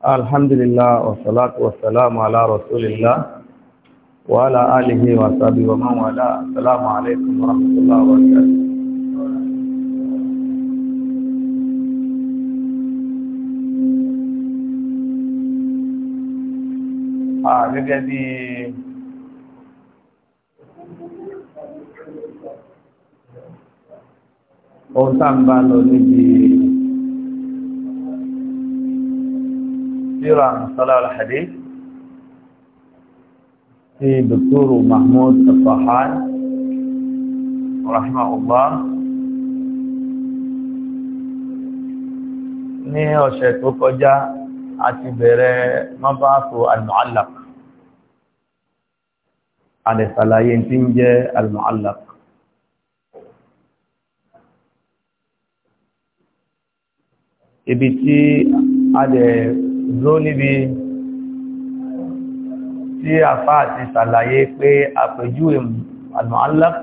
Alhamdulillah wa salatu wa salamu ala rasulillah wa ala alihi wa sahbihi wa man wala. Assalamu alaikum wa rahmatullahi wa barakatuh. Ah, gẹ́gẹ́ bí Oh tambah lo ni di Diram salah al-hadith lah Si Dr. Mahmud Tafahan Rahimahullah Ni o syaitu koja Aci bere Mabasu al-muallak Ada salah yang tinggi Al-muallak ibi tí a dẹ̀ ló níbi tí àfá àti sàlàyé pé àpèjúwe al-mu'allaq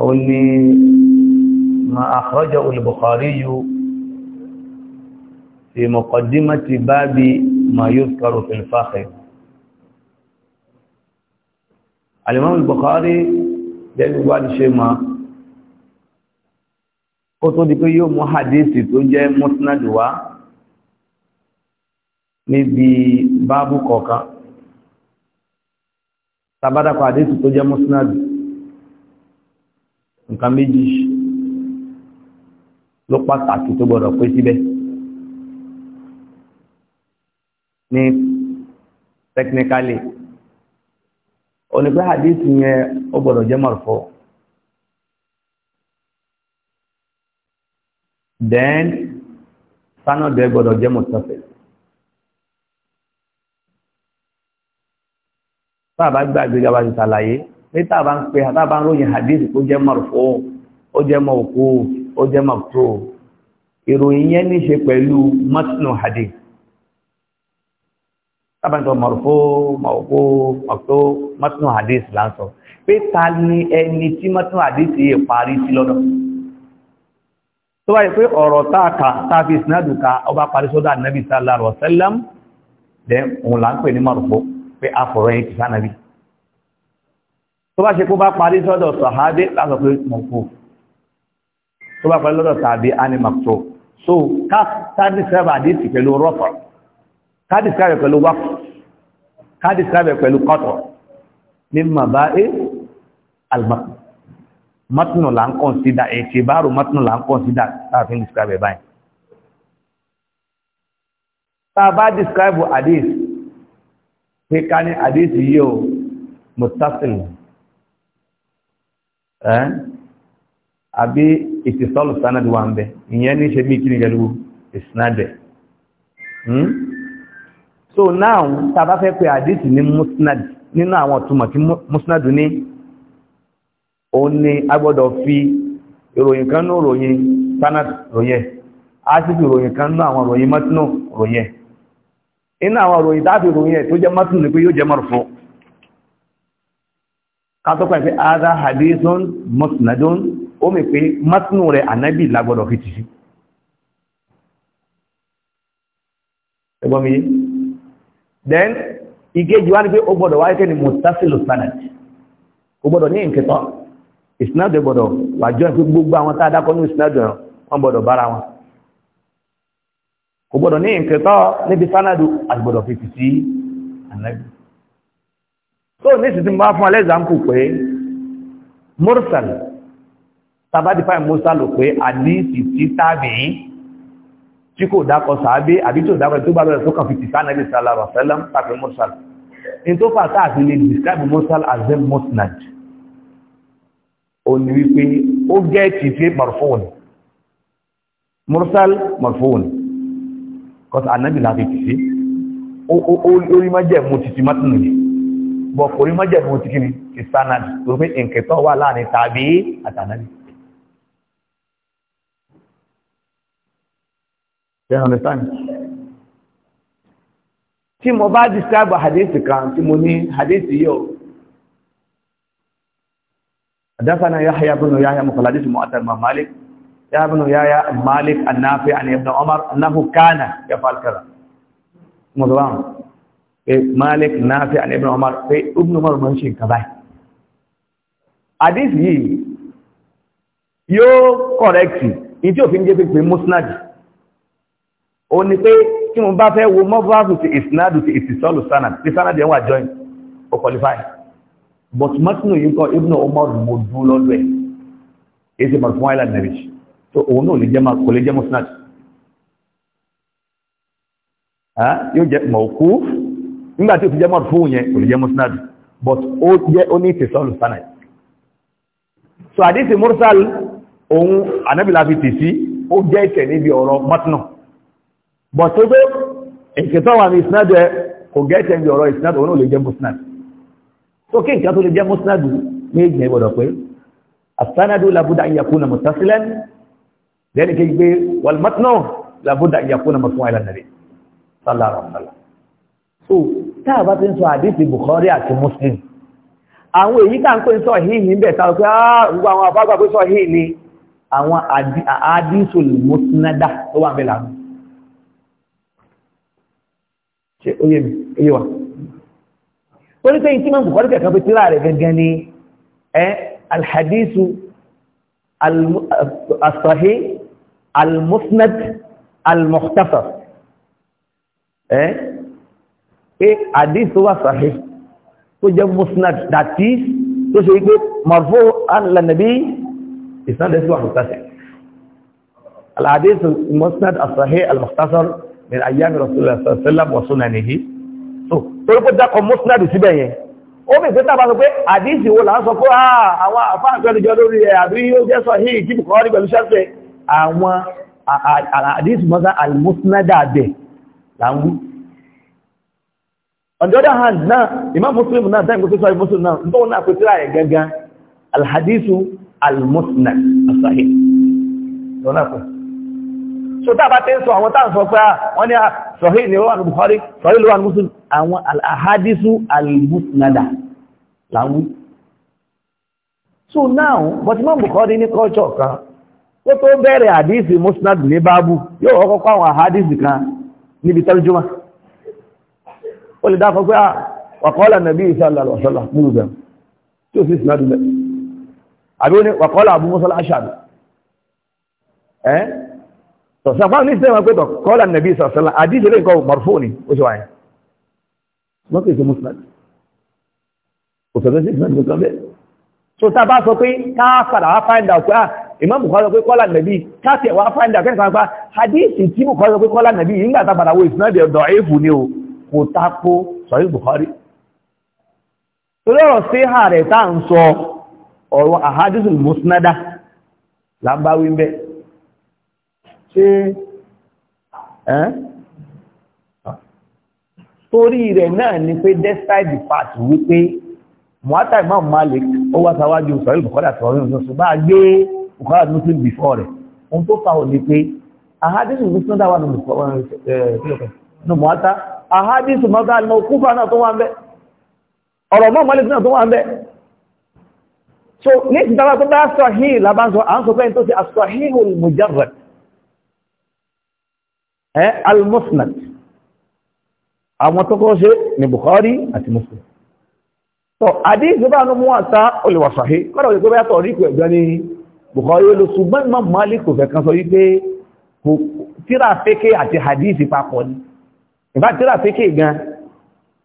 òun ni ma akhraja al-Bukhari fi muqaddimati babi ma yuzkaru fil fakhr al-Imam al-Bukhari jẹ́ gbogbo àdìṣe máa kó tó di pé yóò mú hadithi tó jẹ́ musnadu wá níbi báàbù kọ̀ọ̀kan tàbádàkọ̀ hadithi tó jẹ́ musnadu nǹkan méjì ló pàtàkì tó gbọdọ̀ pé síbẹ̀ ní technically onígbé hadithi yẹn ó gbọdọ̀ jẹ́ marfu' then sanadu ẹ gbọ́dọ̀ jẹ́ mọ̀tọ́fẹ́ táàbá gbàgbé gbàgbà ti ṣàlàyé ní táàbá ń pe àtàbá ń ròyìn hadith tó jẹ́ marfu ó jẹ́ mọ̀kú ó jẹ́ mọ̀tò ìròyìn yẹn ní ṣe pẹ̀lú matnu hadith tábàntọ̀ marfu mọ̀kú mọ̀tò matnu hadith láǹsọ̀ pé ta ni ẹni tí matnu hadith yìí parí sí lọ́dọ̀ tó bá yẹ pé ọ̀rọ̀ táàkà tàbí ìsinádùká ọba parisọ́dá nàbí sallallahu alaihi wasallam dẹ̀ òun là ń pè ní márùfó pé afọ̀rọ̀ yẹn ti sánàbí tó bá ṣe kó bá parisọ́dọ̀ sàhábé lásọ pé mọ̀kó tó bá parisọ́dọ̀ so káàdì sábà àdìsí pẹ̀lú rọ́fọ̀ káàdì sábà pẹ̀lú wáfọ̀ káàdì sábà pẹ̀lú kọ́tọ̀ ní màbá e almakú matinu la ń consider ẹ̀tìbáàrù matinu la ń consider láàfin describe ẹ̀ báyìí ta bá describe hadith pé ká ní hadith yìí o mutasil ẹ́ àbí ìtìsọ́lù sanad wà ń bẹ ìyẹn ní ṣe bí kí ni gẹ̀lú hmm? so now ta bá fẹ́ pé hadith ní musnad nínú àwọn ọ̀túnmọ̀ tí musnad ní ó ní agbọ́dọ̀ fi ìròyìn kan ní òròyìn sanat ròyẹ a sì fi ìròyìn kan ní àwọn ìròyìn matinu ròyẹ inú àwọn ìròyìn tàbí ìròyìn tó ni pé yóò jẹ marfu kátọ́kọ̀ ẹ̀ adá hadithun musnadun ó mẹ́ pé matinu rẹ̀ anábì lágbọ́dọ̀ fi ti sí then wá ní pé ó gbọ́dọ̀ wáyé sanat ó gbọ́dọ̀ ní ìsinádọ̀ gbọ́dọ̀ wàjọ́ ìpé gbogbo àwọn tá a dákọ́ ní ìsinádọ̀ wọn gbọ́dọ̀ bára wọn kò gbọ́dọ̀ ní ìkẹtọ́ níbi sánàdù àti gbọ́dọ̀ fi fìsí ànábì tó ní ìsìn tí mo bá fún alẹ́zàmkù pé mursal tabadifai mursal pé àdíìsì tí tàbí tí kò dákọ̀ sàábé àbí tó dákọ̀ tó bá lọ́rẹ̀ tó kàn fi tìsá ànábì sallallahu alaihi tàbí mursal in tó fà táà fi lè describe mursal as a musnad ó ní wípé ó gẹ́ẹ̀tì sí marfóònì mursal marfóònì kọ́sà anábì láti ti sí orí májẹ̀mú títí mátùnù yìí bọ̀ orí májẹ̀mú ti kí ni ti sánàdì tó pé ìǹkẹtọ́ wà láàrin tàbí àtànábì you understand tí mo bá describe hadith kan tí mo ní hadith yìí حدثنا يحيى بن يحيى مخلد اسمه أتر مالك يا ابن يا مالك النافع عن ابن عمر أنه كان يفعل كذا مظلام مالك نافع عن ابن عمر في ابن عمر منشي كذا حديث yìí yóò kọ̀rẹ́kì ní tí ò fi ń jẹ́ pé pé musnad o ni pé kí mo bá fẹ́ wo mọ́báàbù ti ìsinádù ti ìsìsọ́lù sanad tí sanad but matinu yìí kọ́ ibnu umar mo dún lọ́dọ̀ ẹ̀ èsì marfún island marriage so òun náà lè jẹ́ ma kò lè jẹ́ musnad yóò jẹ́ mọ̀kú nígbà tí ó ti jẹ́ marfún yẹn kò lè jẹ́ musnad but ó jẹ́ ó ní ìtẹ̀sọ́lù sanad so àdísì mursal òun anábìlá fi tì sí ó jẹ́ ìtẹ̀ níbi ọ̀rọ̀ matinu but tó gbé ìkẹtọ́ wà ní isnad kò gẹ́ẹ̀tẹ̀ níbi ọ̀rọ̀ isnad òun náà lè jẹ́ musnad tó kí tu dia lè ni musnadu méjì yẹn gbọ́dọ̀ pé la labuda an yakuna muttasilan dan kejì pé wal matnu labuda an yakuna marfu'an nabi sallallahu alaihi wasallam so tá a bá ti ń bukhari àti muslim àwọn èyí tá ń pè sọ hìí ní bẹ̀ tàbí àwọn àwọn àbágbà pé sọ hìí ni àwọn àdìsù musnada tó wà mẹ́lá ṣe oyè wa torí pé tí máa ń bùkọ́rí kẹ̀kọ́ bí tíra rẹ̀ gẹ́gẹ́ ní ẹ́ alhadisu asahi almusnad almukhtasar ẹ́ ẹ́ adisu asahi tó jẹ́ musnad dati tó ṣe ikú marfu alanabi ìsànlẹ̀sí wa mukhtasar alhadisu musnad asahi almukhtasar min ayyami rasulillah sallallahu alaihi wa sallam wa sunanihi torí pé dákọ̀ mọ́sánàdì síbẹ̀ yẹn ó bè pé tàbá sọ pé àdíìsì wo là ń sọ pé ah, àwọn àfáàgbẹ́nijọ́ lórí ẹ̀ àbí yóò jẹ́ sọ hí ìkíbù kan rí pẹ̀lú ṣẹ́fẹ́ àwọn àdíìsì mọ́sán àlùmọ́sánàdà bẹ̀ là ń wú on the other hand náà imam muslim náà dáìmù tó sọ muslim náà tó náà kò tíra ẹ̀ gangan alhadisu almusnad asahih so tá bá tẹ́ ń sọ àwọn táà ń sọ pé ah, wọ́n ní ah, sọ̀hí ni wọ́n Bukhari sọ̀hí lọ́wọ́n Muslim àwọn al-ahadisu al-musnada láwú so now but Imam Bukhari ní culture kan ó tó bẹ̀rẹ̀ àdísì musnad ní báàbù yóò kọ́kọ́ àwọn àhádìsì kan níbi tarjuma ó lè dákọ̀ pé ah, wa qala nàbí sallallahu alaihi wasallam múlù Abu Musa al-Ash'ari sọ̀sánfà ní sẹ́wọ̀n pẹ́tọ̀ kọ́lá nàbí sọ̀sánlá àdíjẹ́ lè kọ́ marfó ni ó ṣe wáyé lọ́kọ̀ ìṣẹ́ mùsùlùmí òṣèlú sí ìṣẹ́ mùsùlùmí bẹ́ẹ̀ so tá a bá sọ pé ká wá find out pé ah Imam Bukhari sọ pé kọ́lá nàbí ká wá find out kẹ́nìkan pa àdíjì tí Bukhari sọ pé kọ́lá nàbí yìí nígbà tá a padà wo ìsinádìí ọ̀dọ̀ èèfù Bukhari torí ọ̀rọ̀ sí ààrẹ tá à ń sọ ọ̀rọ̀ ahadithul musnada ṣe ẹ́ torí rẹ̀ náà ni pé despite the fact wípé muwata imam malik ó wá sáwájú sọ̀rọ̀ bukọ́dà sọ̀rọ̀ ìrìn oṣù bá gbé bukọ́dà muslim before rẹ̀ ohun tó fa òní pé ahadisu muslim dáwà nù muwata ahadisu mọ́ta àlùmọ́ kúfà náà tó wà ń bẹ́ ọ̀rọ̀ mọ́ malik náà tó wà ń bẹ́ so ní ìdáwà tó bá làbá sọ à ń sọ pé tó ẹ al-musnad àwọn tó kọ́ ṣe ní Bukhari àti Muslim tó àdíjì bá ní mú àtà olùwàṣàhí kọ́rọ̀ òyìnbó bá tọ̀ rí kò ẹ̀gbẹ́ ní Bukhari ló ṣùgbọ́n Imam Malik kò fẹ́ kan sọ wípé tíra fẹ́kẹ́ àti hadith papọ̀ ni ìbá tíra fẹ́kẹ́ gan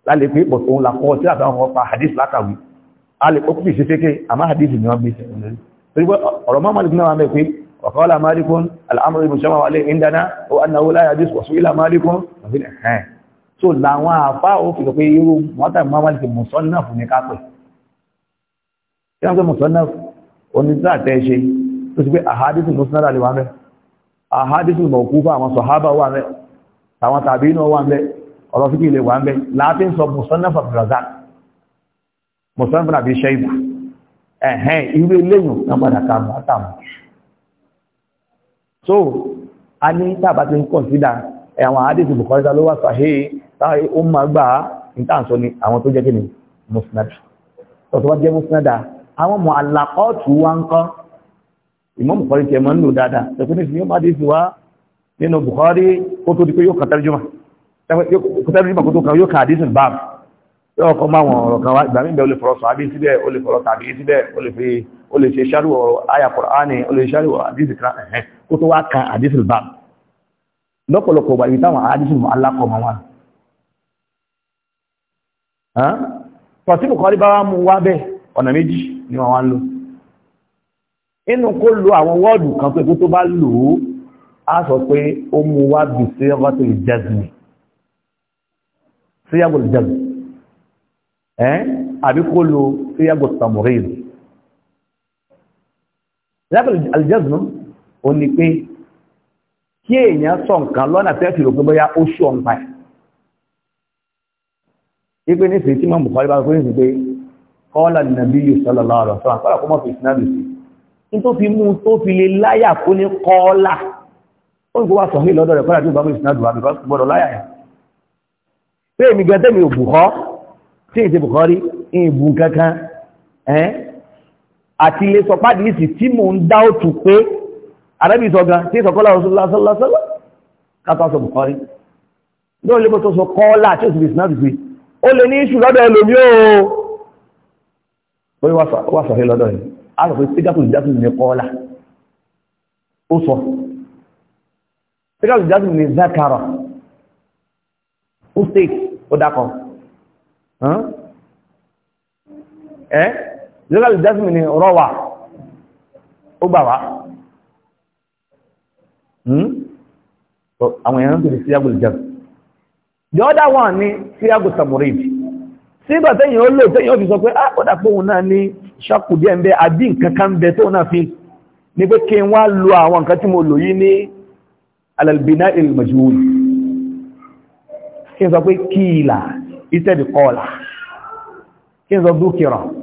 lálẹ́ pé pọ̀ tóun làkọ́ tíra fẹ́ wọn pa hadith látàwí alẹ́ pọ̀ kúfì ṣe fẹ́kẹ́ àmá hadith ni wọ́n gbé sẹ́yìn lórí وقال مالك الأمر المجتمع عليه عندنا هو أنه لا يجوز وسئل مالك وفي الإحيان so làwọn àfá ò fi pé irú mọ́tà mọ́mọ́lì ti mùsọ́nàfù ní kápẹ̀ kí wọ́n pẹ́ mùsọ́nàfù onídàá tẹ́ ṣe tó ti pé àhádìsù mùsùlùmí àlè wà mẹ́ àhádìsù mọ̀kúfà àwọn sọ̀hábà wà mẹ́ àwọn tàbí iná wà mẹ́ ọ̀rọ̀ fíkì ilẹ̀ wà mẹ́ láti ń sọ mùsọ́nàfù abdulrazak mùsọ́nàfù nàbí ṣẹ́ibù ẹ̀hẹ́n irú eléyìn náà padà kà mọ́tà mọ́ so a ní tàbá ti ń kọ̀nsídà eh, àwọn àádìsì Bukhari ló wà sàáhé táwọn ó máa gbà ìtànsọ ni àwọn tó jẹ́ kí ni musnada tọ́tọ́ wá jẹ́ musnada àwọn mọ̀ àlàkọ́ọ̀tù wá ń kọ́ Imam Bukhari tiẹ̀ máa ń lò dáadáa tẹ̀kún ní ìfìyàn àdìsì wá nínú Bukhari kó tó di pé yóò kàtàrí jùmọ̀ kàtàrí jùmọ̀ kó tó kàn yóò kà àdìsì báàbù yóò kọ́ máa wọn ọ̀rọ̀ kan wá ìgbà mí ó lè ṣe ṣáríwọ̀ àyà Kùránì ó lè ṣáríwọ̀ àdísì kan ẹ̀hẹ́ ó tó wá kan àdísì bá lọ́pọ̀lọpọ̀ wà ìtàwọn àdísì mọ̀ alákọ̀ọ́mọ̀ wọn pọ̀sípù kan rí bá mú wá bẹ́ẹ̀ ọ̀nà méjì ni wọ́n wá ń lò inú lo àwọn yàgò lè jẹ́sìn lábẹ̀lẹ̀ aljazm ò ní pé kí èèyàn sọ nǹkan lọ́nà tẹ́ẹ̀fì rò pé bóyá ó ṣù ọ̀npa ẹ̀ ipe ní sèé tí mọ̀ bùkọ́lé bá fún ìsìn pé kọ́lá nàbí yóò sọ́lọ̀ lọ́rọ̀ sọ́rọ̀ kọ́lá kó mọ̀ fi ìsìn náà lù sí ní tó fi mú tó fi lè láyà kó ní kọ́lá ó ń kó wá sọ̀hìn lọ́dọ̀ rẹ̀ kọ́lá tí bá mú ìsìn lù wá bìkọ́ gbọ́dọ̀ àti ilé sọ pàdílìsì tí mò ń dá òtù pé àrẹ́bì sọ̀gán tí sọ̀kọ́lá rọ̀sọ́lásọ́lásọ́lá kátà sọ bùkọ́rí ló lè tó sọ kọ́ọ́lá tí ó sì bìsì náà ti fi ó lè ní ìṣù lọ́dọ̀ ẹlòmí ó orí wà sọ̀rẹ́ lọ́dọ̀ rẹ̀ a sọ pé pégásùn jásùn ní kọ́ọ́lá ó sọ pégásùn jásùn ní zakara ó state ó dákọ̀ ẹ́ jẹ́lẹ̀lì jẹ́sìmì ni rọwà ó gbà wá hmm? àwọn èèyàn tó lè síyàgò jẹ́m the other one ni síyàgò samurid sígbà tẹ́yìn ó lò tẹ́yìn ó fi sọ pé ah ó dàpọ̀ òun náà ní ṣàkù díẹ̀ ń bẹ àbí nǹkan kan bẹ tó náà fi ní pé kí n wá lo àwọn nǹkan tí mo lò yìí ní alalbina ilmajul kí n sọ pé kíìlà instead kọ́ọ̀là kí n sọ dúkìrọ̀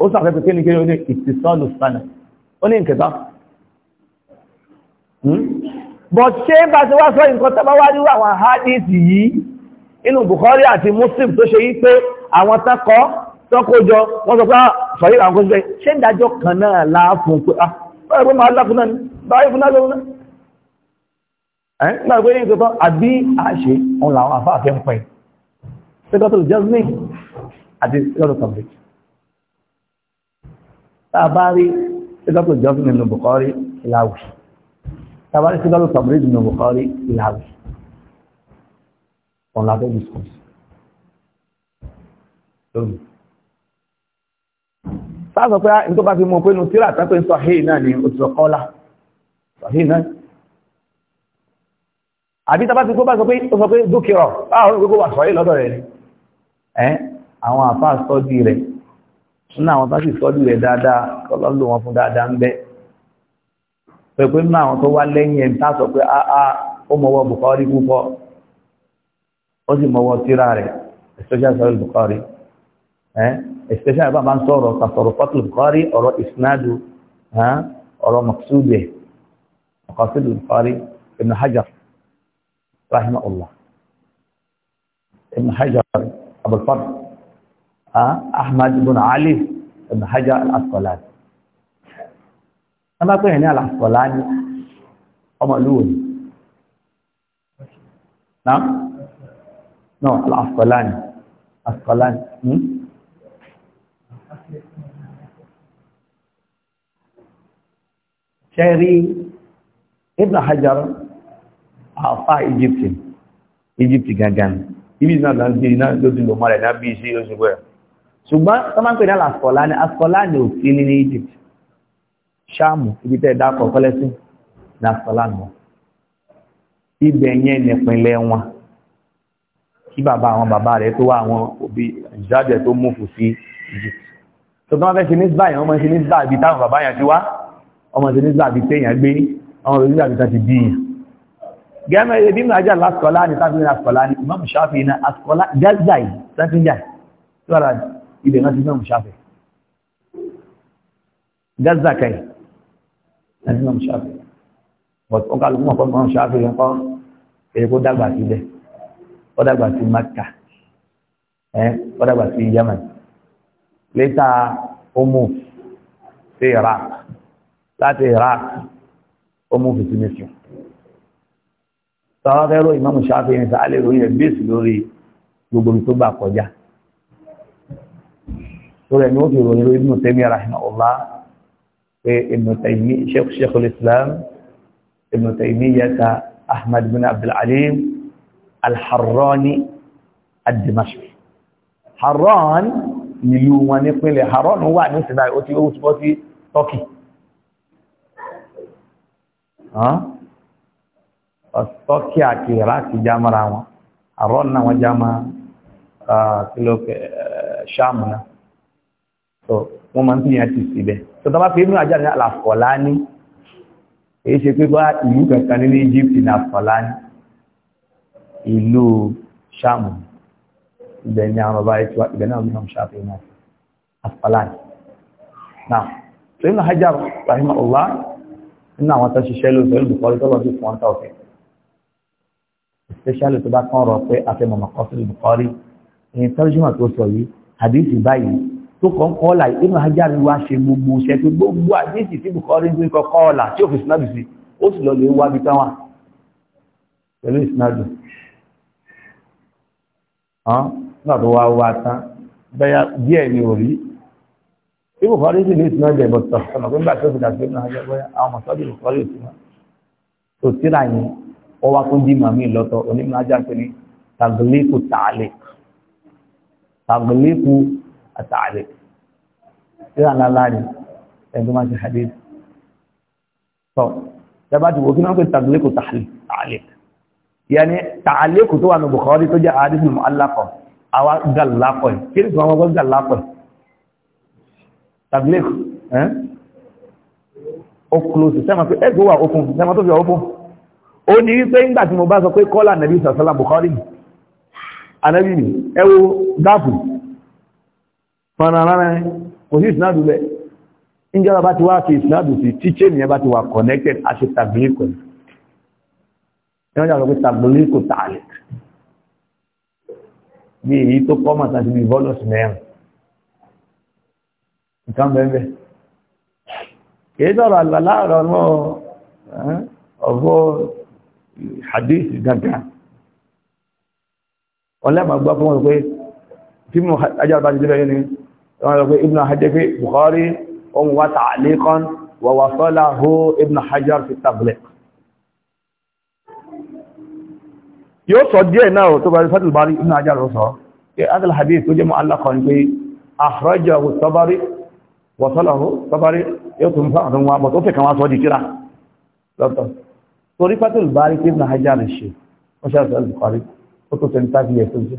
ó sàfẹ́fẹ́ kí ní kí ní ìtìsọ́lù sánà ó ní ìkẹta hmm? but ṣe bá ti wá sọ nǹkan tọ́bá wá ní àwọn àhádìsì yìí inú Bukhari àti Muslim tó ṣe yí pé àwọn tọ́kọ́ tọ́kójọ wọ́n sọ pé ah, sọ̀rí àwọn kóṣẹ́ ṣe ń dájọ́ kan náà láàfún pé ah báyìí fún máa láfún náà ni báyìí fún náà lóhun náà ẹ̀ ń gbàgbé ní tàbárí sígọ́tò jọ́sìn nínú Bukhari ìlàwì tàbárí sígọ́tò tọ̀bírí nínú Bukhari ìlàwì ọ̀nà tó bí sọ́ọ̀sì lónìí sáàsọ̀ pé ní tó bá fi mọ̀ pé nù tíra àtàpẹ́ sọ̀hìn náà ni òtítọ́ kọ́lá sọ̀hìn náà àbí tàbá ti kó bá sọ pé ó sọ pé dúkìrọ̀ báwọn olùgbogbo wà sọ̀hìn lọ́dọ̀ rẹ̀ ẹ́ àwọn àfáà sọ́dí rẹ̀ nínú àwọn tó sì tọ́jú rẹ̀ dáadáa kọ́lọ́ lò wọn fún dáadáa ń bẹ́ pẹ̀lú pé nínú àwọn tó wá lẹ́yìn ẹ̀ tá sọ pé áá ah, ah, ó mọ̀wọ́ Bukhari púpọ̀ ó sì mọ̀wọ́ tíra rẹ̀ especially sọ́rọ̀ Bukhari especially bá máa ń sọ̀rọ̀ kàtọ̀rọ̀ pọ́tù Bukhari ọ̀rọ̀ isnadu ọ̀rọ̀ maksude ọ̀kọ̀sídù Bukhari Ibn Hajar rahimahullah Ibn Hajar Abul Fadl Ahmad ibn Ali ibn Hajar al-Asqalani wọ́n bá pè é ní al-Asqalani ọmọ ìlú wo ni náà no al-Asqalani Asqalani hmm? ṣẹ́rí ibn Hajar àfà Egypt Egypt gangan ibi ìsinmi àti ìdíná ló ti lò mọ́ rẹ̀ náà bí i sí ṣùgbọ́n tó máa ń pè ní àlàsọ̀lá ní àsọ̀lá ní ní Egypt ṣáàmù ibi tẹ́ dákọ̀ kọ́lẹ́sìn ní àsọ̀lá nù ibẹ̀ yẹn nípínlẹ̀ wọn kí bàbá àwọn bàbá rẹ̀ tó wá àwọn òbí ìjáde tó mú fún Egypt tó tó máa fẹ́ ṣe ní sbá yẹn ọmọ ṣe ní sbá ibi táwọn bàbá yẹn ti wá ọmọ ṣe ní sbá ibi téèyàn gbé ọmọ ṣe ní sbá ibi tá ti bí yẹn gẹ́mẹ́ ibi mú ajá lásọ̀lá ní sáfíìn àsọ̀lá ní Imam Shafi ní àsọ̀lá gázáì sáfíìn gáì tó ara ibẹ̀ náà ti mẹ́mù ṣáfẹ̀ gaza kai náà ti mẹ́mù ṣáfẹ̀ but wọn kà lókùn ọ̀pọ̀ mẹ́mù ṣáfẹ̀ yẹn kọ́ èyí kó dàgbà sí bẹ́ẹ̀ ó dàgbà sí maka ẹ̀ ó dàgbà sí Yemen lẹ́tà ọmọ sí Iraq láti Iraq ọmọ fi sí mẹ́sìn tọ́wọ́ fẹ́ ròyìn ṣáfẹ̀ yẹn sá lè ròyìn ẹ̀ bẹ́ẹ̀sì lórí gbogbo mi tó gbà kọjá lórí ẹni ó fi ròyìn lórí Ibn Taymiyyah rahimahullah pé eh, Ibn Taymiyyah sheikh sheikh al-Islam Ibn Taymiyyah ta Ahmad bin Abdul Alim al-Harrani ad-Dimashqi Harran ìlú wọn nípínlẹ̀ Harran wà ní sinmi ó ti ó ti sí Turkey ọ̀tọ́kí àti ìrákì jámọ́ra wọn àrọ́nà wọn jámọ́ kílókè ṣáàmù náà so wọ́n máa ń pè yàn ti síbẹ̀ so tó bá pè Ibn ní Al-Asqalani èyí ṣe pé bá ìlú kankan nínú Egypt ní Al-Asqalani ìlú Ṣáàmù ibẹ̀ ní àwọn ọba ètò ibẹ̀ náà mìíràn ṣàfihàn náà Al-Asqalani náà so Ibn Hajar rahimahullah nínú àwọn tó ṣiṣẹ́ lóṣù pẹ̀lú Bukhari tó lọ sí fún ọ́ntà ọ̀fẹ́ especially tó bá kàn rọ pé afẹ́mọ̀mọ̀ kọ́sílù Bukhari ìyẹn tọ́jú tó kọ́ ń kọ́ là Ibn Hajar wá ṣe gbogbo iṣẹ́ tó gbogbo àdéhìí tí Bukhari ń gbé kọ́ kọ́ là tí òfin sinadu sí ó sì lọ lè wá bí táwọn pẹ̀lú ìsinadu nígbà tó wá wá tán bẹ́yà díẹ̀ ni ò rí tí Bukhari sì ní ìsinadu ẹ̀bọ̀ tọ̀ ọ̀nà pé nígbà tó fi dàgbé Ibn Hajar bọ́yá àwọn mọ̀sọ́dì Bukhari ò sí wọn tó tíra yẹn ó wá tó dí màmí lọ́tọ̀ onímọ̀ ajá pé ní tàgbélé àtàlẹ̀ síra ńlá láàrin ẹni tó máa ń ṣe hadith tó dábàá ti wò kí wọ́n pè tàglékò tàlẹ̀ yẹni tàlẹ́kù tó wà ní Bukhari tó jẹ́ hadith mu'allaq àwa gàlápọ̀ kí ni wọ́n gbọ́ gàlápọ̀ tàglékò ó kúlóòsì sẹ́mà pé ẹgbẹ́ wà ókun sẹ́mà tó fi ọ̀ọ́fún ó ní wípé ń gbà tí mo bá sọ pé kọ́lá nàbí sàṣálà Bukhari anabi ẹwọ gáàpù fara rárá ẹ kò sí ìsinádù lẹ ìjọba bá ti wá fi ìsinádù sí tíṣẹ́ ìyẹn bá ti wà connected a ṣe tàbílì kò ní ẹ̀rọ ìjọba pé tàbílì kò tààlẹ̀ bí èyí tó kọ́ màtà sí bí volus mẹ́rin nǹkan bẹ́ẹ̀ kìí sọ̀rọ̀ àlàlá ọ̀rọ̀ ọ̀fọ́ hadith gangan ọlẹ́màá gbọ́ fún wọn pé tí mo ajá bá ti débẹ̀ yẹn ابن حجر في بخاري وتعليقا ووصله ابن حجر في التغليق yóò sọ díẹ̀ náà tó bá rí fẹ́tìl bá rí ibn Hajar rọ sọ pé adal hadith tó jẹ́ mọ́ alákan pé àhọ́jọ́ tọ́bárí wọ̀sọ́lọ̀hó tọ́bárí yóò tún fún àwọn wọn tó fẹ́kàn wá sọ di kíra lọ́tọ̀ torí fẹ́tìl bá rí ibn Hajar rẹ̀ ṣe wọ́n ṣe àṣẹ́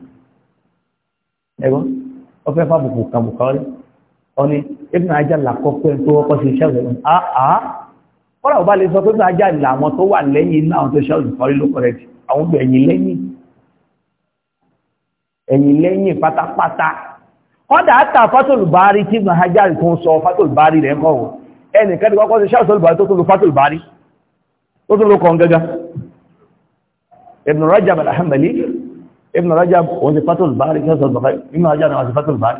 ẹ̀gbọ́n ọfẹ́ fàbùkù kàbùkà rẹ̀ ọni ibùn ajá làkọ́kọ́ ẹ̀ tó wọ́pọ̀ sí iṣẹ́ rẹ̀ àá kọ́lá ò bá lè sọ pé ibùn ajá làwọn tó wà lẹ́yìn iná àwọn tó ṣe olùkọ́rí ló kọ̀rẹ́ ti àwọn gbé ẹ̀yìn lẹ́yìn ẹ̀yìn lẹ́yìn pátápátá kọ́dà áta fátòlùbárí tí ibùn ajá tó ń sọ fátòlùbárí rẹ̀ kọ̀ wọ̀ ẹnìkan ti kọ́kọ́ sí iṣẹ́ olùbárí ibn rajab òun ti fatul bari kẹsọ̀ bàbá ibn rajab náà ti fatul bari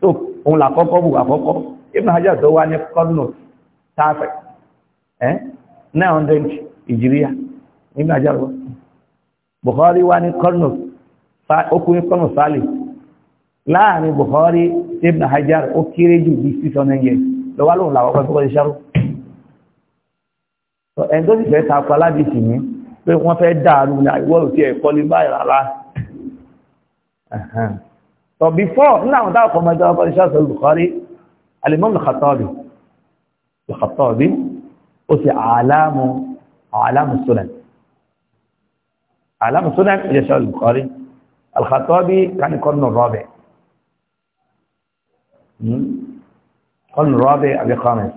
tó òun là kọ́kọ́ bù àkọ́kọ́ ibn rajab tó wá ní kọ́nù tààfẹ̀ ẹ́ 900 ìjìríyà ibn rajab wá bukhari wá ní kọ́nù okùnrin kọ́nù sálì láàrin bukhari ibn rajab ó kéré jù bí 600 years lọ́wọ́ lóun là kọ́kọ́ tó kọ́ iṣẹ́ rú ẹni tó sì fẹ́ ta pa aládìsí ní pé wọ́n fẹ́ dàrú ní àìwọ́rù tí ẹ̀kọ́ ní báyìí rárá but before nínú àwọn táwọn kọmọ ìjọba bọ́lá ṣáṣọ Bukhari alimọ́n lùkàtọ́ọ̀bì lùkàtọ́ọ̀bì ó sì àlámù àlámù sunan àlámù sunan ìjọ ṣáṣọ Bukhari alùkàtọ́ọ̀bì kánìkọ́nù rọ́bẹ̀ kọ́nù rọ́bẹ̀ àbí kọ́mẹ̀sì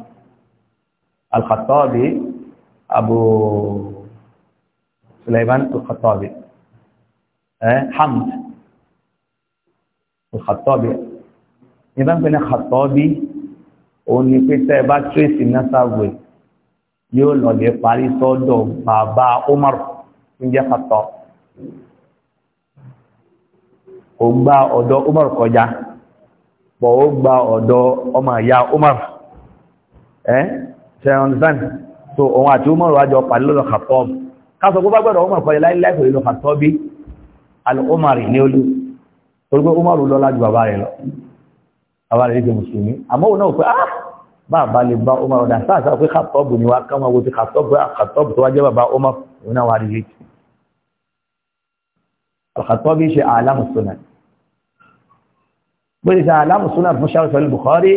الخطابي أبو سليمان الخطابي أه؟ حمد Al-Khattabi ìbá ń pè ní Khattabi òun ni pé tẹ́ ẹ bá tírèsì násàwé yóò lọ́lẹ̀ parí sọ́dọ̀ baba Umar ń jẹ́ Khattab ó gba ọ̀dọ̀ Umar koja. bọ̀ ó gba ọ̀dọ̀ ọmọ ìyá Umar ẹ́ ṣe understand so òun àti Umar wájọ parí lọ́dọ̀ Khattab káṣọ ko bá gbọ́dọ̀ Umar kọjá láìláìkò nínú Khattabi al umar ní olú torí pé Umaru lọ́lá ju bàbá rẹ̀ lọ bàbá rẹ̀ yíṣe mùsùlùmí àmọ́ òun náà pé ah bàbá lè bá Umaru dà sáà sáà pé kàtọ́ọ̀bù ni wá kánwá wo ti kàtọ́ọ̀bù àkàtọ́ọ̀bù ah, tó wá jẹ́ bàbá Umaru òun náà wà rí létí àkàtọ́ọ̀bù ṣe àlámù sunan bó ṣe àlámù sunan fún sáré sọlí Bukhari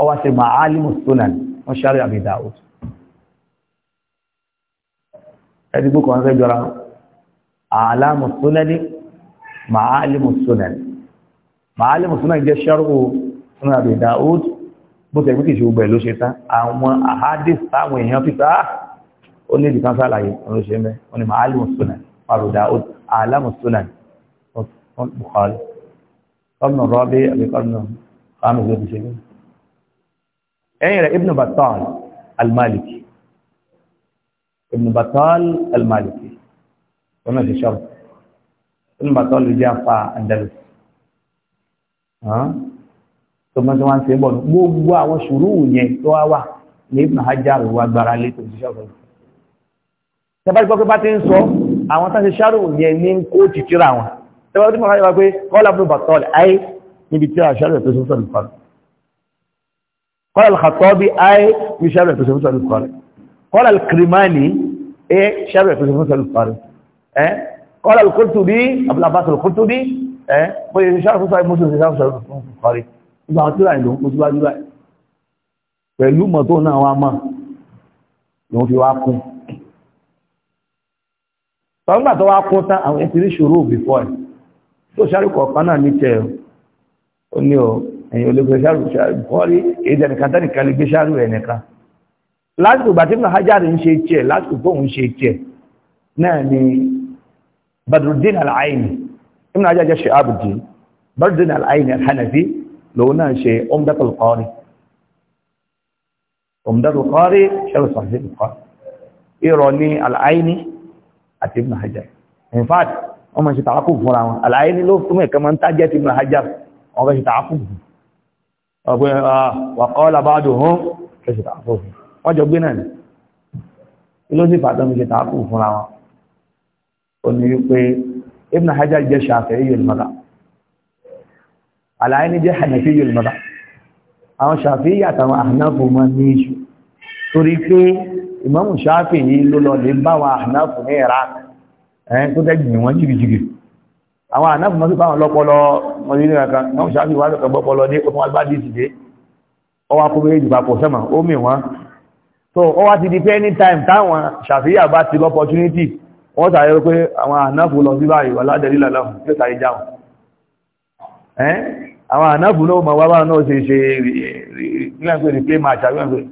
ọwọ́ ṣe màálímù sunan fún sáré Abi Dawud ẹ̀dínkù kan fẹ́ jọra àlámù sunan ma'álìmù sunan ma'álìmù sunan jẹ́ ṣẹ́rù sunan àbí Daud bó tẹ̀ wíkì ṣùgbọ́n ẹ̀ ló ṣe tán àwọn ahadis táwọn èèyàn fi sáà ah! ó ní ìdìkan sálàyé ọ̀rọ̀ ṣe mẹ́ wọn ni ma'álìmù sunan àbí Daud àlámù sunan Bukhari kọ́nù rọ́bí àbí kọ́nù kánú ló ti ṣe mí ẹ̀yìn Ibn Battal al-Maliki Ibn Battal al-Maliki wọn náà ṣe nígbà tó lè jẹ́ afa Andalus tó mọ́ tí wọ́n ń ṣe bọ̀ gbogbo àwọn ṣùrù yẹn tó wá wà ní Ibn Hajar wà gbára lé tó ṣiṣẹ́ ọ̀rọ̀ tẹ́bá gbọ́ pé bá ti ń sọ àwọn táṣe ṣàrù yẹn ní kó ti tíra wọn tẹ́bá tí wọ́n wá pé kọ́lá bí bàtọ́ọ̀lì ayé níbi tíra ṣàrù tó ṣe sọ̀rọ̀ kọ́lá kọ́lá al-Khattabi ayé níbi ṣàrù tó ṣe sọ̀rọ̀ kọ́lá kọ́lá al-Kirmani ayé ṣàrù tó ṣe sọ̀rọ̀ kọ́lá قال القرطبي ابو العباس القرطبي ẹ bó ṣe ṣáàfù sọ ìmúṣù ṣe ṣáàfù sọ̀rọ̀ fún kọrí ìgbà àwọn tíra ìlú mo ti wájú báyìí pẹ̀lú mọ̀tò náà wá mọ̀ ló ń fi wá kún tọ́gbà tó wá kún tán àwọn ẹ̀sìn rí ṣòro bìfọ́ ẹ̀ tó ṣáàrù kọ̀ọ̀kan náà ní tẹ̀ ó ní ọ ẹ̀yìn olóògbé ṣáàrù kọrí èdè nìkan tẹ́ nìkan lè gbé ṣáàrù ẹ̀ nìkan lásìkò gbàtí mọ̀ hajjáde ń ṣe tiẹ̀ lásìkò tóun ṣe tiẹ̀ náà ni Badruddin al-Aini Ibn Hajar jẹ́ Shihabuddin Badruddin al-Aini al-Hanafi lòun náà ṣe Umdatul Qari Umdatul Qari Sharh Sahih al-Bukhari irọ́ ní al-Aini àti Ibn Hajar in fact wọ́n máa ṣe tààkù fúnra wọn al-Aini ló fún ẹ̀kan máa ń tájẹ́ ti Ibn Hajar ṣe tààkù fún ọgbẹ́ ah, jọ gbé náà ilé ó sì fàtọ́ mi ṣe tààkù fúnra wọn òní wípé ibn hajar jẹ́ shafi'iyyul madhhab al-Aini jẹ́ hanafiyyul madhhab àwọn shafi'i àtàwọn ahnafu ma ní iṣu torí pé ìmáàmù shafi'i ló lọ lè bá àwọn ahnafu ní iraq ẹ̀yìn tó tẹ́gbìn wọn jìgìjìgì àwọn ahnafu ma sí fáwọn lọ́pọlọ mọ̀lẹ́lẹ́ kan ìmáàmù shafi'i wà lọ́kàn bọ́pọlọ dé ó fún wa bá dìsì dé ọwọ́ akọ́bẹ̀ èjì papọ̀ sẹ́mà ó mì wọ́n so ó wá ti di pé anytime táwọn shafi'i àbá ti lọ́pọ̀tunity wọ́n sàárẹ́ wípé àwọn ànáfù lọ sí báyìí wà ládẹ̀rí làláhùn tí ó sàárẹ́ jáun ẹ́n àwọn ànáfù ló ma wábá náà ṣe ṣe rílẹ̀pẹ̀ rí play match àgbẹ̀fẹ̀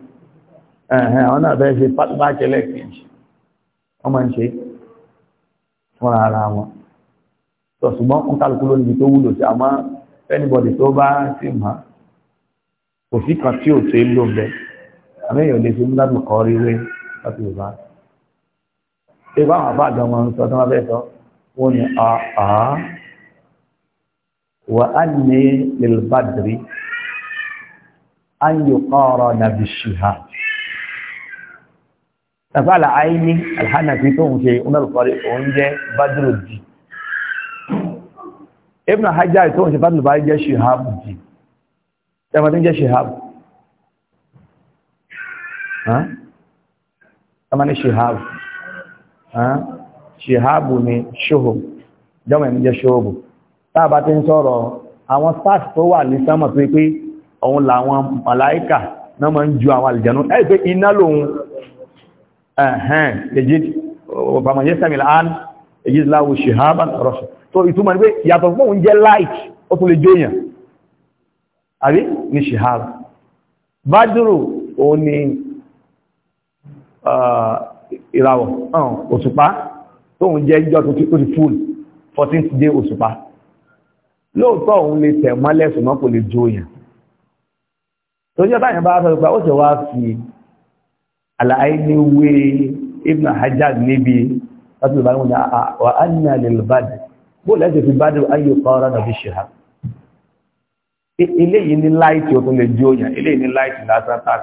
ẹ̀hẹ́n àwọn náà bẹ́ẹ̀ ṣe match ẹlẹ́kẹ̀ẹ́jì wọ́n máa ń ṣe fún ara wọn tó ṣùgbọ́n ń kálukú lónìí tó wúlò sí àmọ́ anybody tó bá sì mọ́ kò sí kan tí ò ṣe lò bẹ́ẹ̀ àmì èèyàn lè ṣe mú lábùkọ́ rí wé láti Yorùbá ìgbà àwọn àfáàjọ wọn ń sọ tí wọ́n bẹ́ẹ̀ sọ wọ́n ni àá wà á ní lèlbàdìrí an yi ƙara na bishiha tafi al'aini alhannafi tó ń ṣe unalkọrí oúnjẹ badrodi ibn hajjari tó ń ṣe badrodi bá jẹ́ shihabu di tẹmatin jẹ́ shihabu tẹmatin shihabu ṣìhábù ni ṣòhò jọmọ̀ ẹ̀mí jẹ́ ṣòhòbù táàbá ti ń sọ̀rọ̀ àwọn stars tó wà ní sánmà tó pé òun làwọn màláíkà náà máa ń ju àwọn àlìjànú ẹ̀ pé iná lòun ẹ̀hẹ́n èjì ọ̀bàmọ̀yé sẹ́mìlá án èjì láwù ṣìhábà rọ̀ṣọ̀ tó ìtumọ̀ ní pé yàtọ̀ fún òun jẹ́ light ó tún lè jóyàn àbí ní ṣìhábà bádùrù òun ni ìràwọ̀ ọ̀n òṣùpá tóun jẹ́ ìjọ tó ti kó di fúl 14th day òṣùpá lóòótọ́ òun lè tẹ̀ mọ́lẹ̀ ṣùgbọ́n kò lè jó yàn tó jẹ́ báyìí bá sọ pé ó sì wá fi àlàyé ní wé Ibn Hajar níbi láti ìbára wọn wà á ní àlèlò bàdì bó lẹ́sẹ̀ fi bàdì ayé kọ́ra nàbí ṣìhà eléyìí ní láìtì ó tún lè jó yàn eléyìí ní láìtì lásán tá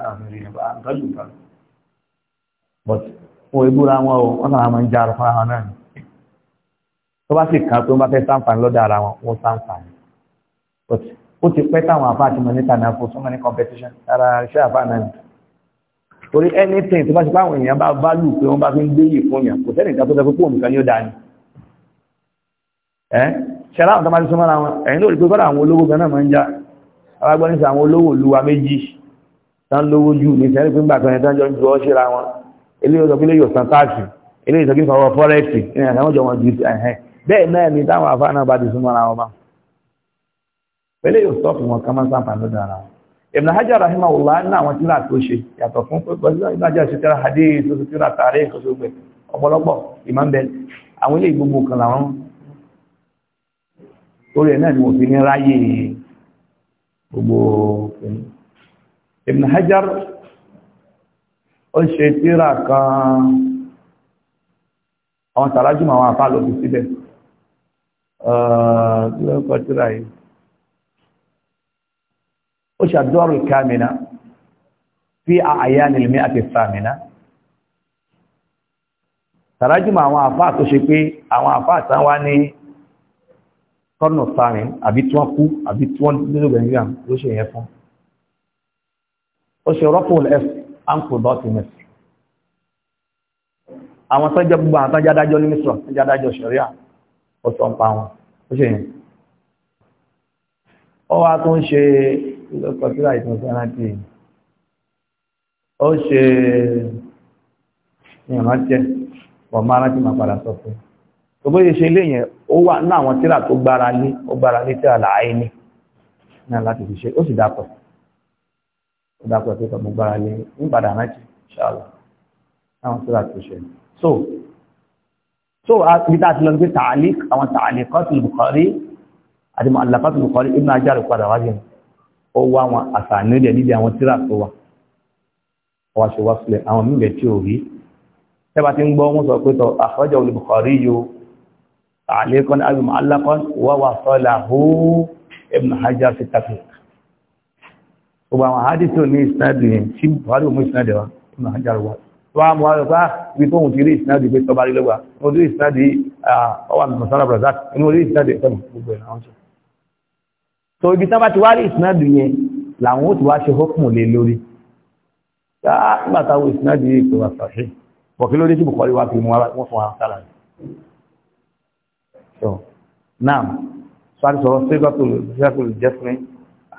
fún ìbúra wọn o wọ́n sára máa ń jára fún àwọn náà ni tó bá sì kàn tó ń bá fẹ́ sáǹfààní lọ́dọ̀ ara wọn wọ́n sáǹfààní ó ti pẹ́ táwọn àfáà ti mọ̀ náà fún súnmọ́ ní competition ara iṣẹ́ àfáà náà ni torí anything tó bá ti páwọn èèyàn bá válù pé wọ́n bá fi ń gbé yìí fún yàn kò sẹ́ni nǹkan tó fẹ́ pípọ̀ nǹkan ni ó dáa ni ẹ́ ṣẹlá àwọn tó máa ti súnmọ́ ara wọn ẹ̀yìn lórí pé kọ́dà àwọn olówó gan náà máa ń já alágbọ́n ní sọ àwọn olówó olúwa méjì tán lówó jù ní sẹ́ni pé ń gbà eléyìí sọ pé eléyìí ọ̀sán táàkì eléyìí sọ pé ọ̀rọ̀ fọ́rẹ́ẹ̀tì ìrìn àtàwọn ọjọ́ wọn jù sí ẹ̀hẹ́ bẹ́ẹ̀ náà ni táwọn afá náà bá ti súnmọ́ ara wọn bá eléyìí ò sọ́ọ̀fù wọn kán máa ń sàǹfààní lọ́dọ̀ ara wọn Ibn Hajar rahimahullah ní àwọn tíra tó ṣe yàtọ̀ fún pẹ́pẹ́ Ibn Hajar ṣe tíra hadith tó ṣe tíra tààrí nǹkan tó gbẹ ọ̀pọ̀lọpọ̀ ìmọ̀ǹbẹ àwọn ilé gbogbo kan làwọn ó ṣe tíra kan àwọn tàrájùmọ àwọn àfáà ló fi síbẹ̀ kí ló kọ tíra yìí ó ṣe àdúrà kámìnà fi àyà nílùmí àti fàmìnà tàrájùmọ àwọn àfáà tó ṣe pé àwọn àfáà tán wá ní kọ́nà fàmì àbí tí wọ́n kú àbí tí wọ́n nílò gbẹ̀ngàn ló ṣe yẹn fún ó ṣe rọ́pò ẹ̀fọ́ ankudọ́ ti mẹ́sì àwọn sọ́jọ́ gbogbo àwọn tọ́jọ́ adájọ́ ní mísọ̀ tọ́jọ́ adájọ́ ṣẹ̀ríà ó sọ ń pa wọn ó ṣe yẹn ó wá tó ń ṣe lọ́kọ̀ síra ìtàn sẹ́rántì ó ṣe ìrántí ọmọ arántí máa padà sọ fún un gbogbo ìṣe ilé yẹn ó wà ní àwọn tíra tó gbára lé ó gbára lé tíra làáyé ní náà láti fi ṣe ó sì dàpọ̀ ó dá pẹ̀lú pẹ̀lú gbára lé nígbàdà rántí ṣáàlà àwọn tó láti ṣe so so ibi tá a ti lọ gbé ta'liq àwọn ta'liqatul Bukhari àti mu'allaqatul Bukhari Ibn Hajar padà wájú ó wá àwọn àṣàánú ilẹ̀ níbi àwọn tíra tó wà wọ́n ṣe wá sílẹ̀ àwọn mílẹ̀ tí ò rí tẹ́bà ti ń gbọ́ wọ́n sọ pé tọ́ àfọ́jọ́ olùbùkọ̀rí yóò àlékọ́n alùmọ̀ alákọ́n wọ́wà sọ́lá hó Ibn Hajar fi tafsir gbogbo àwọn àádìsí ò ní ìsinádì yẹn tí buhari òmú ìsinádì wa tó máa jára wa wọ́n mú àwọn ọ̀pá ah, ibi tóhun ti rí ìsinádì pé tọba rílẹ́gbà ó rí ọwà mọ̀sánà brazak so ibi tán bá ti wá rí ìsinádì yẹn làwọn ó ti wá ṣe hókùn lé lórí nígbà táwọn ìsinádì yìí kò wá sàṣẹ bọ̀ kí lórí tí buhari wá fi mú wọn fún wa sára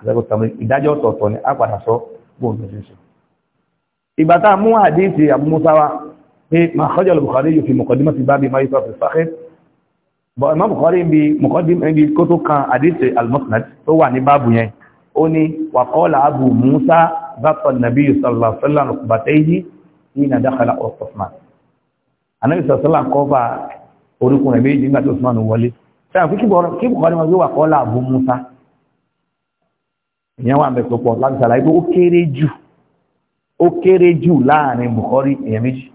àtẹ́kọ̀ tàbí ìdájọ́ ọ̀tọ̀ọ̀tọ̀ ni a padà sọ gbóòdó ṣe ṣe ìgbà tá a mú àdíìsì àbúmúsáwá pé ma kọjọ al-Bukhari yóò fi mọ̀kọ́dímọ̀ ti bá bí ma yíṣọ́ fi sáhẹ́ bọ̀ Imam Bukhari bí mọ̀kọ́dímọ̀ ibi kó tó kan àdíìsì al-Musnad tó wà ní báàbù yẹn ó ní wa qala Abu Musa bàtọ̀ nàbí sallallahu alaihi wasallam bàtẹ́yì ìnà dákàlà Usman anábì sọ̀sọ́lá kọ́fà orúkún méjì nígbà tí wọlé sẹ́yìn kí Bukhari ma gbé wa qala Abu ìyẹn wà mẹ́fẹ́ pọ̀ láti ṣàlàyé pé ó kéré jù ó kéré jù láàrin Bukhari èèyàn méjì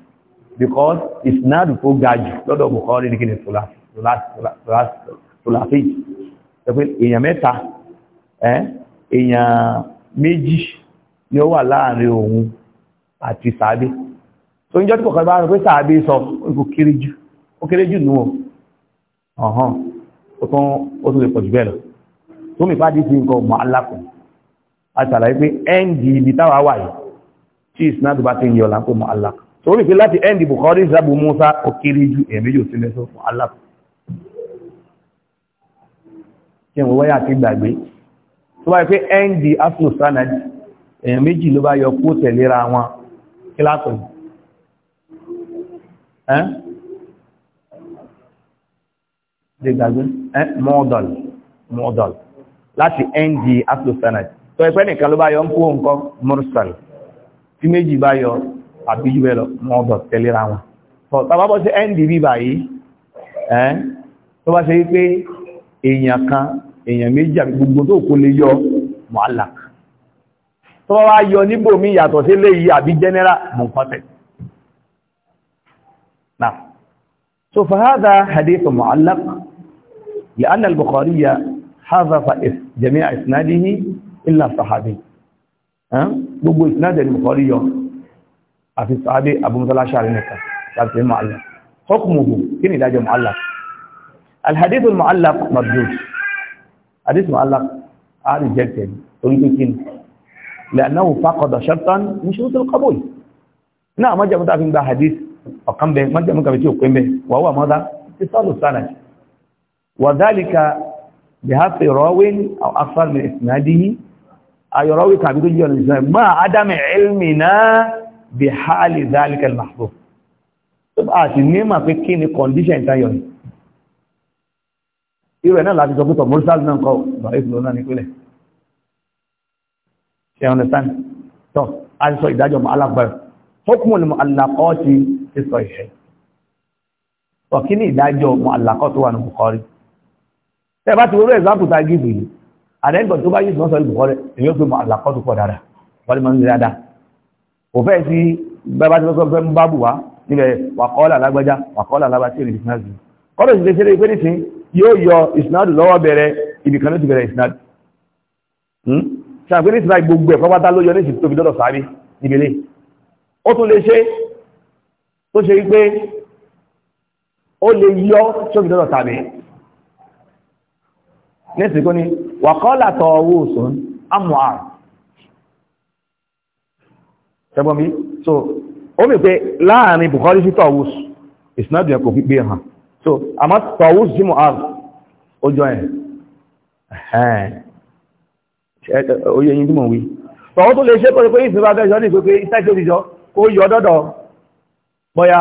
because isnadu tó ga jù lọ́dọ̀ Bukhari ní kíni tòláfíì ẹ̀pẹ́ èèyàn mẹ́ta èèyàn méjì ni ó wà láàrin òun àti sàábé so ń jọ́ tí kọ̀kan bá rẹ̀ pé sàábé sọ ó kéré jù ó kéré jù nù ọ̀hán ó tún lè pọ̀ jù bẹ́ẹ̀ lọ tó mi pàdé sí nǹkan mọ́ alákùnrin àṣàlàyé pé ẹ́ndì ibi táwà wà yìí tí ìsinádù bá ti ń yọ lápò mọ́ Allah torí pé láti ẹ́ndì Bukhari zabu Musa ó kéré ju ẹ̀mí yóò sílẹ̀ fún Allah kí wọ́n wáyà ti gbàgbé tó bá yẹ pé ẹ́ndì afro sanadi èèyàn méjì ló bá yọ kó tẹ̀léra wọn kí látọ̀ láti ẹ́ndì afro sanadi tó ẹgbẹ́ nìkan ló bá yọ ń kó nǹkan mursal tí méjì bá yọ àbí jù bẹ́ẹ̀ lọ wọn bọ̀ tẹ̀léra wọn bọ̀ tàbá bọ́ sí ndb báyìí ẹ́ tó bá ṣe wípé èèyàn kan èèyàn méjì àbí gbogbo tó kó lè yọ mu'allaq tó bá yọ níbò mí yàtọ̀ sí léyìí àbí general munqati' نعم لأن البخاري حذف جميع إسناده الا الصحابي ها بوبو اسناد البخاري أفي الصحابي ابو موسى الاشعري نكا كان معلق حكمه كني لاجه معلق الحديث المعلق مردود حديث معلق عادي جلتين تريد كين لانه فقد شرطا من شروط القبول نعم ما جاء متعرفين بها حديث وقم به ما جاء من كبتيه وقم به وهو ماذا اتصال السنة وذلك بهذا راوي او اكثر من اسناده ayọ̀rọ̀wí tàbí tó jí ọ̀nà ìsìnkú ma adami ilmina bi hali zalika al-mahdhuf tó bá ti ní ma fi kí ni condition ìtayọ̀ ní ìrẹ̀ náà láti sọpútọ̀ mursal náà kọ́ bá ìfìlò náà ní pílẹ̀ ṣe understand tọ́ a sọ ìdájọ́ ma alágbàrẹ̀ hukmul mu'allaqati ti sọ ìṣẹ́ ọ̀kí ní ìdájọ́ mu'allaqati wà ní Bukhari tẹ́ bá ti wọ́n rẹ̀ example ta gíbi yìí àdẹ́gbọ̀n tó bá yìí sọ́sọ́ ìbùkọ́rẹ́ èyí ó fi mọ̀ àlàkọ́tù pọ̀ dára wọ́n mọ̀ ní dáadáa kò fẹ́ sí bẹ́bá tí wọ́n fẹ́ ń bá bù wá níbẹ̀ wàkọ́ọ́lá lágbájá wàkọ́ọ́lá lágbájá tí ò ní ìsinádù kọ́lọ̀ sì ṣe pé nìsín yóò yọ ìsinádù lọ́wọ́ bẹ̀rẹ̀ ibìkan ló ti bẹ̀rẹ̀ ìsinádù hmm? ṣàpé nìsín láì gbogbo ẹ̀ pápátá ló yọ ní ìsìnkú tóbi dọ́dọ̀ sáré níbele ó tún lè ṣe tó ṣe pé ó lè yọ tóbi dọ́dọ̀ tàbí nìsín kó wàkọ́lá tọ̀wọ́ òsùn amuar ṣẹgbọ́n mi so ó mi pé láàrin Bukhari sí tọ̀wọ́ òsùn ìsinádùn ẹ̀kọ́ gbígbé hàn so àmá tọ̀wọ́ òsùn sí muar ó jọ ẹ̀ oye yìí tí mò ń wí tọ̀wọ́ tó lè ṣe pẹ̀lú pé ìsinmi bá fẹ́ṣọ́ ní pé iṣẹ́ tó ti jọ kó yọ dọ́dọ̀ bóyá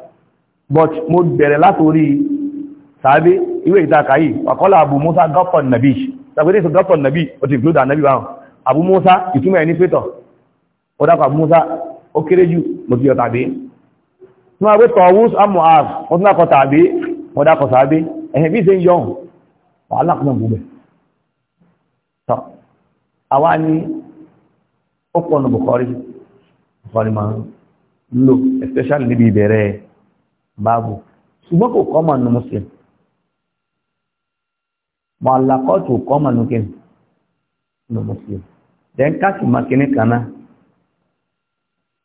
but mo bẹ̀rẹ̀ látorí sàábé ìwé ìtaka yìí wàkọ́lá Abu Musa gọ́pọ̀n nàbí sàgbẹ́dẹ́ sọ gọ́pọ̀n nàbí o ti glódà nàbí báhùn Abu Musa ìtumọ̀ ẹni pẹ́tọ̀ ó dákọ̀ Abu Musa ó kéré jù mo ti yọ tàbí tí wọ́n gbé tọ̀wús amu af wọ́n tún dákọ̀ tàbí wọ́n dákọ̀ sàábé ẹ̀hẹ̀ bí ṣe ń yọ wàhálà kan gbogbo tọ́ àwa ni ó pọ̀ nù Bukhari Bukhari máa ń lò especially níbi ìbẹ̀rẹ̀ báàbù ṣùgbọ́n kò kọ́mọ̀ nù muslim mọ̀lákọ́tù kọ́mọ̀ nù kí nù muslim then káàkiri makini kaná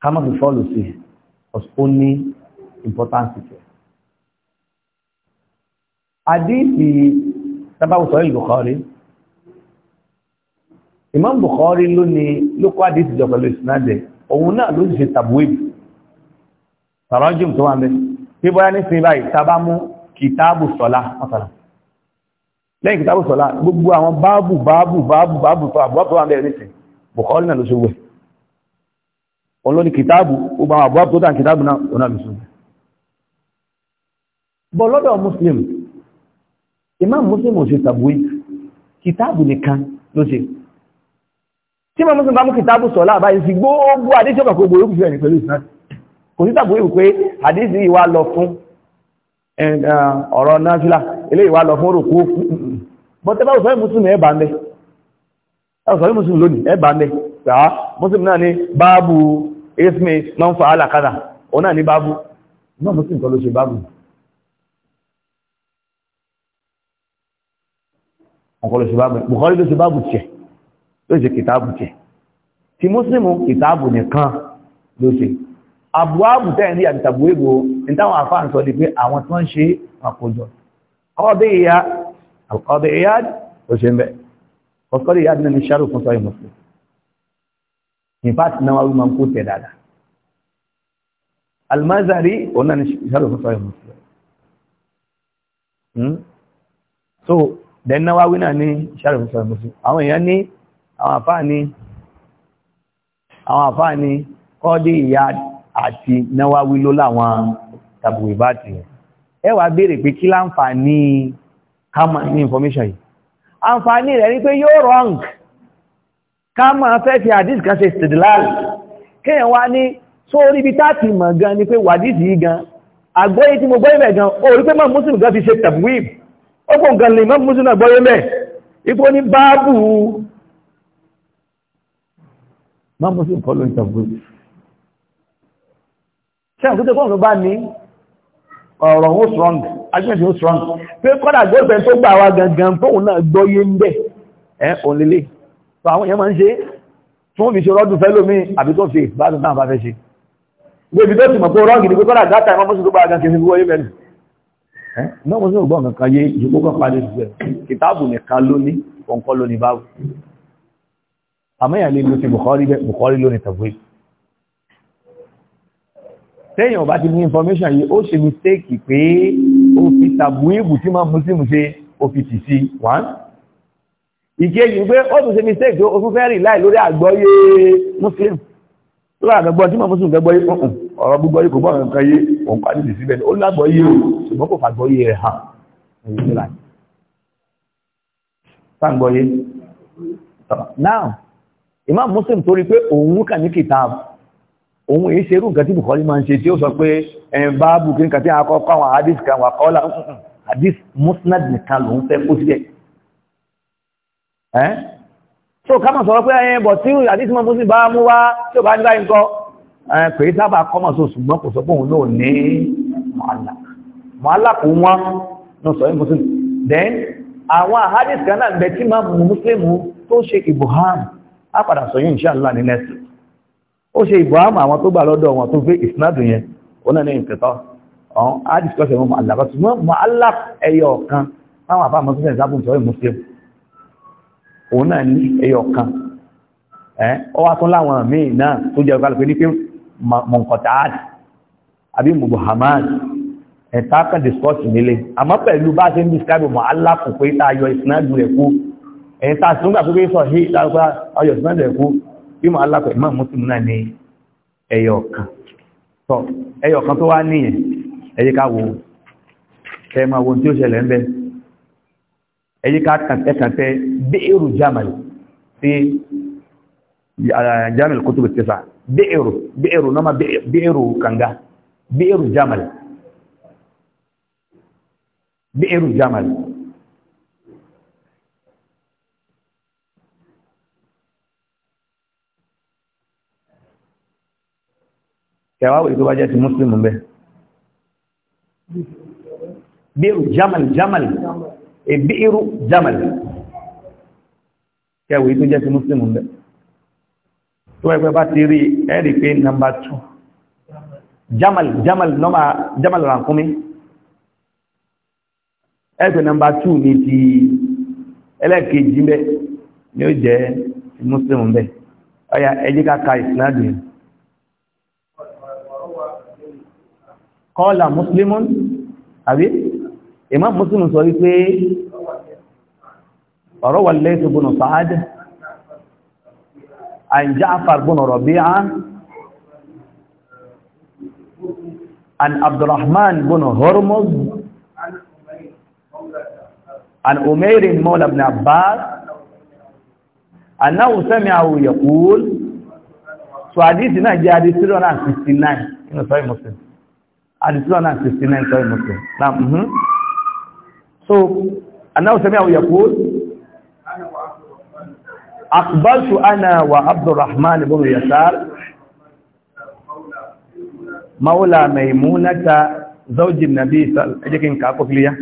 ká má fi fọ́ọ̀lù sí ó ní importance jẹ. àdìsí sábàbù sọ̀rọ̀ Bukhari Imam Bukhari ló ní ló kọ́ àdìsí jọ pẹ̀lú ìsinadẹ̀ òun náà ló sì ṣe tàbí wíìbù tó wà mẹ́rin pé bóyá ní sin báyìí tàbá mú kìtàbù sọ́lá mọ́sàlá lẹ́yìn kìtàbù sọ́lá gbogbo àwọn báàbù báàbù báàbù báàbù tó àbúrò àwọn bẹ̀rẹ̀ nìsìn bùkọ́lì náà ló ṣe wẹ̀ olóní kìtàbù gbogbo àwọn àbúrò tó tàn kìtàbù náà ló ṣe wẹ̀ bọ́ lọ́dọ̀ muslim imam muslim ò ṣe tàbí kìtàbù nìkan ló kò sí tàbí wípé àdísì ìwà lọ fún uh, ọ̀rọ̀ náfílà ilé ìwà lọ fún òrùkú bọ́tẹ́ bá òsọ́rí mùsùlùmí ẹ̀bà ń bẹ́ òsọ́rí mùsùlùmí lónìí ẹ̀bà ń bẹ́ pẹ̀lá ah, mùsùlùmí náà ní báàbù ismi náà ń fa alákádà ọ náà ní báàbù náà mùsùlùmí kọ́ ló ṣe báàbù ọkọ̀ ló ṣe báàbù Bukhari ló àbúwábù tẹ́ẹ̀rí àti tàbúwébò ìtàwọn àfáà ń sọ di pé àwọn tó ń ṣe àkójọ ọdí ìyá alkọ́dí ìyá tó ṣe ń bẹ̀ ọkọ́dí ìyá nínú ní ṣàrù fún sọ́yìn hmm? so then náà wáwí náà ní ṣàrù fún sọ́yìn mọ̀sí àwọn èèyàn ní àwọn àfáà ní àwọn àfáà ìyá àti náwáwí ló láwọn tàbùwì bá ti ẹ wá pé kí láǹfààní kama ní information yìí àǹfààní rẹ̀ ní pé yóò wrong kama fẹ́ fi àdís kan ṣe stedilal kéèyàn wá ní tó orí bí táàtì mọ̀ gan ni pé wàdís yìí gan àgbọ́yé tí mo gbọ́yé mẹ́ gan orí pé mọ́ muslim gan fi ṣe tàbùwì ó pọ̀ nǹkan lè mọ́ ṣẹ́yìn kúté fọ́nà tó bá ní ọ̀rọ̀ ó strong agbẹ́sì ó strong pé kọ́dà gbọ́sẹ̀ tó gbà wá gangan fóun náà gbọ́yé ń bẹ̀ ẹ́ òlélé tó àwọn èèyàn máa ń ṣe tí wọ́n fi ṣe rọ́dún fẹ́ lómi àbí tó fi ìbádùn náà bá fẹ́ ṣe gbébi tó sì mọ̀ pé rọ́ọ̀gì ni pé kọ́dà dátà ìmọ̀ mọ́sí tó bá gan kìí wọ́yé bẹ̀rẹ̀ náà mọ́sí ògbọ́n kankan yé ìṣòkó kan parí ìṣẹ́ kìtáàbù nìkan lóní kọ̀ǹkọ́ lóní báwù àmẹ́yàn lè lo ti Bukhari lóní tàbí tẹ́yìn ọba ti ní information yìí ó ṣe mistake pé ó fi tàbùíbù tí máa muslim ṣe ó fi tì sí one ìkejì pé ó tún ṣe mistake ó tún fẹ́ rìn láì lórí àgbọ́yé muslim tó rà gbọ́ tí máa muslim gbọ́yé ọ̀hún ọ̀rọ̀ gbogbo yìí kò bọ́ nǹkan yé òun pàdé sí síbẹ̀ ó lágbọ́yé o ṣùgbọ́n kò fàgbọ́yé rẹ̀ hàn èyí láì sáǹgbọ́yé now imam muslim torí pé òun kà ní kìtàbù òun èé ṣerú nǹkan tí Bukhari máa ń ṣe tí ó sọ pé ẹn bá bùkí nǹkan tí a kọ́ kọ́ àwọn hadith kan wà kọ́lá mm, mm, mm. hadith musnad nìkan lòun fẹ́ kó sílẹ̀ ẹ́ so ká mọ̀ pé ẹn bọ̀ tí hadith mọ́ muslim bá mú wá tí ó bá ní báyìí nǹkan ẹn pè sábà kọ́mọ̀ sọ ṣùgbọ́n kò sọ pé òun náà ní mọ́àlá mọ́àlá kò wọ́n ní sọ yín muslim then àwọn hadith kan náà bẹ tí máa mú muslim tó ṣe ìbùhám á padà sọ yín inshallah ní next ó ṣe ìbọ̀hámà àwọn tó gbà lọ́dọ̀ wọn tó gbé ìsinádù yẹn ó náà ní ìpẹ̀tọ́ ọ̀hún á dìskọ́sẹ̀ wọn màálà ṣùgbọ́n màálà ẹyọ kan táwọn àbá àmọ́tún sẹ́yìn sábùn tọ́wọ́ ìmúṣẹ́ òun náà ní ẹyọ kan ẹ́ ọ wá tún láwọn míì náà tó jẹ́ ọ̀gá lópin ní pé mọ̀nkọ̀tàád àbí mùbùhámàd ẹ̀ta kan dìskọ́sì nílé àmọ́ pẹ̀lú bá ṣe ń dìskábì màálà kò pé tá a yọ ìsinádù rẹ̀ kú ẹ̀yìn tá a sì ń gbà pé sọ bí mo alápẹ̀ máa mùsùlùm náà ní ẹyọ kan tọ́ ẹyọ kan tó wá níyẹn ẹ jẹ́ ká wo ẹ máa wo tí ó ṣẹlẹ̀ ń bẹ ẹ ká kàtẹ́kàtẹ́ bẹ́ẹ̀rù jamal sí ah, jamal kutub tisa bẹ́ẹ̀rù bẹ́ẹ̀rù náà bẹ́ẹ̀rù Kanga bẹ́ẹ̀rù jamal bẹ́ẹ̀rù jamal kẹwàá ìtò bá jẹ́ ti muslim bẹ́ bíru jamal jamal ìbíru e jamal kẹwàá ìtò jẹ́ ti muslim bẹ́ tó ẹgbẹ́ bá ti rí ẹ̀rì pé nọmbà 2 jamal jamal nọ́mà jamal rankumi ẹgbẹ́ nọmbà 2 ní ti ẹlẹ́kejì bẹ́ ni ó jẹ́ muslim bẹ́ ọya ẹjíká ka ìsìnàdì kọ́ọ̀là muslimun àbí imam muslim sọ wípé ọ̀rọ̀ wà lẹ́tù bùnà sáájẹ́ عن جعفر بن ربيعة عن عبد الرحمن بن هرمز عن أمير مولى بن عباس أنه سمعه يقول سعديثنا جادي سيرونا 69 إنه صحيح مسلم and 269 sorry Muslim نعم mm -hmm. so أنه سمعه أقبلت أنا وعبد الرحمن بن يسار مولى ميمونة زوج النبي صلى الله عليه وسلم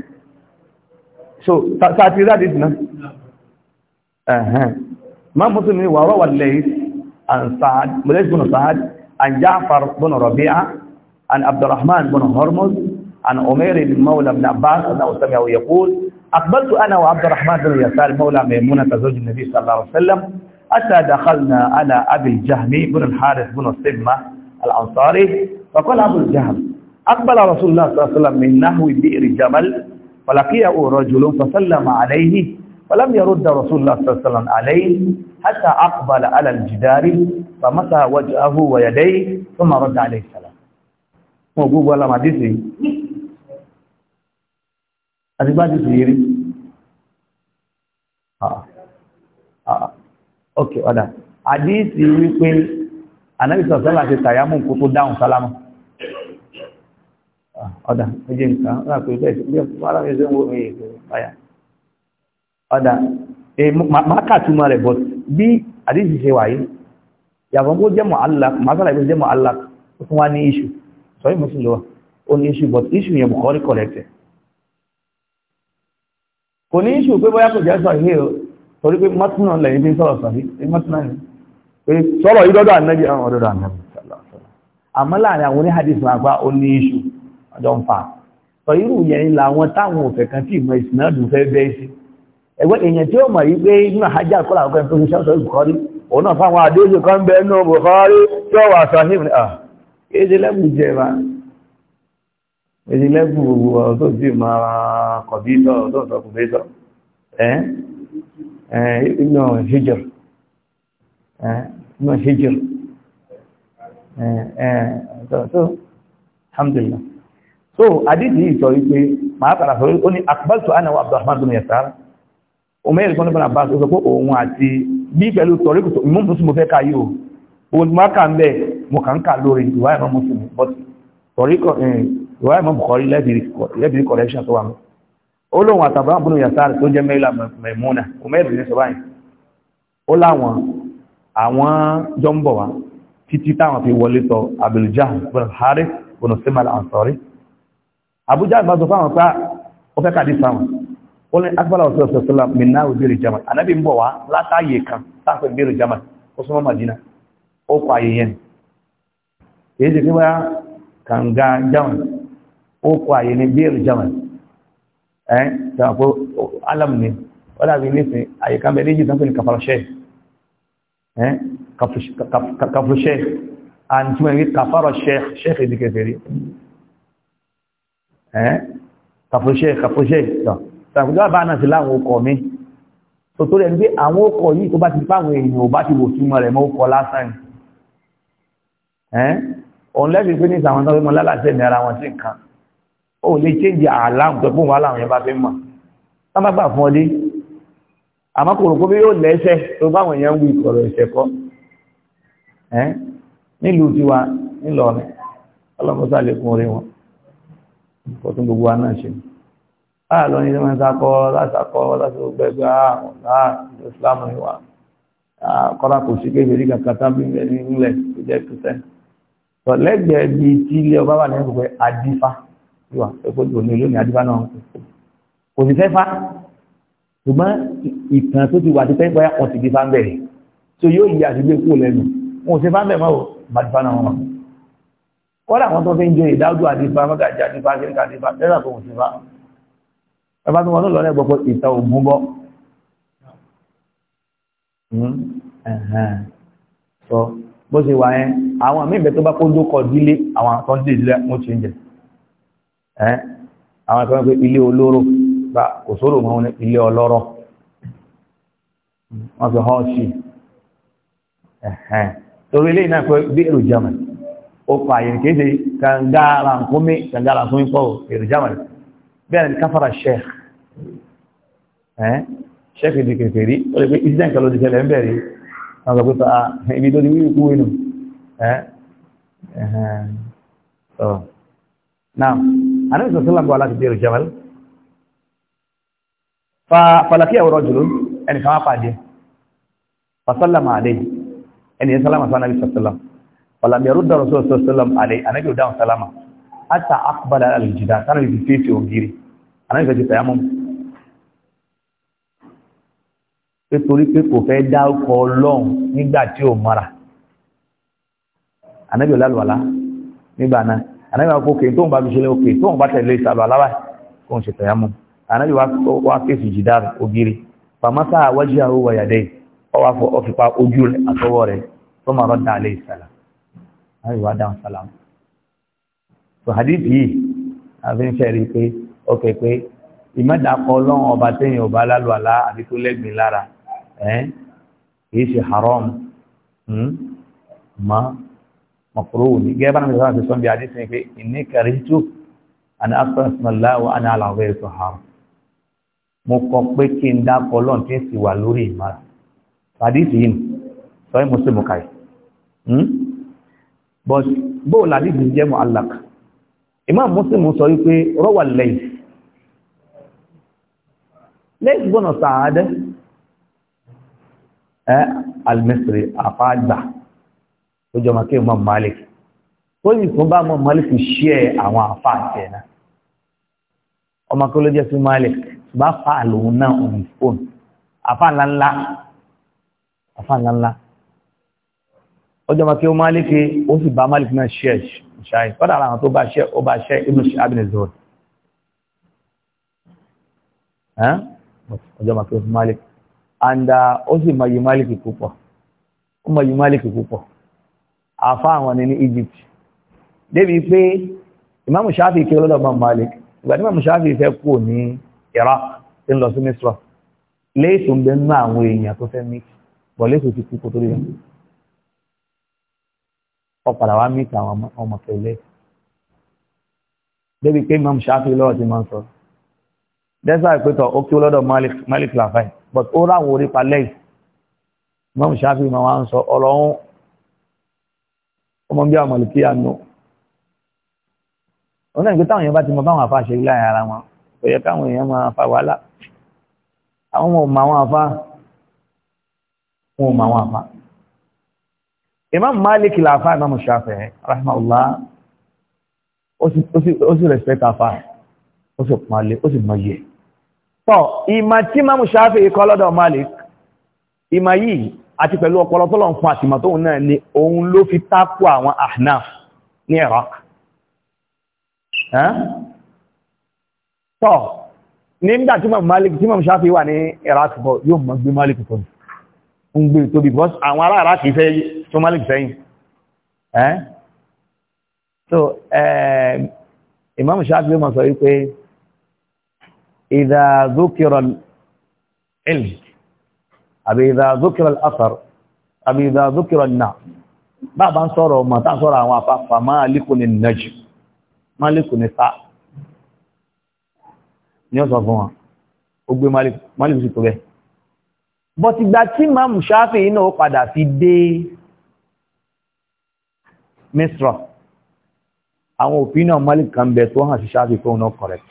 so ساتي ذا ديتنا اها ما مسلم وروى الليث عن سعد مليث بن سعد عن جعفر بن ربيعه عن عبد الرحمن بن هرمز عن عمير مولى بن عباس أنه سمعه يقول أقبلت أنا وعبد الرحمن بن يسار مولى ميمونة زوج النبي صلى الله عليه وسلم حتى دخلنا على أبي الجهم بن الحارث بن السمة الأنصاري فقال أبو الجهم أقبل رسول الله صلى الله عليه وسلم من نحو بئر جبل فلقيه رجل فسلم عليه فلم يرد رسول الله صلى الله عليه وسلم عليه حتى أقبل على الجدار فمسح وجهه ويديه ثم رد عليه السلام wọn gbogbo alamàdìsí àti bá ti sì rí ah, ah, ah, ok ọ̀dà àdìsí wípé anábìsọ̀ sọ́lá ti tàyámù kó tó dáhùn sálámù ọ̀dà ẹjẹ́ nǹkan láàpẹ bẹ́ẹ̀ bí ọ̀pọ̀lọpọ̀ mi ṣe ń wo mi ètò báyà ọ̀dà máa kàtúmọ̀ rẹ̀ bọ́t bí àdìsí ṣe wáyé yàtọ̀ kó jẹ́ mọ̀ alá màá sàlàyé jẹ́ mọ̀ Sahih Muslim ló isu ó isu issue but issue yẹn Bukhari correct kò ní issue pé bóyá o torí pé mọ́túnà lẹ́yìn bí sọ̀rọ̀ sọ̀rí yìí dọ́dọ̀ ànábì àwọn ọ̀dọ́dọ̀ ànábì àmọ́ àwọn oníhadis máa ń làwọn táwọn kan tí sí èèyàn tí ó pé àhájà ejìlẹ́bù jẹba ejìlẹ́bù gbogbo ọ̀rọ̀ tó sì máa kọ̀bítọ̀ tó ń sọkùn bẹ́tọ̀ ẹ́ iná hijir iná hijir tó alhamdulillah so àdìsí ìsọ wípé máa tàrà sọ ó ní akbaltu ana wa abdulrahman bin yasar umair kan bin abbas ó sọ pé òun àti bí pẹ̀lú tọ̀ríkù tó mú fún sí mo fẹ́ káyé o òun máa kà ń bẹ́ẹ̀ mo kàn ń kà lórí ìwà ìmọ̀ mùsùlùmí but torí eh, ìwà ìmọ̀ bùkọ́rí lẹ́bìrì correction tó wà mọ́ ó lóun àtàbà bùnú yàtà tó jẹ́ mẹ́lá mẹ́múnà kò mẹ́rin ní sọ́báyìn ó láwọn àwọn jọ wá títí táwọn fi wọlé tọ abdullah bùnú harris bùnú abuja bá sọ fáwọn pé ó fẹ́ kàdí sáwọn ó minna òbírí jama anábì ń bọ̀ wá látàyè kan táfẹ́ bírí madina ó kọ ayẹyẹ ni èyí sì níwá kànga german ó kọ àyè ní bíèrè german ẹ sọ pé alam ni wọ́n dàbí nísìn àyè kan bẹ ní jù sánpẹ́ ní kafaroṣẹ́ ẹ kafaroṣẹ́ àti wọ́n ní kafaroṣẹ́ ṣẹ́ẹ̀kì ìdíkẹ̀fẹ̀ rí ẹ kafaroṣẹ́ kafaroṣẹ́ sọ sàkójọ́ àbá náà sí láwọn ọkọ̀ mi tó tó rẹ̀ ní pé àwọn ọkọ̀ yìí tó bá ti fáwọn èèyàn ò bá ti wò túmọ̀ rẹ̀ mọ́ ọkọ̀ lásán ni òun lẹ́bìí pé ní ìsàwọn tán fẹ́ mọ́ lálàsẹ́ ní ara wọn sí nǹkan ó lè chéjì àláàmù tó fún wàhálà àwọn yẹn bá fi mọ̀ tá bá gbà fún ọdí àmọ́ kò rò pé yóò lẹ́sẹ̀ tó bá àwọn èèyàn ń wí ọ̀rọ̀ ẹ̀sẹ̀ kọ́ nílùú tiwa ńlọrọrin ọlọ́mọsá lè kún orí wọn kò tún gbogbo wa náà ṣe báà lọ ní ṣe ah, máa ah, ń sakọ lásakọ lásìkò gbẹgbẹ àwọn ọ̀la ìsìlámù ìwà kọ́ra lẹ́gbẹ̀ẹ́ bí tí ilé ọba wà lẹ́nu pé adífá yíwa ẹ̀kọ́ tó ní olóyìn adífá náà kò sì fẹ́ fa ṣùgbọ́n ìtàn tó ti wà ti pẹ́ẹ́pẹ́ wọn ti di fa ń bẹ̀rẹ̀ tó yóò yí àtìgbé kúrò lẹ́nu wọn ò ṣe fa ń bẹ̀ mọ́ o bá adífá náà wọn. kọ́dà wọn tó fi ń jẹ ìdájú adífá mọ́gàjì adífá kíríkà adífá lẹ́nà tó ń ṣe fa. ẹ bá tún wọn lọ lẹ́gbọ́ pé bó ṣe wà yẹn àwọn àmì ìbẹ̀ tó bá kó jókọ̀ dílé àwọn àtọ́jú ìdílé wọ́n ti ń jẹ ẹ́ àwọn àtọ́jú pé ilé olóró bá kò sóró mọ́ ní ilé ọlọ́rọ̀ wọ́n fi hàn sí ẹ̀hẹ́n torí ilé náà pé bí èrò german ó pa àyè kìí ṣe nkúmi kàngára nkúmi pọ̀ èrò german bẹ́ẹ̀ ni káfàrà sheikh ẹ́ sheikh ìdìkẹ̀kẹ̀ rí ó lè pé ìdíjẹ́ nǹkan ló ti ṣẹlẹ̀ ń àwọn ọ̀gbẹ́ video ah, ibi tó ti wí ìkú inú so now anábì sọ sílá gbọ́ aláti dèrò jamal falakí àwọn ọjọ́ ẹni kan wá pàdé fasallama alẹ́ ẹni yẹn sálama sọ Sallam. sọ sílá falami rúdà rọ̀ sọ sílá alẹ́ anábì ò dáhùn sálama hatta akbala aljida sanar da fifi ogiri anábì sọ ti tayammum nítorí pé kò fẹ́ dá ọkọ̀ ọlọ́run nígbà tí ò mara ànábì ọ̀làlùwàlá nígbà náà ànábì wa kó kè tóun bá fi ṣẹlẹ̀ òkè tóun bá tẹ̀lé ìsàlọ̀ aláwà kóun ṣe tẹ̀yà mú ànábì wa fèsì jìdá ògiri pàmásá àwájú àwọn òwò àyàdé ọwọ́ afọ ọfipá ojú rẹ̀ àtọwọ́ rẹ̀ tó máa rọ́ dàlẹ́ ìsàlọ̀ ànábì wa dáhùn sàlámù tó hadith yìí àfi ń fẹ́ rí pé ọkẹ́ pé ìmọ̀dàkọ ọlọ́run ọba téèyàn ọba lálùwàlá àbí lára eh kìí ṣe haram hmm, ma makruh ní gẹ́gẹ́ bá náà sọ́nà ti sọ́n bí adé sẹ́yìn inni karihtu an astasna Allah wa ana ala ghayri tahara mo kọ pé kí n dákọ lọ́n tí ń sì wà lórí ìmára hadisi yìí sọ́yìn mo sì mú kàyí but bóò làdíjì jẹ́ mọ́ alákà imam muslim sọ wípé rawal lẹ́yìn lẹ́yìn gbọ́nà sàádẹ́ al-Misri àfáàgbà tó jọ máa kí Imam Malik ó sì tún bá Imam Malik ṣí ẹ àwọn àfáàtì ẹ̀ náà ọmọ kí ló jẹ́ sí Malik bá fa àlòun náà òun fóònù àfáà ńláńlá àfáà ńláńlá ọjọ́ máa kí ó Malik ó sì bá Malik náà ṣí ẹ̀ ṣáì fọ́dà àwọn tó bá ṣe ó bá ṣe Ibn Shihab bin Zuhri ọjọ́ kí ó Malik and uh, ó sì mọ̀ yìí púpọ̀ ó mọ̀ yìí púpọ̀ àfá àwọn ní Egypt débi pé Imam Shafi kí lọ́dọ̀ Imam Malik ìgbà tí Imam Shafi fẹ́ kú ní Iraq tí ń lọ sí Misra léètò ń bẹ nínú àwọn èèyàn tó fẹ́ mít bọ̀ léètò ti kú kó tó rí ọ padà wá mít àwọn ọmọ kẹlẹ́ débi pé Imam Shafi lọ́wọ́ ti máa ń sọ̀rọ̀ dẹ́sà ìpẹ́tọ̀ ó kí ó lọ́dọ̀ Malik lafai but ó ráwọ̀ orí palẹ́ ìmọ̀mù ṣáfí ma wá ń sọ ọlọ́run ọmọ bí àmọ̀lùkí àánú ọ̀nà ìgbé táwọn èèyàn bá ti mọ báwọn afá ṣe láàrin ara wọn kò yẹ káwọn èèyàn máa fa wàhálà àwọn ọmọ ọmọ àwọn afá wọn ọmọ àwọn afá Imam Malik lafá ìmọ̀mù ṣáfí rahimahullah ó sì respect afá ó sì pọ́nlé ó sì mọ yẹ tọ́ ìmà tí Imamu Shafi'i kọ́ lọ́dọ̀ Malik ìmà yìí àti pẹ̀lú ọpọlọ tó lọ́n fún àtìmà tóun náà ni òun ló fi tákù àwọn Ahnaf ní Iraq tọ́ nígbà tí Imamu Shafi'i wà ní Iraq bọ́ yóò mọ́ gbé Malik tó ń gbé tó bí àwọn ará Iraq fẹ́ tó Malik sẹ́yìn so eh, Imamu Shafi'i mọ̀ sọ wípé إذا ذكر العلم أبي إذا ذكر الأثر أبي إذا ذكر النعم بعض أنصاره ما تأثر عن وفاق فمالك النجم مالك النساء ni ó sọ fún wọn ó gbé malik sí tó bẹ́ but ìgbà tí ma mú ṣááfì iná ó padà fi dé misra àwọn òfin náà malik kan bẹ tó hàn sí ṣááfì fóun náà correct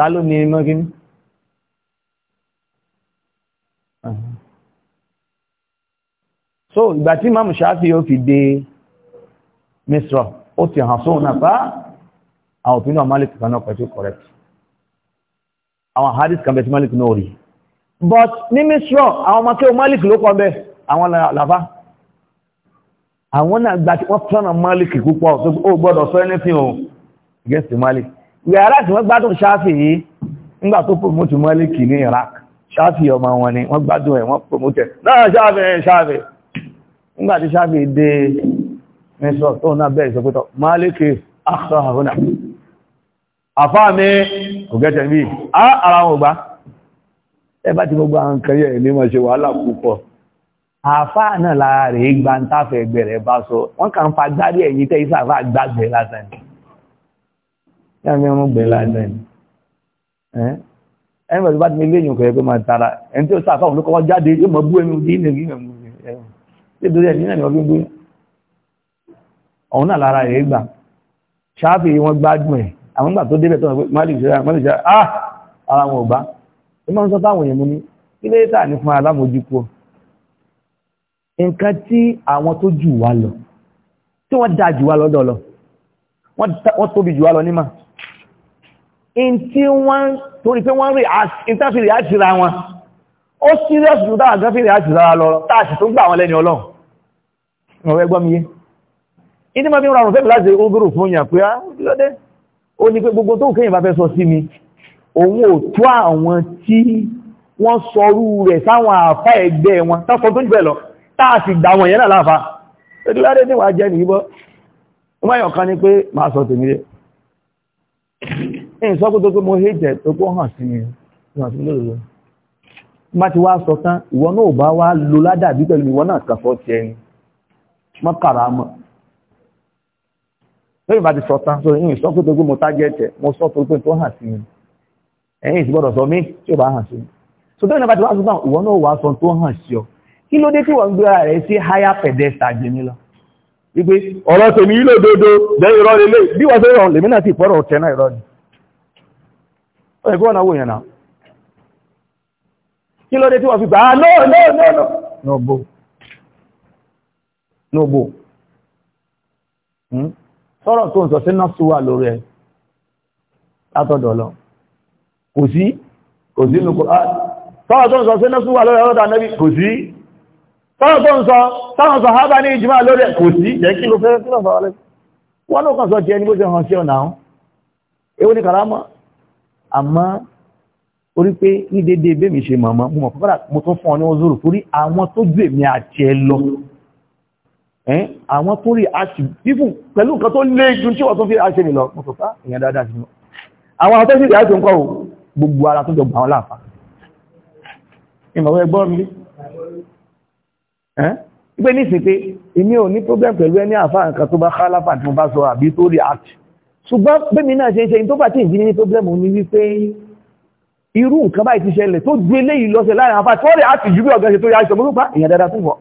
ta ló ní iná so ìgbà tí Imam Shafi yóò fi dé Misra ó ti hàn sóhun náà pa àwọn òfin náà Malik kan náà pẹ̀tù correct àwọn hadith kan bẹ̀tù Malik náà rí but ní Misra àwọn ọmọ kí o Malik ló kọ́ bẹ́ àwọn làfá àwọn náà gbà tí wọ́n fẹ́ràn Malik púpọ̀ ó gbọ́dọ̀ sọ anything against Malik yàrá tí wọ́n gbádùn ṣáfì yìí nígbà tó promote mọ́líkì ní Iraq ṣáfì ọmọ wọn ni wọ́n gbádùn ẹ̀ wọ́n promote náà ṣáfì ṣáfì nígbà tí ṣáfì dé mẹ́sọ̀ tó náà bẹ́ẹ̀ sọ pẹ́tọ̀ mọ́líkì àkọ́hàrúnà àfáà mi kò gẹ́tẹ̀ bí ara wọn gbá ẹ bá ti gbogbo àwọn nǹkan yá mi ọmọ gbẹ̀ láìsẹ̀ ni ẹni pẹ̀lú bá ti ilé èyàn kẹ̀yẹ́ pé máa tara ẹni tí ó sáà fáwọn olókọ́ jáde yóò mọ̀ bú ẹnu bí ilẹ̀ ìgbìmọ̀ mú ẹ̀rọ tí ó dorí ẹni náà ọ̀hún náà lára rẹ̀ gbà ṣáàfì wọn gbádùn ẹ̀ àwọn gbà tó débẹ̀ tó wọn pé malik ṣe malik ṣe ah ara wọn ò bá ẹ máa ń sọ fáwọn èèyàn mú ní kí lè tà ní fún alámòjúkú wọ́n tóbi jù wá lọ nímà in tí wọ́n torí pé wọ́n rí ìtàfìrí àti ra wọn ó serious jù dáwà gan fìrí àti ra lọ táàsì tó gbà wọn lẹ́ni ọlọ́run ọ̀rẹ́ gbọ́ mi yé ìdí máa fi ń rọrùn fẹ́mi láti ogoro fún yàn pé ah, lọ́dẹ́ ó ní pé gbogbo tó kéyìn bá fẹ́ sọ sí mi òun ò tó àwọn tí wọ́n sọrú rẹ̀ sáwọn àfá ẹgbẹ́ wọn tásọ tó ń bẹ̀ lọ táàsì gbà wọn yẹn náà láàfá ẹdúrádé níwà jẹ́ nìyí wọ́n yọ̀ kan ní pé máa sọ tèmi rẹ̀ ẹ̀yìn sọ́kú tó pé mo hẹ́jẹ̀ tó pọ̀ hàn sí mi hàn sí mi lóòrò má ti wá sọ tán ìwọ náà ò bá wá lo ládàbí pẹ̀lú ìwọ náà kàn sọ tiẹ̀ ni má kàrà mọ̀ lóyìn bá ti sọ tán sọ ẹ̀yìn sọ́kú tó pé mo tájẹ́ tẹ̀ tó pé tó hàn sí mi ẹ̀yìn sì gbọ́dọ̀ sọ mí tí ò bá hàn sí mi so tó yìnbọn bá ti wá sọ tán ìwọ náà ò wá sọ tó hàn sí ọ kí ló dé tí wọ́n gbéra rẹ̀ sí higher pedestal jẹ́ mi lọ ìgbé ọ̀rọ̀ tèmi ilé òdodo jẹ́ ìrọ́ lélé bí wọ́n tó rọ̀ lèmi náà ti pọ́rọ̀ tẹ́nà ìrọ́ ni ó ẹ̀kọ́ ọ̀nà wòyàn náà kí ló dé tí wọ́n fi gbà no no no no no bo no bo hmm? sọ́rọ̀ tó ń sọ sí náà súwà lórí ẹ látọ̀dọ̀ lọ kò sí kò sí nù kò sọ́rọ̀ tó ń sọ sí náà súwà lórí ọ̀dọ̀ táwọn tó ń sọ táwọn sàhábà ní ìjímà lórí ẹ̀ kò sí jẹ́ kí ló fẹ́ kí lọ́fà wọlé wọ́n ló kàn sọ jẹ́ ní bó ṣe hàn sí ọ̀nà àwọn ewu ní karama àmọ́ orí pé ní dédé bẹ́ẹ̀ mi ṣe mọ̀mọ́ mo mọ̀ kọ́kọ́rà mo tún fún ọ ní wọn zòrò torí àwọn tó ju èmi àti ẹ lọ àwọn tó rí aṣù fífún pẹ̀lú nǹkan tó lé ju tí wọ́n tó fi aṣe mi lọ mo sọ fá èèyàn ah, dáadáa sí mi àwọn àwọn tó sì rí aṣù ń kọ́ gbogbo ara tó jọ gbà wọn láàfà ìmọ̀ ẹgbọ́n mi pé ní ìsìn pé èmi ò ní problem pẹ̀lú ẹni àfáà nǹkan tó bá kálàfà tí mo bá sọ àbí tó react ṣùgbọ́n pẹ́mi náà ṣe ń ṣe tó bá tí ìdíní ní problem ní wípé irú nǹkan báyìí ti ṣẹlẹ̀ tó ju eléyìí lọ́sẹ̀ láàrin àfáà tí wọ́n react ju bí ọ̀gá ṣe tó yá ṣe mọ́lúpá ah, èèyàn dáadáa fún wọn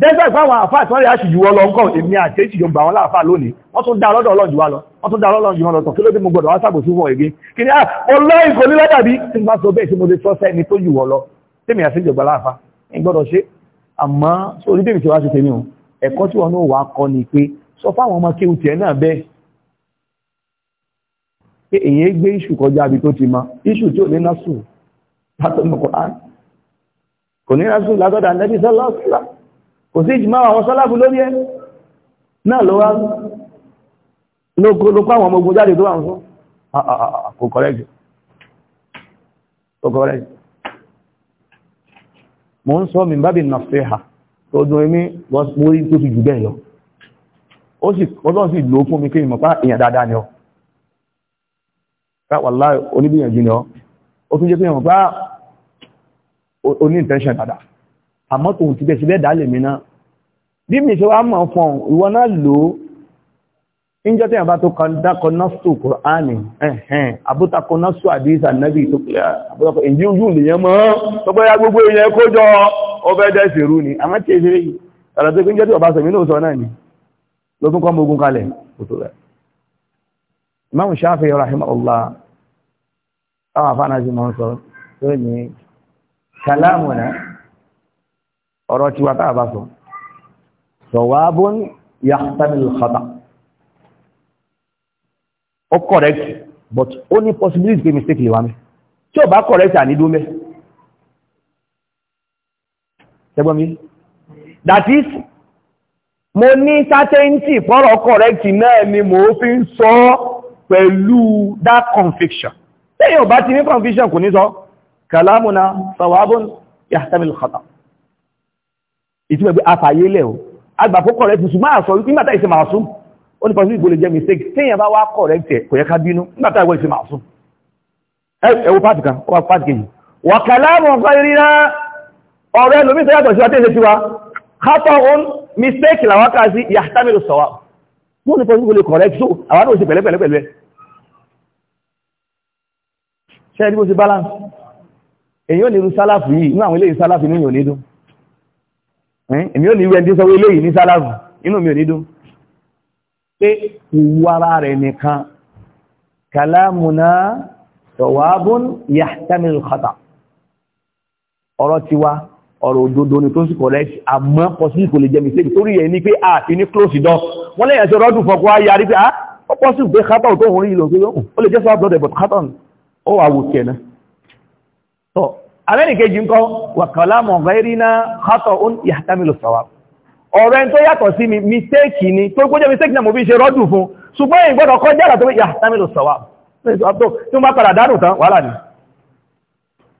dẹ́gbà ìpá àwọn àfáà tí wọ́n react ju wọn lọ ńkọ́ èmi àti èsì jọba àwọn láàfáà lónìí wọ́n tún dá lọ́dọ̀ ọlọ́jù wọn ah, láàfáà àmọ́ orí tèmi tí wá ṣe tèmi o ẹ̀kọ́ tí wọn náà wà kọ́ ni pé sọ fáwọn ọmọ kéwù tiẹ̀ náà bẹ́ẹ̀ pé èyí gbé iṣu kọjá àbí tó ti ma iṣu tí ò ní násù látọ̀nà Kùránì kò ní násù látọ̀dà nẹ́bí sọ́lọ́sọ́lá kò sí ìjìmá àwọn sọ́láfù lórí ẹ náà ló wá lókọ́ àwọn ọmọ ogun jáde tó wà ń sọ ah, ah, ah, kò kò kọ̀rẹ́jù mo ń sọ min bábi nàfẹ́hà tó dún emí mo rí tó ti jù bẹ́ẹ̀ lọ ó sì ọlọ́run sì lò fún mi kí ìmọ̀pá èèyàn dáadáa ni ọ káwàlá oníbìyànjú ni ọ ó tún jẹ́ pé ìmọ̀pá oní intention dáadáa àmọ́ tòun ti bẹ̀ síbẹ̀ dálè mi náà bí mi ṣe wá mọ̀ fún ìwọ náà lò níjọ́ tí àbá tó dákọ̀ nọ́sù kùránì ẹ̀hẹ́n àbútakọ̀ nọ́sù àdísà nẹ́bí tó pẹ̀lẹ̀ àbútakọ̀ èyí ojú lèyàn mọ́ tó pẹ́ gbogbo èyàn kó jọ ọbẹ̀ dẹ́sì rú ni àmọ́ tí èsì rí ọ̀rọ̀ tó níjọ́ tí ọba sọ̀mí náà sọ náà mọ́ sọ tó ó correct but only ní possibility pé mistake lè wá mẹ́ tí ó bá correct ànídó mẹ́ ṣẹgbọ́n mi that is mo ní certainty fọ́rọ̀ correct náà ni mo fi ń sọ pẹ̀lú that conviction lẹ́yìn ọba ti ní conviction kò ní sọ kàlámùná sawabun yahtamil khata ìtumẹ̀ pé afàyélẹ̀ o agbàfó correct ṣùgbọ́n àsọ nígbàtà ìṣẹ́ màásùn ó ní pọ̀sí ìgbò lè jẹ́ mistake téèyàn bá wá correct kò yẹ ká bínú nígbàtà ìwọ̀ ìṣẹ́ màásùn ẹwọ pàtì kan ó wá pàtì kejì wà kàlámù ọ̀gá ìrìnà ọ̀rẹ́ lómi tó yàtọ̀ síwá tẹ́sẹ̀ síwá hátọ̀ òun mistake làwọn kà sí yàtàmìlò sọ̀wà ó ní pọ̀sí ìgbò lè correct so àwọn náà ó ṣe pẹ̀lẹ́pẹ̀lẹ́ pẹ̀lú ẹ̀ ṣe ẹni pé ìwára rẹ̀ nìkan kàlámùná tọ̀wábùn yahtamil khata ọ̀rọ̀ ti wá ọ̀rọ̀ òdodo ni tó sì correct àmọ́ possible kò lè jẹ́ mistake torí ẹ̀ ní pé a ti ní close door wọ́n lẹ́yìn ẹ̀ṣẹ́ rọ́dùn fọ́kọ́ ayárí pé ah ó possible pé khata tó ń rí ìlò oh, ó lè jẹ́ so amẹ́nìkejì ń kọ́ wà kàlámù ghayrina khata ó ọ̀rẹ́ tó yàtọ̀ sí mi mistake ni tó gbójẹ́ mistake náà mo bí ṣe rọ́dù fún ṣùgbọ́n èyí gbọ́dọ̀ kọjá àrà tó wé yà tàmílò sọ̀wà tí ó bá padà dánù tán wàhálà ní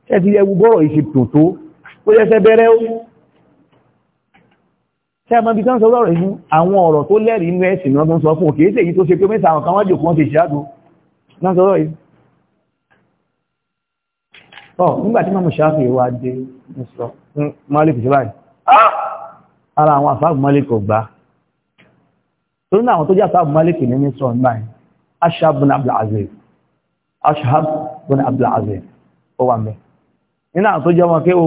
ṣẹ́dí ẹwú gbọ́rọ̀ ìṣe tòótó ó yẹ́ sẹ́bẹ̀rẹ̀ ó ṣe àmọ́ bí tán sọ lọ́rọ̀ inú àwọn ọ̀rọ̀ tó lẹ́rìí inú ẹ̀sìn náà tó ń sọ fún òkè èsè yìí tó ṣe pé mẹ́ta àwọn kan wájò kan ṣe ṣáàdù náà sọ lọ́rọ̀ yìí nígbà tí ara àwọn àfáàbù malik kò gbà tó ní àwọn tó jẹ́ àfáàbù malik ní ní sọ̀rọ̀ náà ashab bin abdulaziz ashab bin abdulaziz ó wà mẹ́ nínú àwọn tó jẹ́ wọn kéwò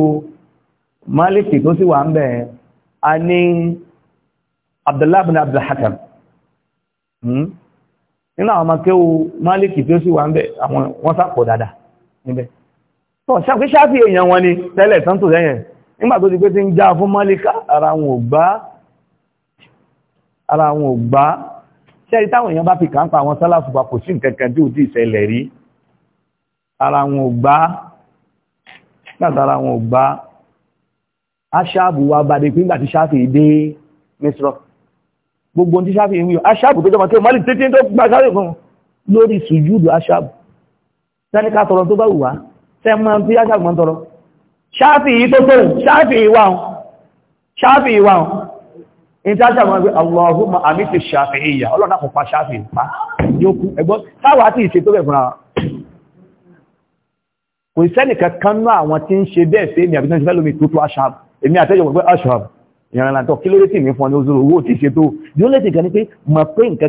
malik tó sì wà ń bẹ̀ a ní abdullahi bin abdulhakam hmm? nínú àwọn akéwò malik tó sì wà ń bẹ̀ àwọn wọ́n sàpọ̀ dáadáa níbẹ̀ tó ni tẹ́lẹ̀ tán tó lẹ́yìn nígbà tó di pé tí ń já fún mọ́líká ara wọn ò gbá ara wọn ò gbá ṣẹ́rí táwọn èèyàn bá fi kàńpa àwọn sálàfù kò sí nǹkan kan tí ò tí ìṣẹ̀lẹ̀ rí ara wọn ò gbá nígbàtí ara wọn ò gbá aṣáàbù wa bàdé pé nígbà tí ṣáàfì dé mísírọ̀ gbogbo tí ṣáàfì ń wí aṣáàbù tó jọmọ kí mọ́lì títí tó gba sáré fún lórí sùjúdù aṣáàbù sẹ́ni ká tọrọ tó bá wù wá sẹ́ mọ́ tí aṣáàbù máa ń tọrọ ṣáàfì yìí tó tóhùn ṣáàfì ìwáhùn ṣáàfì ìwáhùn ìtàṣà wọn gbé allahumma àmì ti ṣáàfì ìyà ọlọ́nà kò pa ṣáàfì ìpá yóò ẹgbọ́n sáwà tí ìṣe tó bẹ̀ fúnra kò sẹ́nìkan kan náà àwọn tí ń ṣe bẹ́ẹ̀ sí èmi àbí tán ṣe fẹ́ lómi tó tó aṣáàbù èmi àtẹ́jọ pẹ̀lú aṣáàbù ìrìnlẹ̀ àtọ́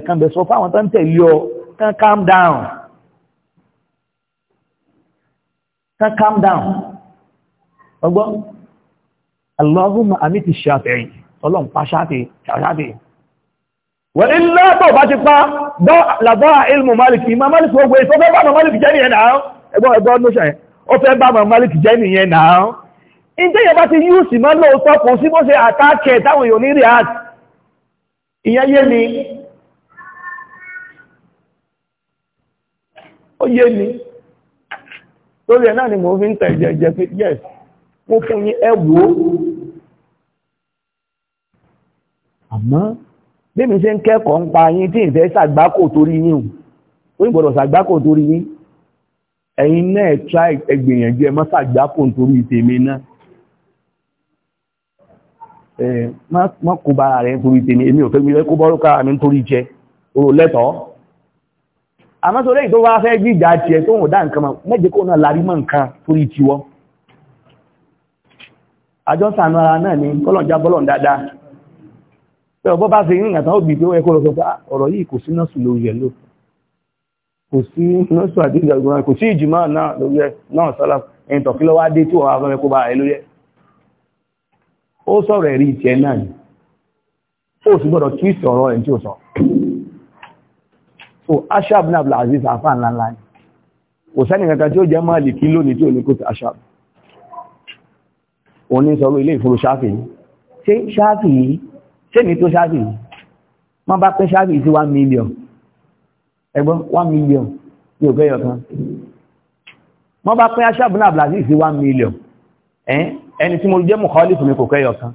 kí ló down kan calm down ọgbọ́n Allahumma amiti shafi'i ọlọ́run pa shafi'i shafi'i wọ́n ní lọ́tọ̀ bá ti pa làbá ilmu malik ma malik ogun èso fẹ́ bá ma malik jẹ́ nìyẹn náà ẹgbọ́n ẹgbọ́n ló ṣẹ̀ ó fẹ́ bá ma malik jẹ́ nìyẹn náà ìjẹ́ yẹn bá ti yúùsì máa lóòótọ́ kò sí bó ṣe táwọn èèyàn ní rí kó fún yín ẹ wò ó àmọ́ bẹ́ẹ̀mi ṣe ń kẹ́kọ̀ọ́ ń pa yín tí ìfẹ́ ṣàgbákò torí yín o ó ń gbọ́dọ̀ ṣàgbákò torí yín ẹ̀yin náà tra ẹgbìyànjú ẹ má ṣàgbákò torí tèmi náà ẹ má kó bára rẹ̀ torí tèmi èmi ò fẹ́ gbé kó bọ́rọ́ kára mi nítorí jẹ orò lẹ́tọ̀ọ́ àmọ́ sọ lẹ́yìn tó bá fẹ́ gbìjà tiẹ̀ tó ń dá nǹkan mọ́ mẹ́jẹ náà larí mọ́ nǹkan torí tiwọ́ àjọ sànú ara náà ni kọ́lọ̀njá bọ́lọ̀n dáadáa pẹ̀lú bọ́ bá ṣe ní ìyàtọ̀ òbí tí ó ẹkọ́ lọ́sọ̀ ah, ọ̀rọ̀ yìí kò sí nọ́ọ̀sù lórí ẹ̀ ló kò sí nọ́ọ̀sù àti ìjọba kò sí ìjùmọ̀ náà lórí ẹ̀ náà sọ́lá ẹ̀yìn tọ̀kí lọ́wọ́ dé tí wọ́n afẹ́mẹ́ kó bá ẹ lórí ẹ̀ ó sọ̀rọ̀ ẹ̀rí ìtẹ́ náà ni ó sì gbọ́dọ̀ twist ọ̀rọ̀ ẹ̀ tí ó sọ òun ní sọ̀rọ̀ ilé ìfòrò ṣáàfì ṣe ṣáàfì yìí ṣe ní tó ṣáàfì yìí wọ́n bá pín ṣáàfì sí one million ẹgbọ́n one million ní òkè yọkan wọ́n bá pín aṣáàbù náà blasí sí one million ẹni tí mo jẹ́ mọ̀kọ́lì fún mi kò kẹ́yọ̀ kan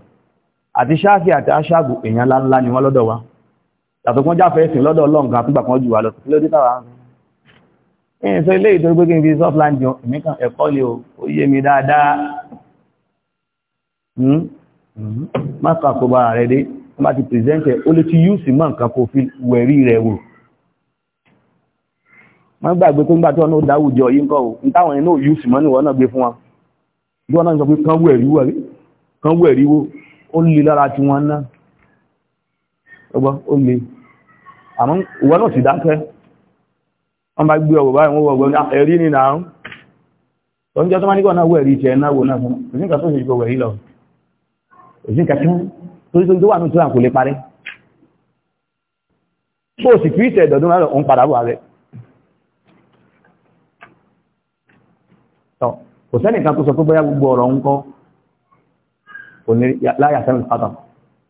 àti ṣáàfì àti aṣáàbù èèyàn ńláńlá ni wọ́n lọ́dọ̀ wa yàtọ̀ kan jáfẹ́ ẹ̀sìn lọ́dọ̀ ọlọ́ǹkan àtúgbà kan jù wá lọ sí lórí táwa ẹ̀yìn sọ ilé ìtorí soft land jọ èmi kan ẹ̀kọ́ lè o ó yé Hmm? má sàkóbá rẹ̀ dé bá ti pìrìsẹ́ntẹ̀ ó lè ti yúùsì mọ́ nǹkan kò fi wẹ̀rí rẹ̀ wò má gbàgbé tó ń gbà tí wọn náà dáwùjọ yìí ń kọ́ ò ní táwọn ẹni náà yúùsì mọ́ níwọ̀n náà gbé fún wọn bí wọn náà sọ pé kán wẹ̀rí wẹ̀rí lè lára wọn òsì kẹtù torí tó wà ní ìtura kò lè parí bó o sì fi ìtẹ̀ ìdọ̀dún rẹ̀ òun padà wà rẹ̀ kò sẹ́nìkan tó sọ pé bóyá gbogbo ọ̀rọ̀ ń kọ́ láyà sẹ́rìn pátá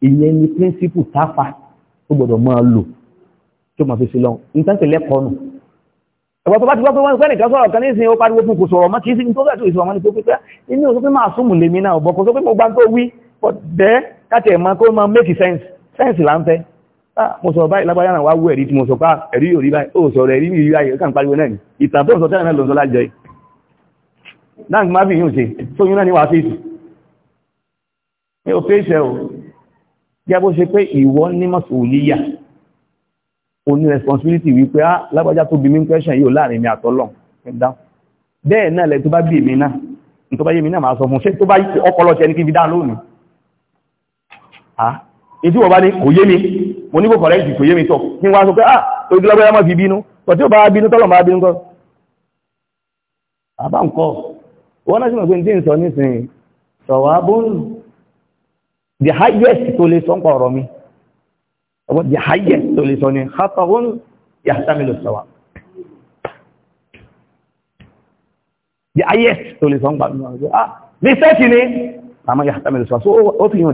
ìyẹn ni píríncípù táfà tó gbọ́dọ̀ máa lò tó máa fi sí lọ nǹkan tẹ̀lé kọ́nù ẹ̀wọ́n tó bá ti gbọ́ pé wọ́n fẹ́ nìkan sọ̀rọ̀ kan ní ìsìn ó pariwo fún kò sọ̀rọ̀ mọ́ kì í sí ní tó fẹ́ tó ìsọ̀rọ̀ mọ́ ní pé pé inú òṣèpé máa súnmù lèmi náà ọ̀bọ̀ kò sọ pé mo gbá tó wí but there káti ẹ̀mọ́ kó máa make sense sense là ń fẹ́ ah, mo sọ báyìí lágbáyà náà wá wú ẹ̀rí tí mo sọ pá ah, ẹ̀rí yóò rí báyìí ó sọ̀rọ̀ ẹ̀rí yóò rí ayé kàn pariwo náà ni ìtàn tó sọ tẹ́lẹ̀ náà ló ń sọ lájọ yìí náà má fi yóò ṣe tó yún náà ní wàá fèsì ní o fèsì ẹ̀ o responsibility wípé á ah, lágbájá tó bí mi question yóò láàrin mi àtọ́lọ̀ bẹ́ẹ̀ náà lẹ tó bá bí èmi náà tó bá yé mi náà máa sọ fún ṣé tó bá ọpọlọ tẹni kí fi dá lónìí ìtí ah, wọ̀ bá ní kò yé mi mo ní kò kọ̀rẹ́ǹtì kò yé mi tọ̀ kí wá sọ pé ah tó dúlọ́gbẹ́ ọmọ fi bínú tọ̀ tí ó bá bínú tọ́lọ̀ bá bínú kọ́ àbá ń kọ́ wọ́n náà sí mọ̀ pé tí ń sọ nísìnyí sọ̀wọ́ abóhùn the highest tó lè sọ ń pa ọ̀rọ̀ mi ọgbọ́n the highest tó lè sọ ní hatahun yahtamilu sọ̀wọ́ the highest tó lè sọ ń pa ọ̀rọ̀ mi ah mistake ni àmọ́ yahtamilu sọ̀wọ́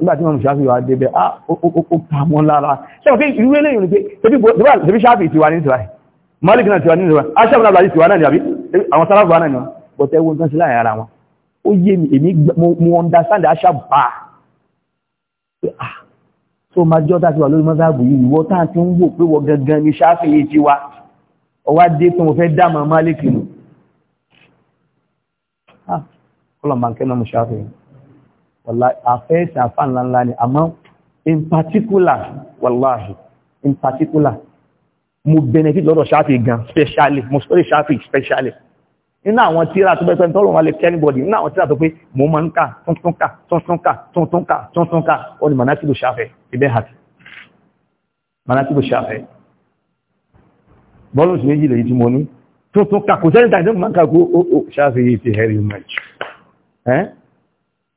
nígbàtí wọn ṣáfì wà débẹ̀ ah, ó pàmọ́ lára ṣẹ́wọ̀n pé ìlú ilé ìrìn pé tẹbí ṣáfì tiwa ní ìtìwáì malik náà tiwa ní ìtìwáì aṣẹ́wọ̀n ah, náà láti tiwa náà nìyàbí àwọn sáráfà náà nìyàn bọ̀tẹ́ wọn tán sí láàrin ara wọn ó yé mi èmi mo understand aṣàbà tó ah, máa jọ́ tá ti wà lórí mọ́sáàbù yìí ìwọ tá ti ń wò pé wọ gangan ni ṣáfì yìí tiwa ọwá dé pé mo fẹ́ dáàmà malik nù kọ́lọ̀ máa kẹ́ náà mo ṣáfì yìí àfẹ́ẹ̀sì àfà ńláńlá ni àmọ́ in particular wàláhì in particular mo benefit lọ́dọ̀ ṣáàfì gan specially mo sọ́rọ̀ ṣáàfì specially nínú àwọn tíra tó pẹ́pẹ́ tọ́rọ wọn lè kí anybody nínú àwọn tíra tó pé mo máa ń kà túntúnkà túntúnkà túntúnkà túntúnkà ó ní manasibu ṣáfẹ́ ibẹ̀ hàtì manasibu ṣáfẹ́ bọ́lùsì méjì lèyí tí mo ní túntúnkà kò sẹ́ni tàbí mo máa ń kà kó ṣáfẹ́ yìí ti hẹ́rì mẹ́jì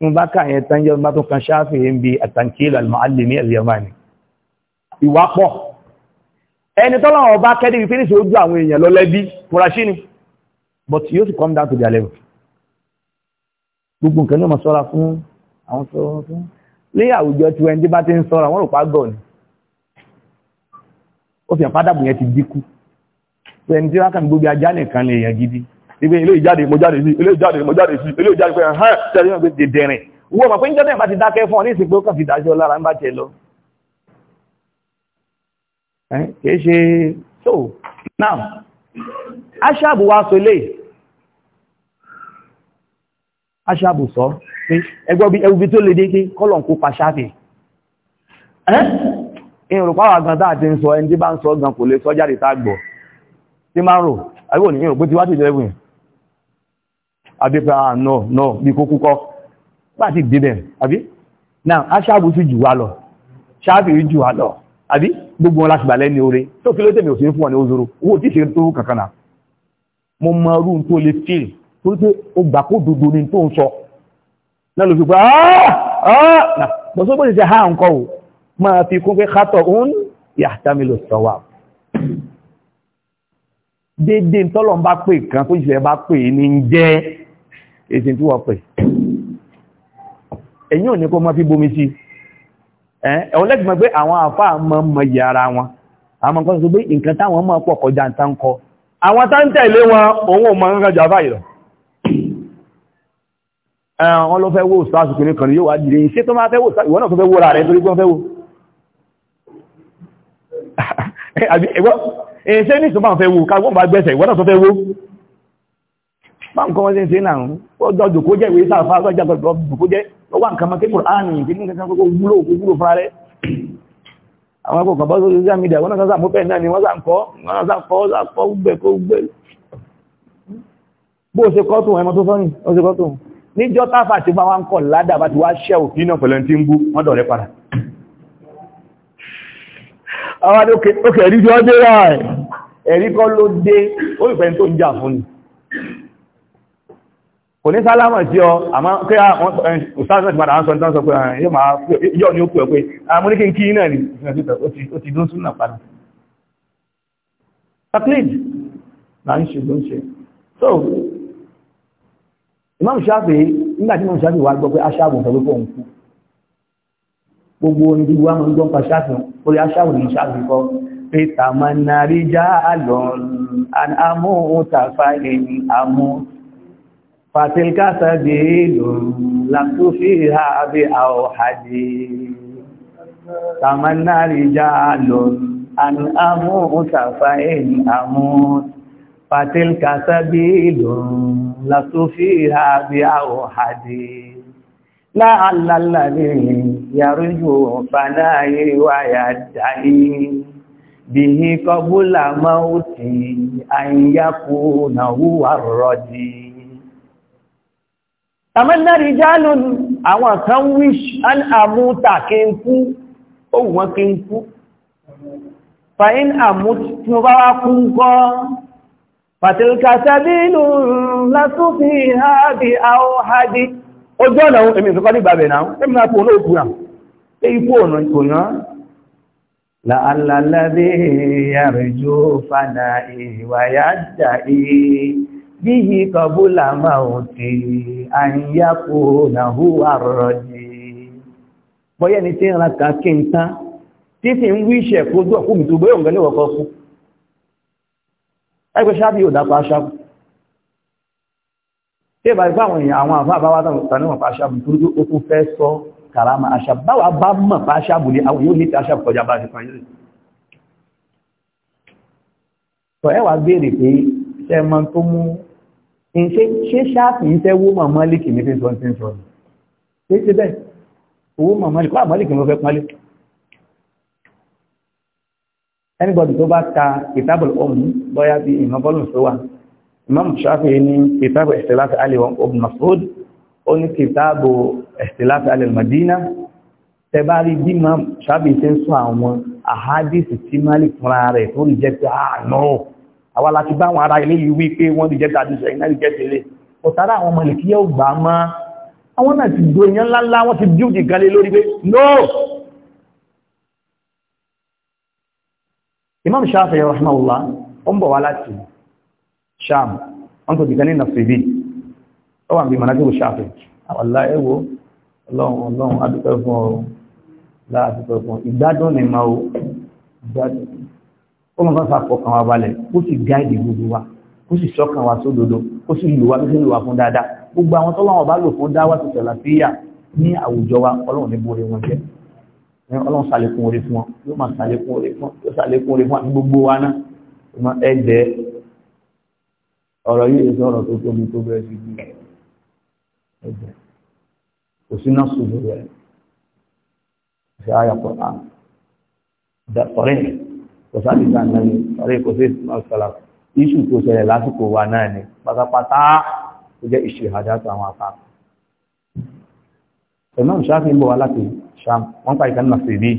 mo bá kà yẹn tán yọ mọ́tò kan ṣáàfì ń bi àtàǹkìlì àlùmọ́àlì ní al-Yamani ìwà pọ̀ ẹni tọ́lọ́wọ́ bá kẹ́dí wípé ní ìṣòro àwọn èèyàn lọ lẹ́bí furaṣí ni but yóò sì come down to their level gbogbo nǹkan ní ọmọ sọ́ra fún àwọn sọ́ra fún lé àwùjọ tí wọ́n ẹni bá ti ń sọ́ra wọ́n rò pa gọ̀ ni ó fi hàn pádàbò yẹn ti dínkù ẹni tí wọ́n kàn gbogbo ajá nìkan lè yàn gidi ibi ilé ìjáde mo jáde sí ilé ìjáde mo jáde sí ilé ìjáde pé ẹ̀hán tẹ̀lé ìwọ̀n pé dẹ̀dẹ̀rìn wọ́n mọ̀ pé ń jẹ́dẹ̀ bá ti dákẹ́ fún ọ ní ìsìnkú ó fi dájọ́ lára ń bá jẹ lọ kìí ṣe so now aṣáàbù wa sọ ilé aṣáàbù sọ pé ẹgbọ́ bí ẹwùbí tó lè dé kí kọ́lọ̀n kó pa ṣáàfì ìrùpáwà gan táà ti ń sọ ẹni tí bá ń sọ gan kò lè sọ jáde tá gbọ́ tí máa ń rò ní ìrùpó tí wá ti jẹ́ ẹgbùn àbípa ah, àánà náà bí kó kúkọ́ pàtí dìbẹ̀ àbí náà aṣáàbù sí jù wá lọ ṣáàbì rí jù wá lọ àbí gbogbo wọn láti bàlẹ́ ní oore tó kí ozoro owó tí ṣe tó kankana mo mọ irú tó lè fi tó pé ó gbà kó dodo ní tó ń sọ náà ló fi pa ah, ah, áá bọ̀ sóbó ti ṣe ha nǹkan o tọ́lọ̀ ń bá pè kan tó ṣe bá pè ní jẹ́ èsì tí wọ́n pẹ̀ ẹ̀yìn ò ní kó má fi bomi sí ẹ̀wọ́n lẹ́gbẹ̀ẹ́ mọ̀ pé àwọn àfá mọ́ mọ̀ yẹ ara wọn àwọn kan sọ pé nǹkan táwọn mọ̀ pọ̀ kọjá ń tánkọ àwọn tá ń tẹ̀lé wọn òun ò mọ̀ ń rẹjọ àbá ìrọ̀ wọ́n ló fẹ́ wó sáàsù kìnnì kan yóò wá dìde iṣẹ́ tó máa fẹ́ wó ìwọ náà náà tó fẹ́ wó bá ń kọ́ wọ́n sí ṣe náà ọjọ́ jòkó jẹ́ ìwé sáà fáwọn ọjọ́ jòkó jẹ́ ọwọ́ nǹkan mọ́ kékùrù ààrùn ìdí ní kankan kó wúlò kó wúlò fúnra rẹ̀ àwọn akọ̀kọ̀ bá sórí social media wọ́n náà sáà mọ́pẹ́ náà ni wọ́n sáà kọ́ wọ́n sáà kọ́ sáà kọ́ gbẹ̀ kó gbẹ̀ bó ṣe kọ́ tó ẹmọ tó sọ́ni ó ṣe kọ́ tó níjọ́ táfà ti bá wa ń kọ̀ dé rà ẹ̀rí kọ́ ló dé ó ìfẹ́ tó ń jà fún ni kò ní sálámà sí ọ àmọ́ kí a ọ̀sáàsì náà ti padà sọ ìdánsọ pé ah, yọ́ ni ó pè ọ pé amúníkí ah, kí náà ni ó ti dún súnà padà taklid na ń ṣe ló ń ṣe so Imam Shafi nígbàtí Imam Shafi wà gbọ́ pé aṣáàbù sọ pé fóun kú gbogbo orin gbogbo àmọ́ ń gbọ́n pa Shafi orí aṣáàbù ní Shafi kọ́ pé tàmánà já àlọ́ àmú tàfà lè ní فتلك سبيل لك فيها بأوحدي تمنى رجال أن أموت فإن أموت فتلك سبيل لك فيها بأوحدي لعل الذي يرجو فناي ويدعي به قبل موتي أن يكون هو الرجي tàmánà rí jálò àwọn kan wish an àmúta kí n kú ó wọ́n kí n kú fàyín àmúta tí ó bá wá kú kọ́ fàtílkà sábínú lásúfí ha bí hadi ojú ọ̀nà èmì ìfẹ́kọ́ ní ìgbàbẹ̀ náà èmì náà kò ní òkú náà pé ikú ọ̀nà ìkòyàn láàlàlẹ́bí yàrìjú fàdà ìwàyájà bíhi kọbúlà máa ò tí àyíyákò nàhú àrọ̀dì bọ́yẹ́ ni tí ń ra kan kí n tán tí sì ń wí ìṣẹ̀ kó dùn ọkùnrin tó bóyọ̀ ǹgẹ́ níwọ̀kọ́ fún ẹgbẹ́ ṣáàbí ò dápa aṣáàbù tí ìbá ipá àwọn èèyàn àwọn àfáà báwá tàníwọ̀n pa aṣáàbù tó tó ó tún fẹ́ sọ kàrámà aṣáàbù báwa bá mọ́ tó mú ṣe ṣe ṣáàpì yìí fẹ́ wó màmá líkì ní fi sọ́n tí ń sọ́n ṣe ṣe bẹ́ẹ̀ owó màmá líkì wà màlíkì ló fẹ́ pálí anybody tó bá ka ìtàbọ̀lù ọmọ umm, bọ́yá bí ìmọ̀ bọ́lù tó wà Imam Shafi ní kìtàbù ikhtilaf Ali ibn Mas'ud ó ní kìtàbù ikhtilaf Ali al-Madina tẹbárí bí Imam Shafi ṣe ń sọ àwọn àhádìsì tí Malik fúnra rẹ̀ àwa láti bá àwọn ará ilé yìí wí pé wọ́n ti jẹ́ tàbíṣẹ́ iná ìjẹ́ tèrè ọ̀tàrà àwọn ọmọ ìlẹ̀kí yóò gbà mọ́ àwọn náà ti do èèyàn ńláńlá wọ́n ti bí òjì galé lórí pé no Imam Shafi'i rahimahullah ó ń bọ̀ wá láti sham wọ́n tó dìkan ní nàfẹ́bí ó wà ní mọ̀nàkíwò Shafi'i àwàlá ẹwọ́ ọlọ́run ọlọ́run adúpẹ́ fún ọ láàdúpẹ́ fún ìgbádùn ni máa ó ìgbádùn kọ́mọ bá fàkọ̀ kan wa balẹ̀ kó sì gáìdì gbogbo wa kó sì sọ́kàn wa sódodo kó sì lò wá bí sínú wa fún dáadáa gbogbo àwọn tọ́lọ́wọ́n bá lò fún dáwà ti sàlàfíà ní àwùjọ wa ọlọ́run ní borí wọn jẹ́ ọlọ́run sàlékún orí fún wọn yóò máa sàlékún orí fún wọn yóò sàlékún orí fún wọn gbogbo wa náà ẹ̀dẹ́ ọ̀rọ̀ yìí èso ọ̀rọ̀ tó tóbi tó bẹ́ẹ̀ sí bí ẹ̀dẹ́ kò sí náà sùn lórí ẹ̀ ṣe àyàpọ̀ àà dàtọ̀rẹ́ kò sáàbì kan náà ni ọ̀rẹ́ kò sí ọ̀sọ̀lá iṣu tó ṣẹlẹ̀ lásìkò wa náà ni pátápátá ó jẹ́ iṣu ìhàdáàtò àwọn afá ẹ̀mọ́ ìṣáfi ń bọ̀ wá láti ṣam wọ́n pa ìkànnì nàṣìbí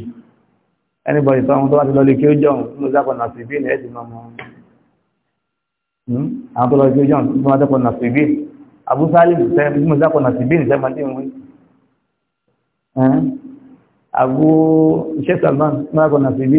anybody tó àwọn tó bá ti lọ lè kí ó jọun ló jápọ̀ nàṣìbí ni ẹ̀ ti mọ̀ mọ́ hmm? àwọn tó lọ sí ojú àwọn tó iṣẹ́ salman máa dẹ́pọ̀ nàṣìbí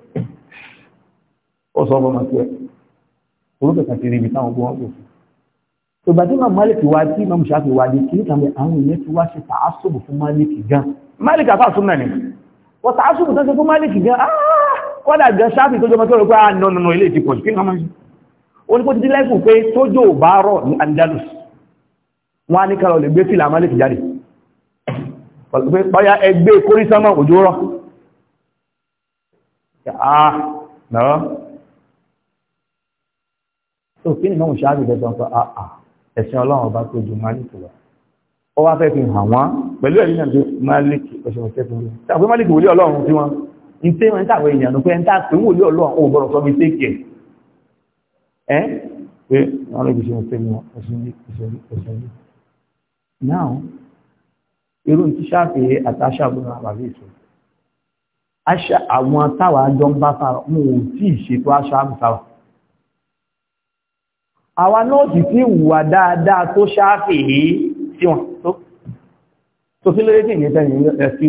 ó sọ ọmọ tiẹ̀ orúkọ kan ti rí ibi táwọn ọgbọ́n wọ́n fún ìgbà tí màmú Malik wá tí màmú Ṣáfi wá di kí ní kàmí àwọn èèyàn ti wá ṣe tààsùbù fún Malik gan Malik àfa súnmọ́ ni wọ́n tààsùbù tó ṣe fún Malik gan ah, kọ́dà gan Ṣáfi tó jọmọ́ tó rọ pé à nọ nọ ilé ìtìpọ̀ kí ní kàmá ṣe ó ní kó ti dín lẹ́kùn pé tójò bá rọ̀ ní Andalus wọ́n á ní kàrọ̀ lè gbé fìlà Malik jáde bọ́yá ẹgbẹ́ kórìsánmọ́ òjò rọ̀ tó kí ni mọ́mù ṣáàbì bẹ́ẹ̀ sọ́n sọ àà ah, ah, ẹ̀sìn ọlọ́run ọba tó ju máàlìkì wá ó wá fẹ́ fi hàn wọ́n pẹ̀lú ẹ̀rí náà tó máàlìkì ọ̀ṣun ọ̀ṣẹ́ fún mi tàbí máàlìkì wòlé ọlọ́run tí wọ́n ń tẹ́ wọn tàbí èèyàn pé ń tà pé wòlé ọlọ́run ò gbọ́dọ̀ sọ mi tẹ́kì ẹ̀ pé wọ́n lè fi ṣe ọ̀ṣẹ́ wọn ọ̀ṣun ọ̀ṣun ọ̀ṣun náà irú ti ṣáàfì àtàṣàbùnà àbàbí ìṣòro àwọn táwa jọ ń bá sára wọn ò tí ì ṣètò àṣà àmì sára àwa náà jì sí ìwà dáadáa tó ṣááfì yìí sí wọn tó sí lórí tí ìyẹn tẹ́yìn ẹ̀sí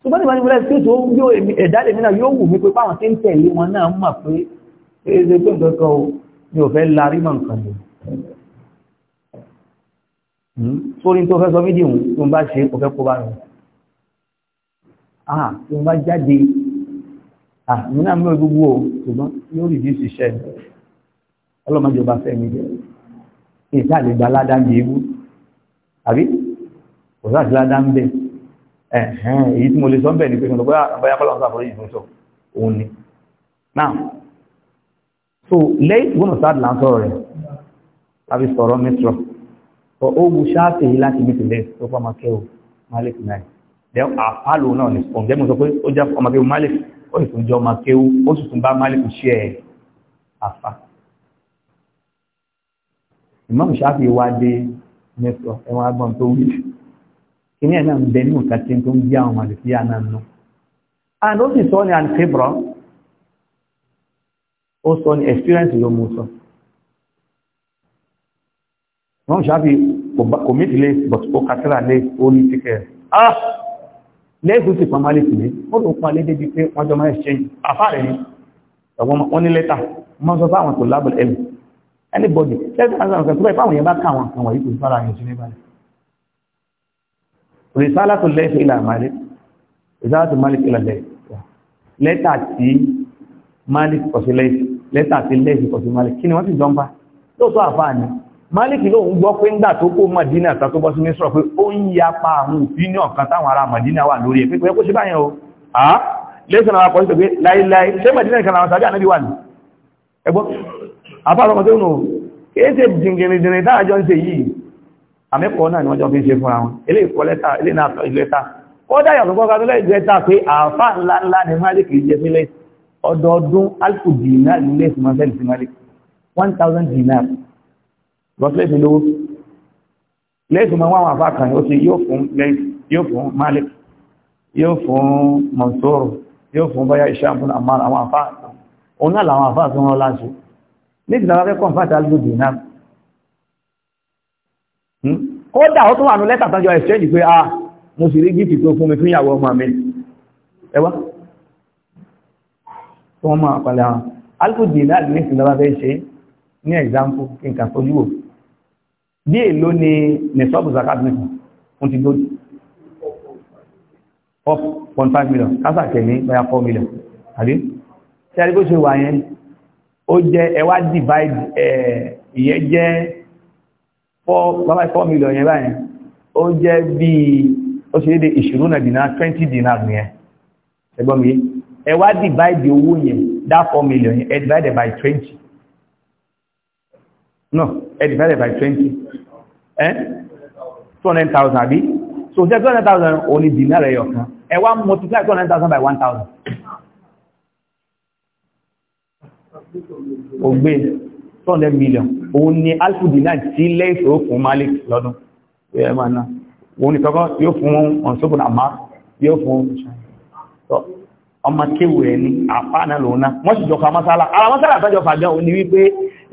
tó bá ní wọ́n ní wọ́n ẹ̀sí tó yóò ẹ̀dá lèmi náà yóò wù mí pé báwọn tí ń tẹ̀lé wọn náà mọ̀ pé eze pé nǹkan o mi ò fẹ́ larí mọ̀ nǹkan ni hmm? sórí tó fẹ́ sọ mí dìhùn tó ń bá ṣe kò fẹ́ kó bá rẹ̀ ah tó ń bá jáde ah mi náà mọ̀ gbogbo o ṣùgbọ́n yóò rí bí ṣiṣẹ́ ọlọ́mọdé ọba fẹ́mi jẹ́ ìta lè gba aládá ní ewu àbí kò sáà sí aládá ń bẹ ẹ̀hẹ́n èyí tí mo lè sọ ń bẹ̀ ní pé kí n lọ ah, bóyá àbáyá kọ́lá ń sàfọ́rí ìfún sọ òun ni now so lẹ́yìn tí wọ́n sáà là ń sọ̀rọ̀ rẹ̀ tàbí sọ̀rọ̀ mẹ́tọ̀ ọ ogun ṣáàtì yìí láti bìtì lẹ́yìn tó fọ́ ọmọkẹ́ o malik náà ẹ̀ àpálò náà ní sọ̀rọ̀ jẹ́mu sọ pé ó jẹ́ ọmọkẹ́ o malik ó sì tún jẹ́ ọmọkẹ́ o ó sì tún bá malik ṣe ẹ̀ àfa Imam Shafi wá dé mẹ́sọ̀ ẹ̀wọ̀n agbọ̀n tó wí kí ni ẹ̀ náà ń bẹ nínú kàtí tó ń bí àwọn màlìkíyà náà nù and ó sì sọ ní alifébra ó sọ ní experience ló mú sọ Imam Shafi kò méjì lé but ó kàtàrà lé ó ní ah lẹ́ẹ̀kú sì pa málìkì ní ó ló pa lédé bí pé wọ́n jọ máa ṣe àfáà rẹ̀ ni wọ́n ní lẹ́tà wọ́n sọ fáwọn tó lábẹ̀lẹ̀ ẹ̀mù anybody lẹ́gbẹ̀ẹ́ àwọn ọ̀sán tó bá ìfáwọn yẹn bá ká àwọn nǹkan wọ̀nyí kò sára yẹn sí ní balẹ̀ rìsálà tó lẹ́sẹ̀ ilà malik rìsálà tó malik ilà lẹ́sẹ̀ lẹ́tà tí malik kọ̀ sí lẹ́sẹ̀ lẹ́tà tí lẹ́sẹ̀ kọ̀ sí malik kí ni wọ́n ti jọ ń bá lóòótọ́ àfáà ni malik ló ń gbọ́ pé ńgbà tó kó madina ta tó bọ́ sí mísírọ̀ pé ó ń yapa àwọn opinion kan táwọn ará madina wà lórí ẹ̀ pé kó ṣe báyẹn o à lẹ́sẹ̀ náà wà pọ̀ sí pé láíláí ṣé madina kan àwọn sàbí ànábì wà ní ẹgbọ́n àbárọmọ tó nù kìí ṣe jìngìrìndìrì táàjọ ń ṣe yìí àmẹ́kọ̀ọ́ náà ni wọ́n jọ fi ṣe fúnra wọn ilé ìkọ́ lẹ́ta ilé náà sọ ìlẹ́ta ó dáyọ̀ tó kọ́kọ́ tó lẹ́gbẹ̀ẹ́ta pé àáfà ni malik jẹ sílẹ̀ ọdọọdún alfu dinar nílé ìsìnmọ́ sẹ́lì sí dinar lọ́sílẹ̀sì lówó lẹ́sìnmọ́ wọn àwọn àfà kan ó ti yóò fún yóò fún malik yóò fún mọ̀sọ́rọ̀ yóò fún báyà iṣẹ́ àfún àmàrà àwọn àfà òun náà làwọn àfà tó ń rọ́ méjì náà fẹ́ kọ́nfàtì alúgbòdì náà hmm? kódà ó tún wà ní lẹ́tà tánjọ exchange pé a ah, mo sì rí gífì tó fún mi fún ìyàwó ọmọ mi ẹwà tó wọ́n máa pàlẹ̀ àwọn alúgbòdì náà ní ìsìn náà fẹ́ ṣe ní ẹ̀gbáǹkù kí n kà fojú wò bí èlò ni nẹ̀sọ́bù zakat mi fún ti gbòdì 4.5 million kásà kẹ̀ ní báyà 4 million àbí tí a rí bó ṣe wà yẹn ó jẹ́ ẹwà divide ìyẹn jẹ́ 4 million yẹn báyẹn ó jẹ́ bí ó ṣe dédé ìṣirúnà dínà 20 dinar yẹn ẹgbọ́n mi ẹwà divide owó yẹn dá 4 million yẹn ẹ divide by 20 no ẹ divide by 20 eh 200,000 àbí so jẹ́ 200,000 òní dinar ẹyọ kan ẹwà multiply 200,000 by 1,000 ó gbé 200 million òun ni alfudina tí lẹ́ ìṣòro fún malik lọ́dún òun ni kọ́kọ́ yóò fún ọ̀nṣọ́gbọ̀n àmá yóò fún ọmọ kéwù rẹ̀ ní àpáànà lòun náà wọ́n sì jọ fa masala ara masala tọ́jọ fàjọ òun ni wípé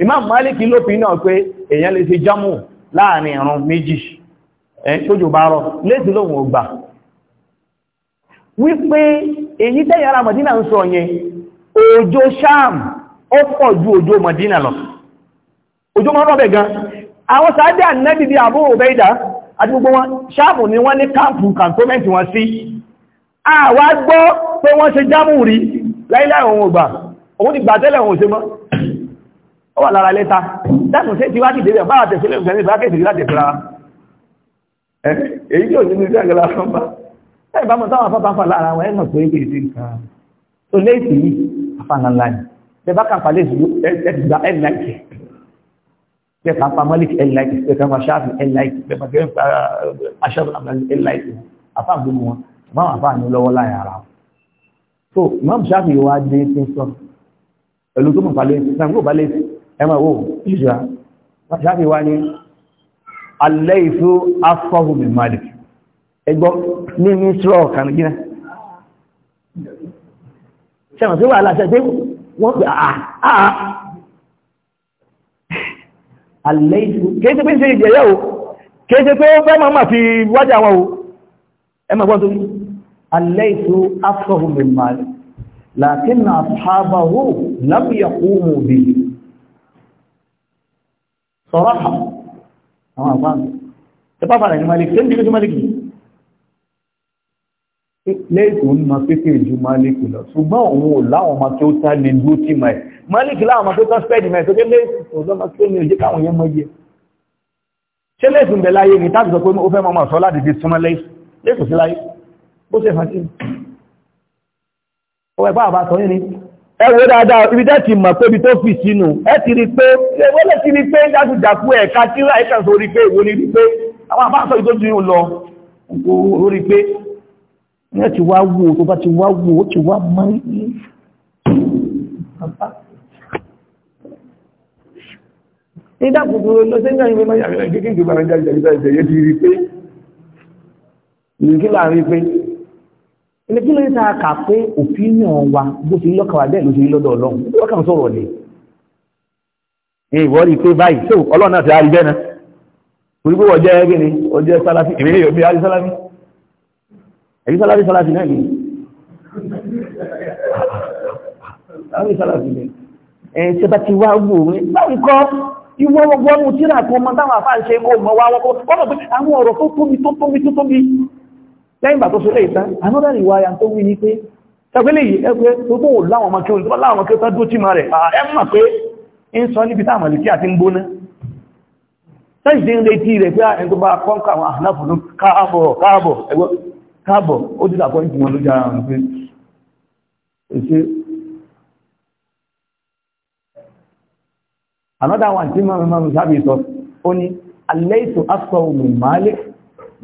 imam malik ló fi náà pé èèyàn lè ṣe jámù láàrin ìran méjì tójò bá rọ léèsì lóhun ò gbà wípé èyí tẹ́yìn ara mọ̀dínà ń sọ yẹn òjò sáàmù ó pọ̀ ju òjò Mọ̀dínà lọ òjò máa rọ̀ bẹ̀ gan àwọn sàájẹ́ ànẹ́bì bí Abu Ubaida àti gbogbo wọn ṣáàbù ni wọ́n ní káàpù kàntómẹ́ntì wọn sí àwa gbọ́ pé wọ́n ṣe jámù rí láìláì òun ògbà òun ti gbà tẹ́lẹ̀ òun ṣe mọ́ ó wà lára lẹ́ta dákùn sí ti wá dìde rẹ̀ bá àtẹ̀sílẹ̀ ìgbẹ̀rẹ̀ ìbákẹ́sì láti fira èyí tí ò ní nígbà gẹ́gẹ́ lásán bá ẹ̀ bá mọ̀ táwọn afọ́fà lára wọn ẹ̀ nà pé kìí sí nǹkan tó léèsì yìí afánà láyìí bẹ́bá kan pàlẹ́ ìlú ẹgbà ẹ̀láìkì bẹ́ẹ̀kan pa mọ́líkì ẹ̀láìkì bẹ́ẹ̀kan pa ṣáàfì ẹ̀láìkì bẹ́ẹ̀kan pa aṣọ́bù ẹ̀láìkì afá gbogbo wọn máa wà fáà ní lọ́wọ́ láyà ara wọn. so imam ṣáàfì wa dé tí ń sọ pẹ̀lú tó mọ̀ pàlẹ́ ìsìnkú balẹ̀ ẹ máa wò ìṣúra ṣáàfì wa ní alẹ́ ìfú afọ́hùn mi malik ẹgbọ́ ní ní sọ́ọ̀ wọ́n pè àà àlẹ́ ìṣù kéèsè pé ṣe ìjẹ̀yẹ́ o kéèsè pé ó fẹ́ máa fi wájà wọn o ẹ máa gbọ́n tó àlẹ́ ìṣù afọ́hùn mẹ́màlì látín na àfáàbáwò lábíyà kúmù lẹ́ẹ̀tò ń ma pépè ju máàlìkì lọ ṣùgbọ́n òun ò láwọn ọmọ tó tá lè dúó tí ma ẹ̀ máàlìkì láwọn ọmọ tó tán spẹ́ẹ̀dì ma ẹ̀ tó dé lẹ́ẹ̀tò lọ́mọ tó ní òjé káwọn yẹn mọ́ yẹ ṣé lẹ́ẹ̀tò ń bẹ láyé ní táàbí sọ pé ó fẹ́ mọ́ sọ láti fi súnmọ́ lẹ́ẹ̀tò sí láyé bó ṣe fàtí ọwọ́ ẹ̀bá àbá sọ yìí ẹ wo dáadáa ibi tẹ́ ti mọ̀ pé ibi tó fi sínú ẹ ti rí pé wọ́n lè ti rí pé láti dàkú ẹ̀ka tí ra ẹ̀ka sórí pé ìwò ni rí pé àwọn àbá sọ ìtọ́jú lọ lórí pé ní ti wá wó tó bá ti wá wó ó ti wá mọ́ ní ọ̀pá ní dákùnkù lọ sí ìgbà ìgbà ìgbà ìgbà ìgbà ìgbà ìgbà ìgbà ìgbà ìgbà ìgbà pé ìrìnkí láàrin pé ilé kí ló ń ta kà pé wa bó ti lọ́kàn wà bẹ́ẹ̀ ló ti lọ́dọ̀ ọlọ́run lọ́kàn sọ̀rọ̀ ni ìwọ rí pé báyìí tó ọlọ́run náà ti rí bẹ́ẹ̀ náà orí pé wọ́n jẹ́ ẹ̀yí sálárì sálárì náà ni sálárì sálárì ni ẹ̀ ṣe bá ti wá wò ó báyìí kọ́ ìwọ gbogbo ọmọ tíra kan mọ táwọn àfáà ṣe kó mọ wá wọn kó wọn pé àwọn ọ̀rọ̀ tó tóbi tó tóbi tó tóbi lẹ́yìn ìgbà tó ṣe léyìí tán anọ́dà ìwà ya tó wí ni pé ẹgbẹ́lẹ̀ yìí ẹgbẹ́ tó tó láwọn ọmọ kí o tó láwọn ọmọ kí o tó dó tí ma rẹ̀ ẹ mọ̀ pé ń sọ níbi táwọn àmàlìkí àti ń gbóná lẹ́yìn tí ń retí rẹ̀ pé ẹni tó bá kọ́ńkà àwọn àhànáfọ̀nù káàbọ̀ káàbọ̀ ẹgbẹ́ káàbọ̀ ó dídà kọ́ ìtìmọ̀ ló jára rùn pé èsì another one tí mọ́ mọ́ sábì sọ ó ní alaytu asawmu malik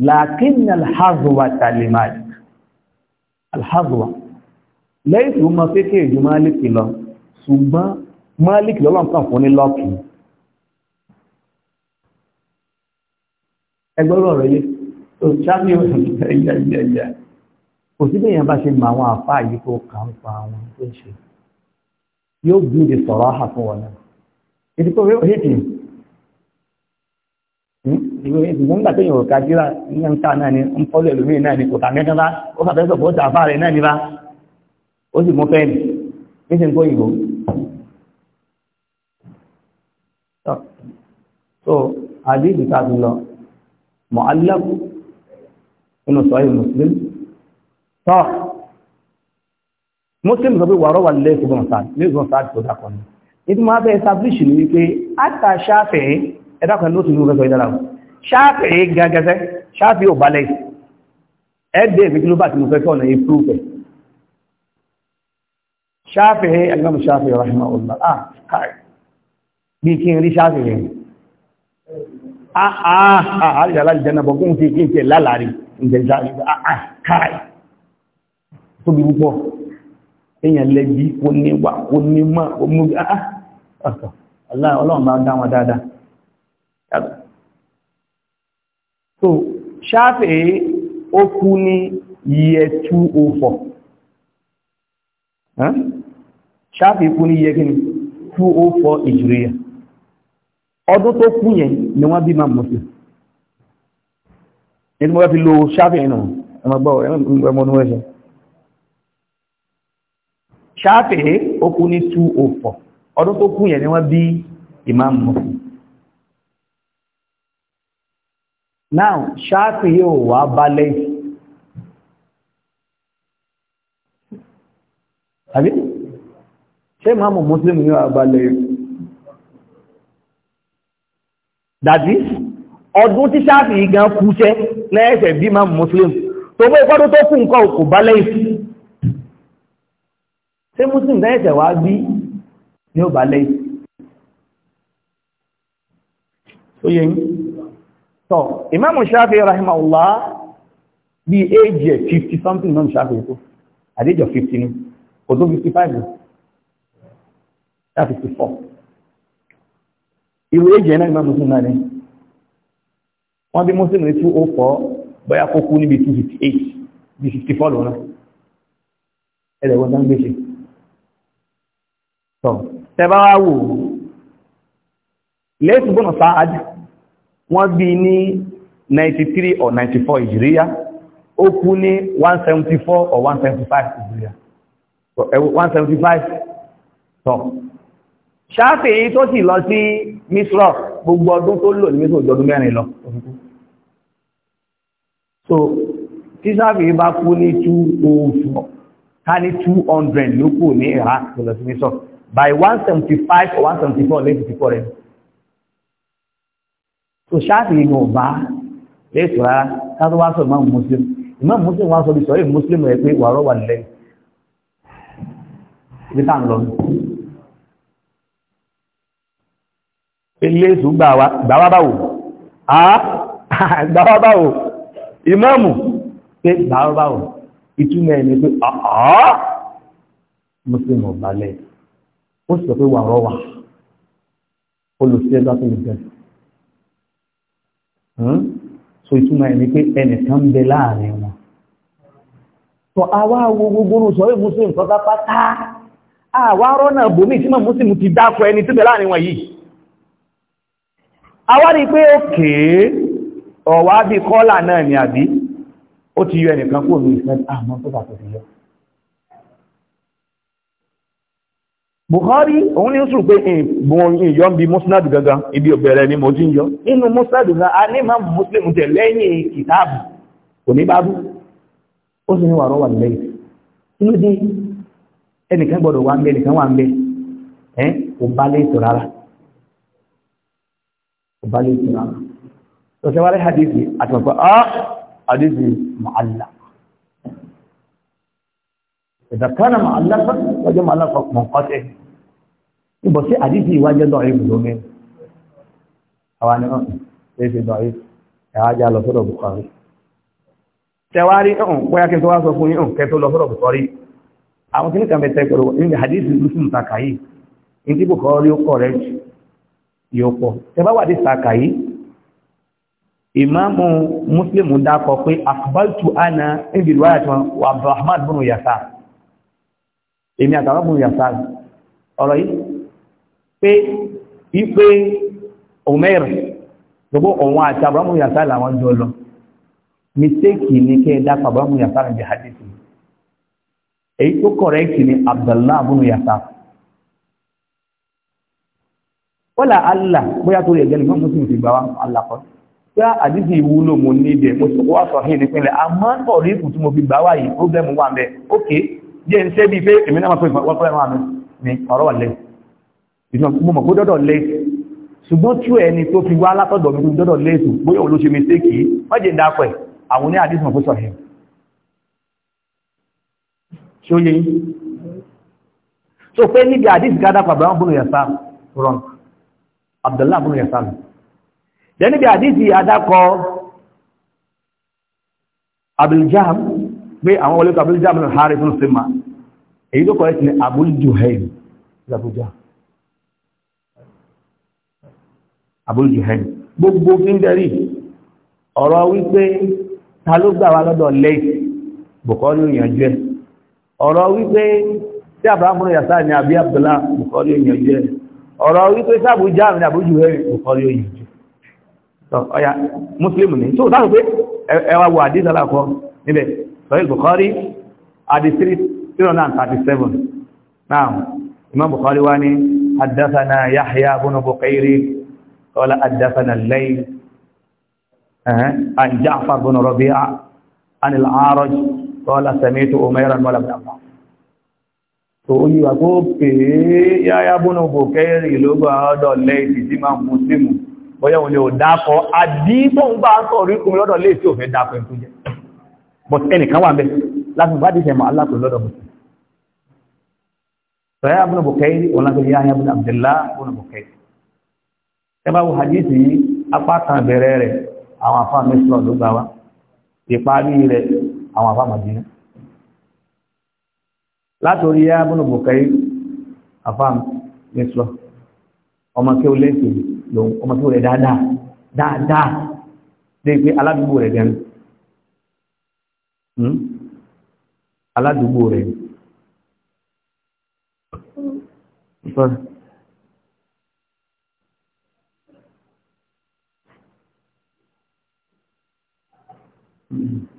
lakin alhazwa tali malik alhazwa laytu mọ́ kéèkéè ju malik lọ ṣùgbọ́n malik lọ́lọ́n kan yìí tó jáde ẹ̀yẹ̀yẹ̀yẹ̀ kò sí bẹ́ẹ̀ yẹn bá ṣe mọ àwọn àfa yìí tó kà ń pa àwọn tó ń ṣe yóò bí ìdè sọ̀rọ̀ àhà fún wọn náà ètò kò rẹ́wọ̀ hẹ́tì ìwé ìgbà tó yàn ò kájíra ní ń ta náà ni ń fọ́lú ẹlòmíì náà ni kò kà mẹ́kan bá ó fà fẹ́sọ̀ fọ́ọ̀tà àfa rẹ̀ náà ni bá ó sì mú fẹ́ẹ̀lì ní ṣe ń kó ìwò so àdéhùn tá a ti lọ mọ̀ alákùn inú sọ́yìn muslim tọ́ muslim sọ pé wàrọ́ wà lẹ́yìn ṣùgbọ́n sáà lẹ́yìn ṣùgbọ́n sáà tó dákọ̀ ní ìdí máa bẹ́ establish ní wípé àtà ṣáfẹ́ ẹ̀dàkọ̀ ní òtún ní ọgbẹ́sọ̀ ìdára ṣáfẹ́ gẹ́gẹ́sẹ́ ṣáfẹ́ ò balẹ̀ ẹ̀dẹ́ ìfi kíló bá ti fẹ́ sọ̀nà ìfú fẹ́ ṣáfẹ́ fi kí n tẹ̀ lálàárí ìjẹjà àkàì ah, ah, tóbi púpọ̀ èèyàn lẹ́gbí ó ní wà ó ní mọ́ ó ah, ọlọ́run bá dá wọn dáadáa so ṣáàfẹ́ ó kú ní 204 kú ní 204 ọdún tó kú yẹn ni wọ́n ma mọ̀ ní mo fẹ́ fi lo ṣáfì nù ẹmọ gbọ́ ẹmọ ọdún ẹ̀ṣẹ́ ṣáfì ó kú ní 204 ọdún tó kú yẹn ni wọ́n bí ìmáàmù now ṣáfì yóò wá balẹ̀ àbí ṣé ìmáàmù muslim yóò wá balẹ̀ dájú ọdún tí ṣáàfì ìgán kúṣẹ́ lẹ́ẹ̀ṣẹ̀ bí ma muslim tó bó ìpọ́dún tó kù nǹkan kò bá lẹ́yìn ṣe muslim lẹ́ẹ̀ṣẹ̀ wá bí ní ó bá lẹ́yìn tó yẹ yìí tọ́ 50 something náà ṣáàfì ètò àdéjọ 50 ni kò 55 ni 54 ìwé age ẹ̀ náà ìmáàmù muslim náà lẹ́yìn wọ́n bí muslim ní 204 bóyá kó kú níbi 258 bí 54 lọ́nà ẹ̀rẹ̀ wọ́n dán gbèsè tọ́ tẹ́bá wá wò lẹ́sùn bọ́nà sáájú wọ́n bí ní 93 or 94 ìjìríyá ó kú ní 174 or 175 ìjìríyá 175 tọ́ ṣáfì tó sì lọ sí misra gbogbo ọdún tó lò ní misra òjò mẹ́rin lọ so tí ṣáfì bá kú ní 204 ká ní 200 ló kù ní ìhà tó lọ sí misra by 175 or 174 lẹ́sì ti kọ́ rẹ̀ so ṣáfì ní ọba lẹ́sì rárá ká tó wá sọ ìmáàmù muslim ìmáàmù muslim wá sọ bí sọ yìí muslim rẹ̀ pé wàá rọ́wà lẹ́yìn eléṣù gbàwábáwò gbàwábáwò ìmáàmù pé gbàwábáwò ìtumọ̀ ẹni pé ọ̀ọ́ muslim ọ̀bálẹ̀ ó sọ pé wà rọwà olùsíẹ́gbá tó lè bẹ̀rẹ̀ hmm? so ìtumọ̀ ẹni pé ẹnìkan bẹ láàrin wọn tọ́ àwa wo gbogbo sọ pé muslim tọ́ta pátá àwa rọ́nà bòmí tí mọ̀ muslim ti dákọ ẹni tí bẹ láàrin wọn yìí àwárí pé òkè ọ̀wá bí kola náà ni àbí ó ti yọ ẹnìkan kúrò ní ìfẹ́ àmọ́ ah, tó bàtò ti yọ Bukhari òun ní sùn pé ìgbòhun ìyọ́ ń musnad ibi obere ni mo ti ń yọ musnad a ní máa muslim tẹ̀ leni kìtàbù kò ní bábú ó sì ní wà rọ́wà lẹ́yìn inú di enikan gbọ́dọ̀ wa ń bá bá lè tura lọ́sẹ̀ hadithi àti ọ̀pọ̀ hadithi màálà ìdàkánà màálà wájọ́ màálà fọkàn kọ́tẹ́ ibò sí hadithi ìwájọ́ náà lọ Bukhari tẹwárí ọ̀hún pẹ́yà kí n tó wá sọ fún yín ọ̀hún kẹtó lọ sọ́dọ̀ Bukhari àwọn hadithi Bukhari yóò pọ̀ tẹ́bá wà ní sàkà yìí ìmáàmù muslim dákọ̀ pé akbaltu ana níbi ìlú àyàtọ̀ abdulrahman bunu yasa èmi àtàwọn bunu yasa ọ̀rọ̀ yìí pé ipe omer gbogbo òun àti abrahamu yasa làwọn jọ lọ mistake ni kẹ́ ẹ dákọ̀ abrahamu yasa níbi hadith èyí tó correct ni abdullah bunu yasa wọ́lá Allah bóyá torí ẹ̀jẹ̀ nìkan mọ́sùn ti gbà wá Allah kọ́ tí a àdíjì ìwúlò mo ní ibẹ̀ mo sọ wá sọ̀hìn nípínlẹ̀ a máa ń tọ̀rí ìkù tí mo fi gbà wá yìí problem wà mẹ́ ok jẹ́ ń ṣe bí pé èmi náà máa pẹ́ wọ́n pẹ́ wọn ni ọ̀rọ̀ wà lẹ́ mo mọ̀ kó dọ́dọ̀ lẹ́ ṣùgbọ́n tí ẹni tó fi wá látọ̀dọ̀ mi tó dọ́dọ̀ lẹ́ ètò bóyá olóṣe mistake yìí wọ́n jẹ́ dápẹ́ àwọn so pé níbi àdíjì gádà pàbàrán bùnú yẹn wrong Abdullah bin yasan dẹni bí àdíjì adákọ abuljam pé àwọn wọlé tó abuljam ní harry fún sima èyí tó kọ̀rẹ́ sí ni abuljuhaim labuja abuljuhaim gbogbo kí ń dẹ̀rí ọ̀rọ̀ wípé ta ló gbà wá lọ́dọ̀ lẹ́yìn bùkọ́rí òyìnjú ẹ ọ̀rọ̀ wípé tí abraham bin yasan ni àbí abdullahi bùkọ́rí òyìnjú ẹ ọ̀rọ̀ wípé sábújá àmì àbújù rẹ̀ ìkọrí òyìn jù ọ̀yà muslim ni tó dáhùn pé ẹwà wà àdís aláàkọ́ níbẹ̀ sọ́yí Bukhari àdís 337 náà Imam Bukhari wá ní haddathana Yahya ibn Bukairi qala haddathana al-Layth eh, an Ja'far ibn Rabi'a an al-A'raj qala sami'tu Umayran òyíwà kó pèé yáyá búnú kò kẹ́rì ìlógó ọ̀dọ̀ lẹ́ẹ̀sì tí máa mú símù bọ́yá òun lè ò dákọ̀ àdígbò ń bá ń sọ orí kùnrin lọ́dọ̀ lẹ́ẹ̀sì ò fẹ́ dákọ̀ ẹ̀kú jẹ́ but ẹnìkan wà mẹ́ láti bá dìṣẹ́ mọ̀ alákùnrin lọ́dọ̀ mọ̀ sọ́yá látòrí yá búnú bùkẹ́rí afam nísọ ọmọ kí o lẹ́sẹ̀ lòun ọmọ kí o lẹ́ dáadáa dáadáa dé pé aládùúgbò rẹ̀ gan hmm? aládùúgbò rẹ̀ Mm-hmm.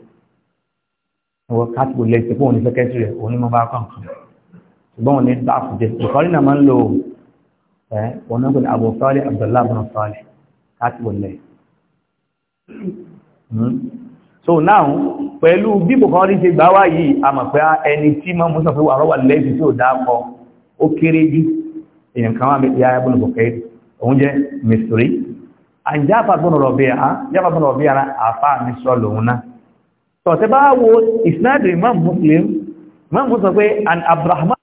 wọ kátìkò lẹ́sẹ̀ fún òní sẹ́kẹ́tì rẹ̀ òní mọ́ bá kàn kàn ṣùgbọ́n òní bá kù jẹ́ bùkọ́lì náà máa ń lo ẹ̀ òní kò ní Abu Salih Abdullah bin kátìkò lẹ̀ so now pẹ̀lú bí bùkọ́lì ṣe gbá wá yìí a mọ̀ pé ẹni tí mọ́ mú sọ pé wà rọ́wà lẹ́sẹ̀ tí ò dá kọ ó kéré jù èèyàn kan wá bí i ayábọ̀nù bùkẹ́ òun jẹ́ mìsírí àjáfà gbọ́nà rọ̀bì àá jáfà gbọ́nà mi sọ lòun náà tọ̀tẹ́ bá wo ìsinádìí Imam Muslim Imam Muslim sọ pé an Abrahman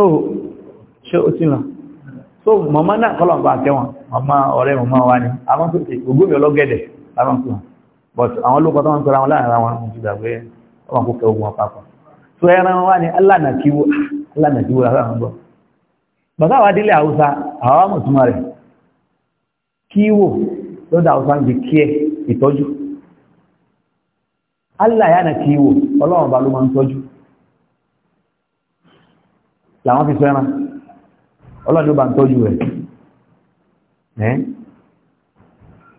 so ṣe ó ti ràn so màmá náà kọ́lọ̀ bá tẹ́wọ̀n màmá ọ̀rẹ́ màmá wa ni àwọn tó ti ògbómi ọlọ́gẹ̀dẹ̀ láwọn tó hàn but àwọn olókọ́ tó ń pẹ́ra wọn láàrin àwọn ohun ti gbàgbé ọmọ kò so ẹran wa ni alánàkíwó alánàkíwó lára àwọn gbọ́ bàbá wa délé haúsá àwọn mùsùlùmá rẹ̀ kíwò lọ́dọ̀ haúsá ń di kíẹ̀ ìtọ́jú aláyánàkíwó ọlọ́run ba ló máa ń tọ́jú làwọn fi fẹ́ràn ọlọ́run ló bá ń tọ́jú rẹ̀ ẹ́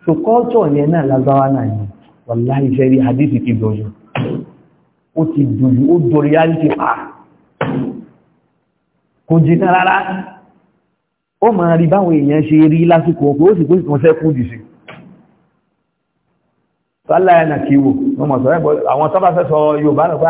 so culture yẹn náà lágbára náà ni wàláhì fẹ́rí hadith ti dojú ó ti dojú ó dorí reality pa kò jìnnà rárá ó máa rí báwọn èèyàn ṣe rí lásìkò ọkọ̀ ó sì pé ìtàn fẹ́ kú jù sí sálàyà nà kí wò wọ́n mọ̀ sọ àwọn sábà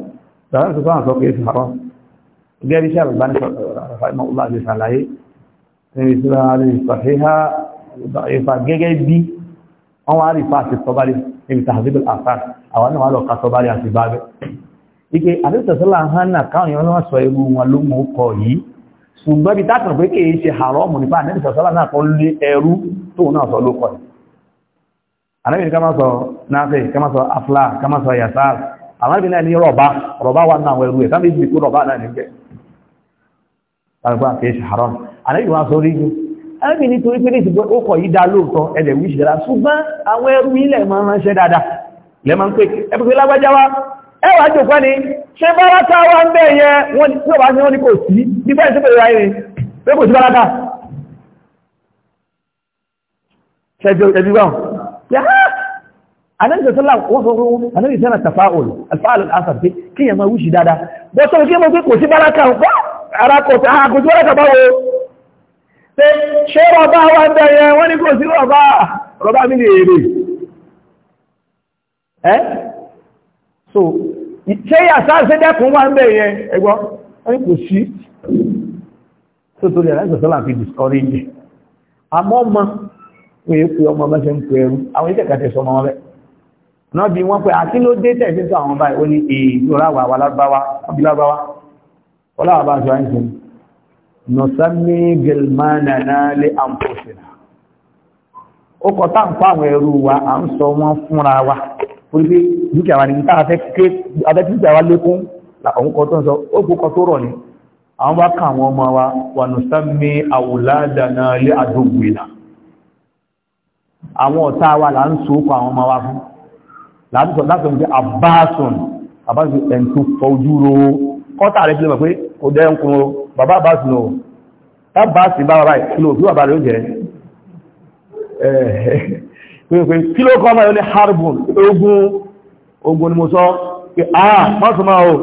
sàrán tó sọ́nà sọ pé èsì haram gẹ́rí iṣẹ́ àlùbáni rafaimọ̀ ọlá àti sàlàyé ẹni tí wọ́n rí sàfihà ìfà gẹ́gẹ́ bí wọ́n wá rí fáàsì sọ́bárí níbi tàbíbí àfà àwọn náà wà lọ ka sọ́bárí àti bábẹ́ ike àdìsọ̀sọ́lá hánà káwọn èèyàn náà sọ ewu wọn ló mú kọ yìí ṣùgbọ́n bí tátùn pé kìí ṣe haram nípa àdìsọ̀sọ́lá náà kan lé ẹrú tóun náà sọ ló kọ yìí àdìsọ̀sọ́lá náà sọ náà fẹ́ kí wọ́n afla kí wọ́n sọ àwọn ibi náà ní rọ̀bá rọ̀bá wà náà ẹrù ẹ̀ sáà méjì kó rọ̀bá náà nígbẹ̀ tàbí kìí ṣe haram àlẹ́yìn wọn sọ rí ju ẹbí nítorí pé nítorí pé ó kọ̀ yí dá lóòótọ́ ẹ̀dẹ̀ wíṣì dára ṣùgbọ́n àwọn ẹrù ilẹ̀ máa ń ránṣẹ́ dáadáa lẹ́ máa ń pè ẹbí pé lágbájá wa ẹ ni ṣé báraka wa ń bẹ̀ yẹ wọ́n tí ó bá ṣe wọ́n annabi sallallahu alaihi wasallam annabi sana tafa'ul al-fa'al al-asar fi kí ya ma wushi dada bo so ki mo pe kò sí baraka ko ara ko ta ko baraka báwo se se ro ba wa nda ye wọ́n ní kò sí ro ba ro mi ni ere eh so se ya sa se de kun wa nbe yen ẹ gbọ́ wọ́n ní kò so to le annabi sallallahu fi discourage àmọ́ mo pe pe ọmọ ma se n pe ẹrú àwọn ise ka te so mo mo be náà bí wọ́n pé àti ló dé tẹ̀sí sọ àwọn báyìí ó ní èèyàn ráwà wà lábáwá ọbílábáwá ọláwàbá sọ àìsí nọ̀sánmí gẹ̀lmánà náà lé àǹpọ̀sìnà ó kọ tá ń pa àwọn ẹrú wa à ń sọ wọ́n fúnra wa orí pé dúkìá wa ní ní tára fẹ́ dúkìá wa lékún àwọn kan tó wà là ń so kọ àwọn ọmọ wa fún láti sọ láti ọmọdé àbáṣùn àbáṣùn ẹni tó fọjú ro kọ́tà rẹ̀ sílẹ̀ pé kò dẹ́ ń kún bàbá àbáṣùn o tábàṣì bá bàbá ìkìlò bí bàbá rẹ̀ ó jẹ́ pé kí ló kọ́ mọ́ ní harbun ogun ogun ni mo sọ pé o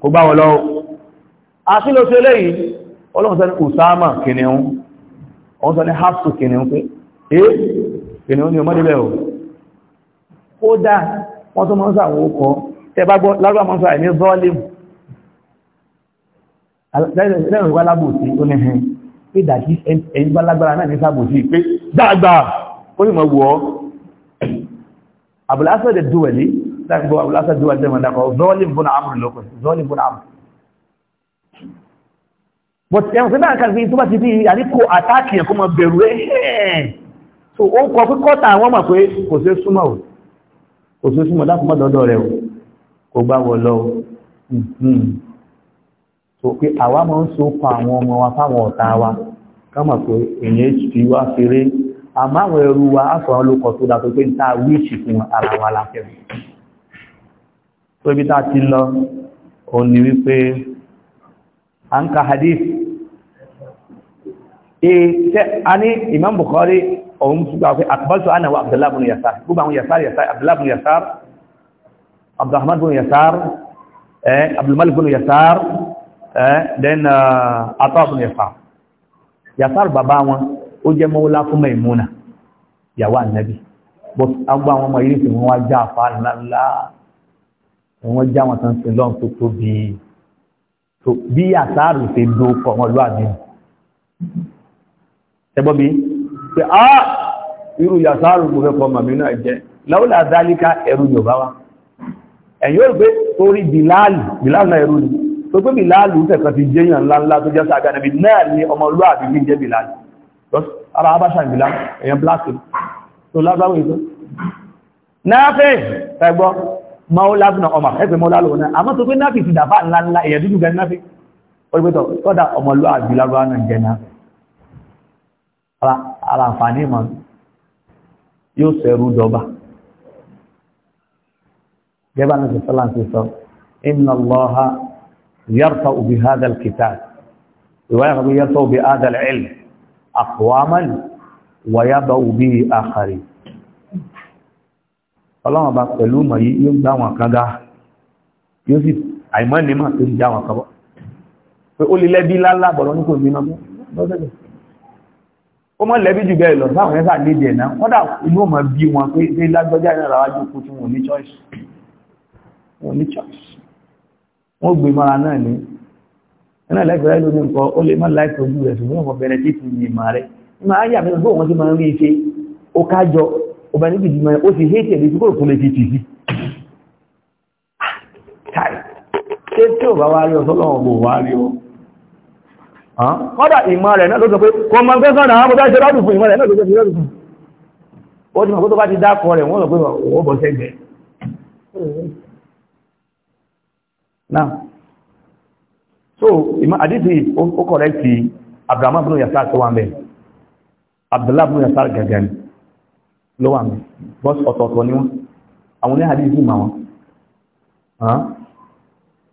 kò bá wọn lọ àti ló ṣe lẹ́yìn ọlọ́run sọ ní Usama kìnìún ọ̀hún sọ ní kódà wọ́n tó mọ́sá àwọn okọ̀ tẹbàgbọ́ lágbà mọ́sá ẹ̀mí zọ́ọ̀lẹ́mù lẹ́yìn ìwà lábòsí ó ní ẹ̀hìn pé dàkí ẹ̀yìn bá lágbára náà ní sábòsí pé dáadáa ó ní mọ̀ wọ́ abúlásọ̀dẹ̀ dúwẹ̀lì dágbọ́ abúlásọ̀dẹ̀ dúwẹ̀lì mọ̀dákọ̀ zọ́ọ̀lẹ́mù bọ́nà àmúrù lọ́kọ̀ zọ́ọ̀lẹ́mù bọ́nà àmúrù but ẹ̀wọ̀n fẹ́ náà kàfin tó bá ti bí àríkò àtàkì ẹ̀kọ́ mọ̀ bẹ̀rù ẹ̀ so ó kọ pé kọ́ta àwọn mọ̀ pé kò sí súnmọ́ òun òṣù súnmọ̀ dákùnmọ́ dọ́dọ̀ rẹ̀ kò bá wọ lọ hmm. so pé àwa máa ń so pa àwọn ọmọ wa fáwọn ọ̀tá wa ká mọ̀ pé èyàn fi wá ṣeré àmọ́ àwọn ẹrú wa á sọ̀rọ̀ tó dà tó pé ń ta wíìsì fún ara wa la fẹ́ so ibi tá a ti lọ òun ni wípé à ń ka hadith ee tẹ a ní Imam Bukhari òun tún gbà pé àkùbọ́sọ àná wa abdullahi bin yasar gbogbo àwọn yasar yasar abdullahi bin yasar abdulrahman bin yasar eh abdulmalik bin yasar eh then uh, ata bin yasar yasar bàbá wọn ó jẹ́ mọ́wọ́lá fún maimuna yàwó ànábì but agbá àwọn ọmọ yìí tí wọ́n wá já àfá ńláńlá wọ́n já wọn tán sí lọ́n tó tóbi bí yasar ṣe dókọ̀ wọn lọ́wọ́ àmì ẹgbọ́n bíi pé á ah, irú yàtàrù mo fẹ́ kọ màmí náà jẹ́ láúlà dálíkà ẹ̀rù yọ̀bá wa ẹ̀yìn ó pé torí bìláàlù bìláàlù náà ẹ̀rù ni tó pé bìláàlù tẹ̀kan ti jẹ́ yàn ńláńlá tó jẹ́ sáà gánàbí náà ni ọmọlúwàbí fi jẹ́ bìláàlù ara abáṣà bìláàlù èèyàn bláàkì tó lágbàwò ìtọ́ náàfẹ́ ẹgbọ́ maula bin Umar ẹgbẹ́ maula lòun náà àmọ́ tó pé náàfì ti dàfà ńláńlá èèyàn dúdú ara àǹfààní mọ̀ yóò sẹ̀rù dọ́ba gẹ́gbà náà sọ́lá ti sọ inna Allaha yarfa'u bi hadha al-kitab ìwáyà kan yarfa'u bi hadha al-ilm aqwaman wa yada'u bi akharin ọlọ́run bá pẹ̀lú mọ̀ yí yóò gbá wọn yóò sì àìmọ́ ní mà tó ń pé ó lè lẹ́bí lálá bọ̀lọ́ ó mọ́ lẹ́bí jù bẹ́ẹ̀ lọ sáwọn ẹ́sà lédè ẹ̀nà wọ́n dà inú ọmọ bí wọn pé pé lágbọ́já ìrìnàrà wájú kú tí wọ́n ní choice wọ́n ní choice wọ́n gbé mara náà ní ẹ̀nà lẹ́gbẹ̀rẹ́ ló ní nǹkan ó lè má láìpẹ́ ojú rẹ̀ ṣùgbọ́n ọmọ bẹ̀rẹ̀ tí kìí mà rẹ̀ ìmọ̀ ayé àmì ìgbó wọn ti máa ń rí iṣẹ́ ó kájọ ọba níbi ìdìmọ̀ ó ti hétì ẹ̀mí tí kò kún lè ti tì sí ṣé tí ò bá wá rí kọ́dà ìmọ̀ rẹ̀ náà ló sọ pé kọ mọ̀ pé sọ́nà àwọn ọmọdé ṣẹlá dùn fún ìmọ̀ rẹ̀ náà ló sọ ìrọ̀dùn fún ó ti mọ̀ tó bá ti dákọ̀ rẹ̀ wọ́n lọ pé wọ́n bọ̀ sẹ́gbẹ̀ náà so ìmọ̀ àdísì ó kọ̀rẹ́kì Abdurrahman bin Yasar Abdullah bin Yasar gẹ̀gẹ̀n ló wà mẹ́ bọ́s ọ̀tọ̀ọ̀tọ̀ ni wọ́n àwọn oní àdísì mà wọ́n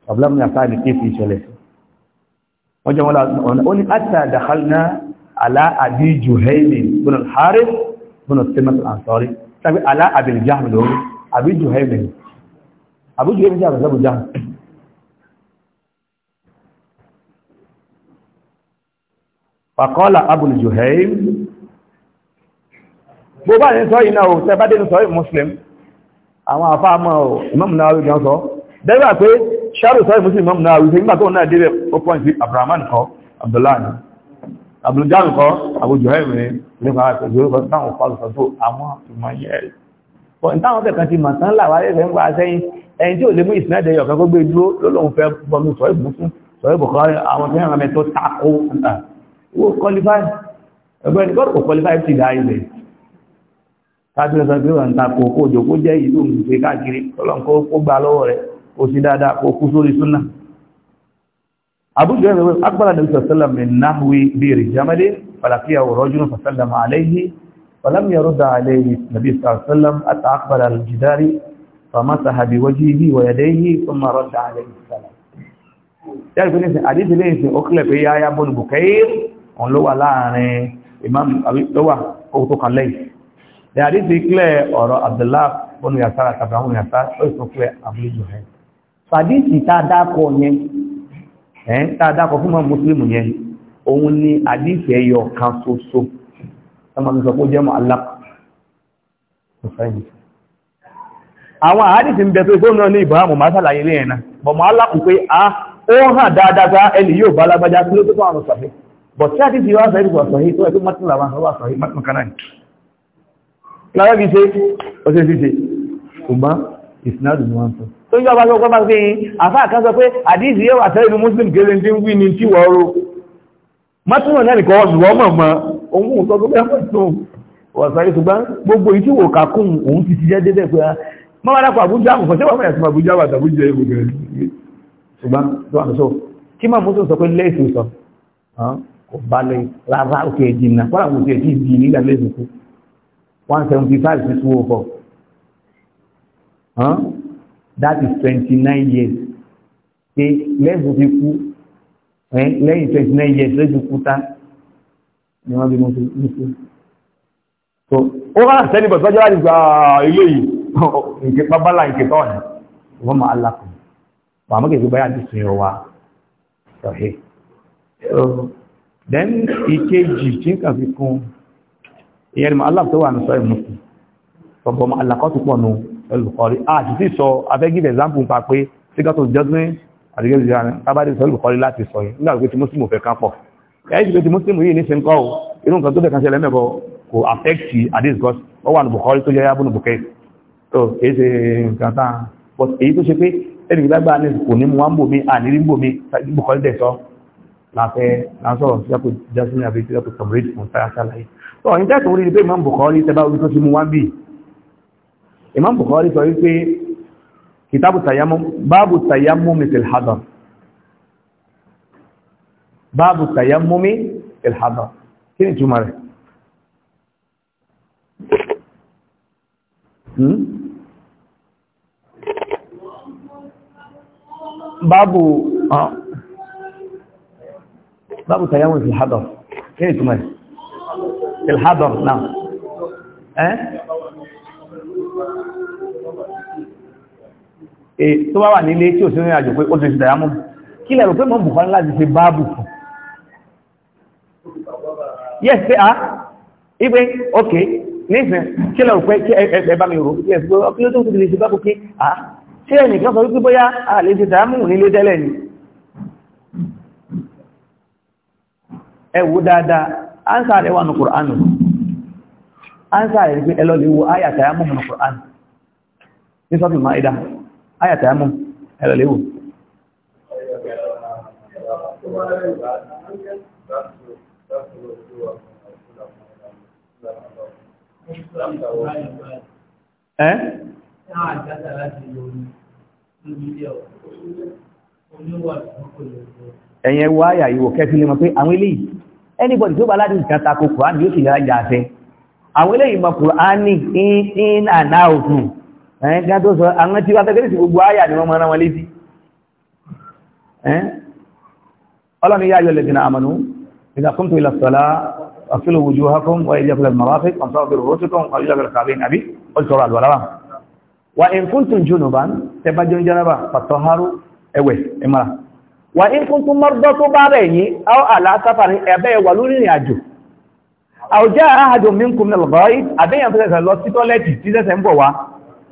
Abdullah bin Yasar ní kéèfì ìṣẹ̀lẹ̀ wọ́n wọ́n ọ̀nà ó ní àtà dàhálná aláàbí juhaimi bọ́nà harif bọ́nà simas ansori tàbí aláàbí jaham lórí àbí juhaimi àbí juhaimi jaham sábò jaham fàkọ́lá abul juhaim bó bá ní sọ iná o tẹ́bá dé ní sọ muslim àwọn ṣáàrù sọ́rọ̀ fún sí imam náà wípé nígbà tó náà débẹ̀ ó pọ́n sí abrahaman kọ́ abdullahi abduljan kọ́ abujuhaim ní nípa ìṣòro kan táwọn pàlùsọ tó àwọn ìmọ̀ yẹ́ rẹ̀ pọ̀ ní táwọn kẹ̀kan ti màtán làwárí ẹ̀fẹ́ ń gba sẹ́yìn ẹni tí ò lè mú ìsinádẹ yọ̀ kan kó gbé dúró lọ́lọ́run fẹ́ bọnu sọ ìbù fún sọ ìbù kan àwọn tí wọ́n mẹ́tọ́ tako wọ́n qualify ẹgbẹ́ ní kọ́ọ̀kọ́ qualify ti dá ilẹ̀ ó sì dáadáa kó kú sórí súnà àbújọ ẹgbẹ̀rẹ̀ akbára nàbí sọ̀sọ́lá min náhùí bí rí jámẹ́lé fàlàkíyà rọ́jùn fàsọ́lá ma aléhì fàlámi yà rọ́dà aléhì nàbí sọ̀sọ́lá àtà akbára alìjìdárì fàmásà hàbí wájú ibi kílẹ̀ ọ̀rọ̀ abdullahi bọ́ọ̀lù yàtà àtàbí àwọn yàtà ó sì tún kílẹ̀ fàdíìsì tá a dákọ̀ yẹn ẹ̀ tá a dákọ̀ fún mọ́ mùsùlùmù yẹn òun ni àdíìsì ẹyọ kan ṣoṣo ọmọ mi sọ pé ó jẹ́ mọ́ alápá àwọn àádìsì ń bẹ pé fóònù náà ní ìbámu máa sàlàyé a ó hàn dáadáa pé ẹni yóò bá lágbájá tí ó tó fún àwọn sọ̀fẹ́ bọ̀ tí àdìsì wá sọ̀rọ̀ ìwà sọ̀hí tó ẹgbẹ́ mọ́tún làwọn àwọn sọ̀hí mọ́tún kan ṣe ọ̀sẹ̀ fi ṣe ṣùgbọ́n ìsinádùn ni wọ́n sọ tó yọ́ bá sọ pé bá sí àfá kan sọ pé àdíjì yẹ́ wà tẹ́lẹ̀ muslim gẹ́lẹ́ tí ń wí ní tí wọ́n rú mọ́túnmọ̀ náà nìkan ọdún wọ́n mọ̀ mọ́ ohun sọ tó bẹ́ẹ̀ tó wọ́n sáré ṣùgbọ́n gbogbo ìtí wò kakún òun ti ti jẹ́ dédé pé ah, mọ́ wá dápọ̀ àbújá àmọ̀ tí wọ́n mẹ́rin sí àbújá wà tàbújá ìwò gẹ̀rẹ́ ṣùgbọ́n tó àmì sọ kí máa mú tó sọ pé lẹ́ẹ̀sì sọ ah, kò bá lè rárá òkè ìdìnnà that is 29 years pé lẹ́sùn ti kú lẹ́yìn 29 years lẹ́sùn kú tán ni wọ́n bí mo fi ní so ó wá sẹ́ni bọ̀ sọ́jọ́ láti gba ilé yìí nke pábálà nke tọ́ọ̀nì wọ́n máa lakùn wàá mọ́ kẹ́kẹ́ báyà ti sùn yọ wa sọ̀hẹ́. then ìkejì tí n kàn fi kún ìyẹn ni mo aláàbò tó wà ní sọ́yìn mùsùlùmí ọ̀bọ̀n mo tó pọ̀ nù al-Bukhari àti tí sọ afẹ́ give example pa pé síkàtò judgment àti gẹ́gẹ́ ìjọba tábàdé sọ al-Bukhari láti sọ yìí nígbà pé ti muslim fẹ́ kan pọ̀ ẹ̀yẹ́ ti pé ti muslim yìí ní ṣe ń kọ́ inú nǹkan tó fẹ́ kan ṣẹlẹ̀ mẹ́kọ̀ọ́ kò affect àdéhùn gọ́s ó wà ní Bukhari tó yáyá bónú bùkẹ́ tó èyí ṣe nǹkan tán but èyí tó ṣe pé ẹni gbàgbà ní kò ní mu wá ń bò mí àní rí ń bò mí Bukhari dẹ̀ sọ láfẹ́ lásọ̀rọ̀ síkàtò judgment àti síkàtò tọ̀bùrẹ́jì fún sáyà sálàyé tó ọ̀yìn tẹ́tù orí pé Imam Bukhari tẹ́bá orí tó ti mú wá ń bì Imam Bukhari sọ wípé kitabu tayammum babu tayammum fil hadar babu tayammum fil hadar kí ni túmọ̀ rẹ̀ hmm? babu ah. babu tayammum fil hadar kí ni túmọ̀ rẹ̀ fil hadar náà eh E, tó bá wà nílé tí ò sí rìnrìn àjò pé ó ti ṣe dàyámọ́ kí lẹ́rù pé mọ́ bùkọ́ láti ṣe báàbù fún yes pé ah ipe ok nísìn kí lẹ́rù pé ẹ bá mi rò yes pé ọkí ló tó ti lè ṣe báàbù pé ah ṣé ẹnìkan sọ wípé bóyá a lè ṣe dàyámọ́ nílé tẹ́lẹ̀ ni ẹ wo dáadáa ánsà rẹ̀ wà ní Kùránù ánsà rẹ̀ pé ẹ lọ lè wo áyà tàyámọ́ ní Kùránù ní sọ́tù máa ìdáhùn ayàtà mú ẹ̀rọ̀lẹ́wò ẹ́ ẹ̀yẹn wá àyà ìwò kẹfìlì mọ̀ pé àwọn anybody tó bá láti ìkan tako kùránì yóò sì yára jà fẹ́ àwọn eléyìí mọ̀ kùránì in and out ẹ̀yìn kí a tó sọ àwọn tí wá tẹ́gẹ́rì sí gbogbo ayà ni wọ́n mọ́ra wọn létí ọlọ́ni yá yọ lẹ́gbìnà àmànú ìdàkùn tó ilẹ̀ sọ́lá ọ̀fílò ojú hakun wà ilẹ̀ fúlẹ̀ mọ̀ráfí ọ̀sọ́bìrì rọ́sùkùn ọ̀yọ́bìrì kàbín àbí ọjọ́ àlùwàláwà wà in kuntum junuban tẹbàjọ́ jẹ́rẹ́bà fàtọ́hárú ẹwẹ̀ ìmara wà in kuntum mọ́rọ́dọ́ tó bá rẹ̀ àbẹ́yàn tó lọ sí tọ́lẹ́tì tí sẹ́sẹ̀ ń bọ̀ wá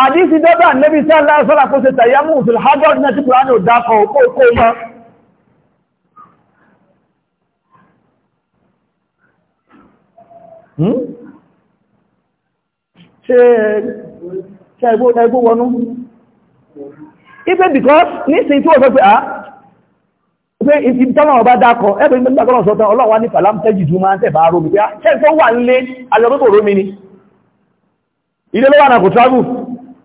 àdísí dọ́bà nẹ́bí sálá sọ́lá kó ṣe tàyámù ìfìl harvard náà tí kùránì ò dákọ̀ òkó òkó mọ́ hmm? ṣe ẹgbó wọnú ipé because nísìn tí ó sọ pé à ah, pé ibi tọ́nà ọba dákọ̀ ẹgbẹ̀ ìgbẹ̀gbẹ̀gbẹ̀ sọ́tọ̀ ọlọ́wà ní fàlámtẹ́jì jù máa ń tẹ̀bà rómi pé ah, ṣẹ́ tó wà nílé alẹ́gbẹ̀gbẹ̀ rómi ni ilé lọ́wà náà kò travel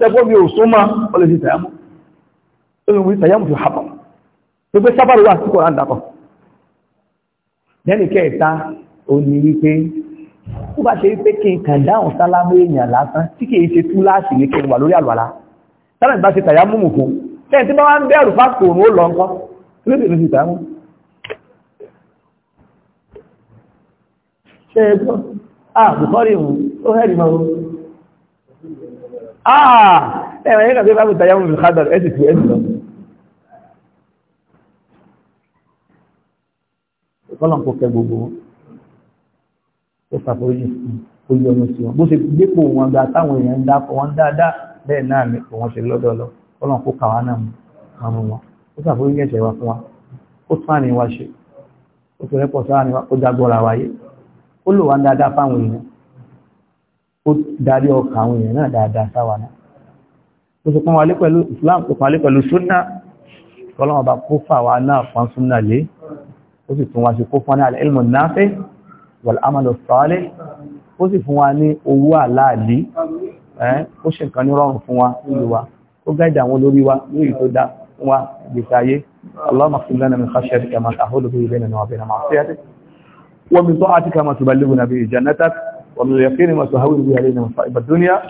tẹ́gbọ́n mi ò súnmọ́ ó lè ṣe tàyámù ó lè wí tàyámù fi hàpọ̀ gbogbo sábàrù wà síkò rán dàpọ̀ lẹ́nì kẹta ò ní wípé ó bá ṣe wípé kí n kàn dáhùn sálámù èèyàn lásán tí kì í ṣe tú láàṣì ní kí n wà lórí àlùwàlá sábà ìbá ṣe tàyámù mù fún kẹ́yìn tí bá wá ń bẹ̀rù fásitì òun lọ ńkọ́ lóde ló ṣe ah bùkọ́rì òun ó hẹ́rì ẹ̀rọ yẹ́kà tí lábùtà yàmù fi kádà ẹ̀sì tí ẹ̀sì lọ ọlọ́n kò kẹ gbogbo wọn ó sàforíjì ó yọ ọmọ sí wọn bó ṣe gbépò wọn gba táwọn èèyàn ń dákọ wọn dáadáa bẹ́ẹ̀ náà ni kò wọ́n ṣe lọ́dọ̀ lọ ọlọ́n kò kàwá náà mú wọn ó sàforíjì ẹ̀ṣẹ̀ wa fún wa ó tún àní wa ṣe ó tún rẹ́pọ̀ sáà ní wa ó jágbọ́ra wáyé ó lò wá dáadáa fáwọn èèyàn ó darí ọkà àwọn èèyàn náà dáadáa sáwà náà ó sì pọ́n wálé pẹ̀lú Islam ó pọ́n wálé pẹ̀lú súnà ọlọ́wọ́n bá kó fà wá náà fún súnà lé ó sì tún wá sí kó fún ní al-ilmu nafi wal-amalu salih ó sì fún wa ní owó àláàlí ó ṣe nǹkan ní rọrùn fún wa nílùú wa ó gáìdì àwọn olórí wa lórí tó dá fún wa gbèsè ayé اللهم اغفر لنا من خشيتك ما تحول به بيننا وبين معصيتك ومن طاعتك ما تبلغنا به جنتك ومن اليقين ما تهون به علينا مصائب الدنيا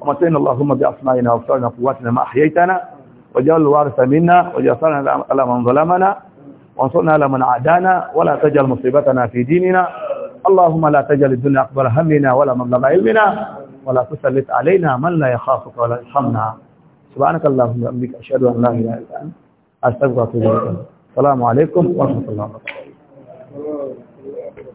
ومتعنا اللهم بأسمائنا وأبصارنا وقواتنا ما أحييتنا واجعل الوارث منا واجعلنا على من ظلمنا وانصرنا على من عادانا ولا تجعل مصيبتنا في ديننا اللهم لا تجعل الدنيا أكبر همنا ولا مبلغ علمنا ولا تسلط علينا من لا يخافك ولا يرحمنا سبحانك اللهم وبحمدك أشهد أن لا إله إلا أنت أستغفرك وأتوب إليك السلام عليكم ورحمة الله وبركاته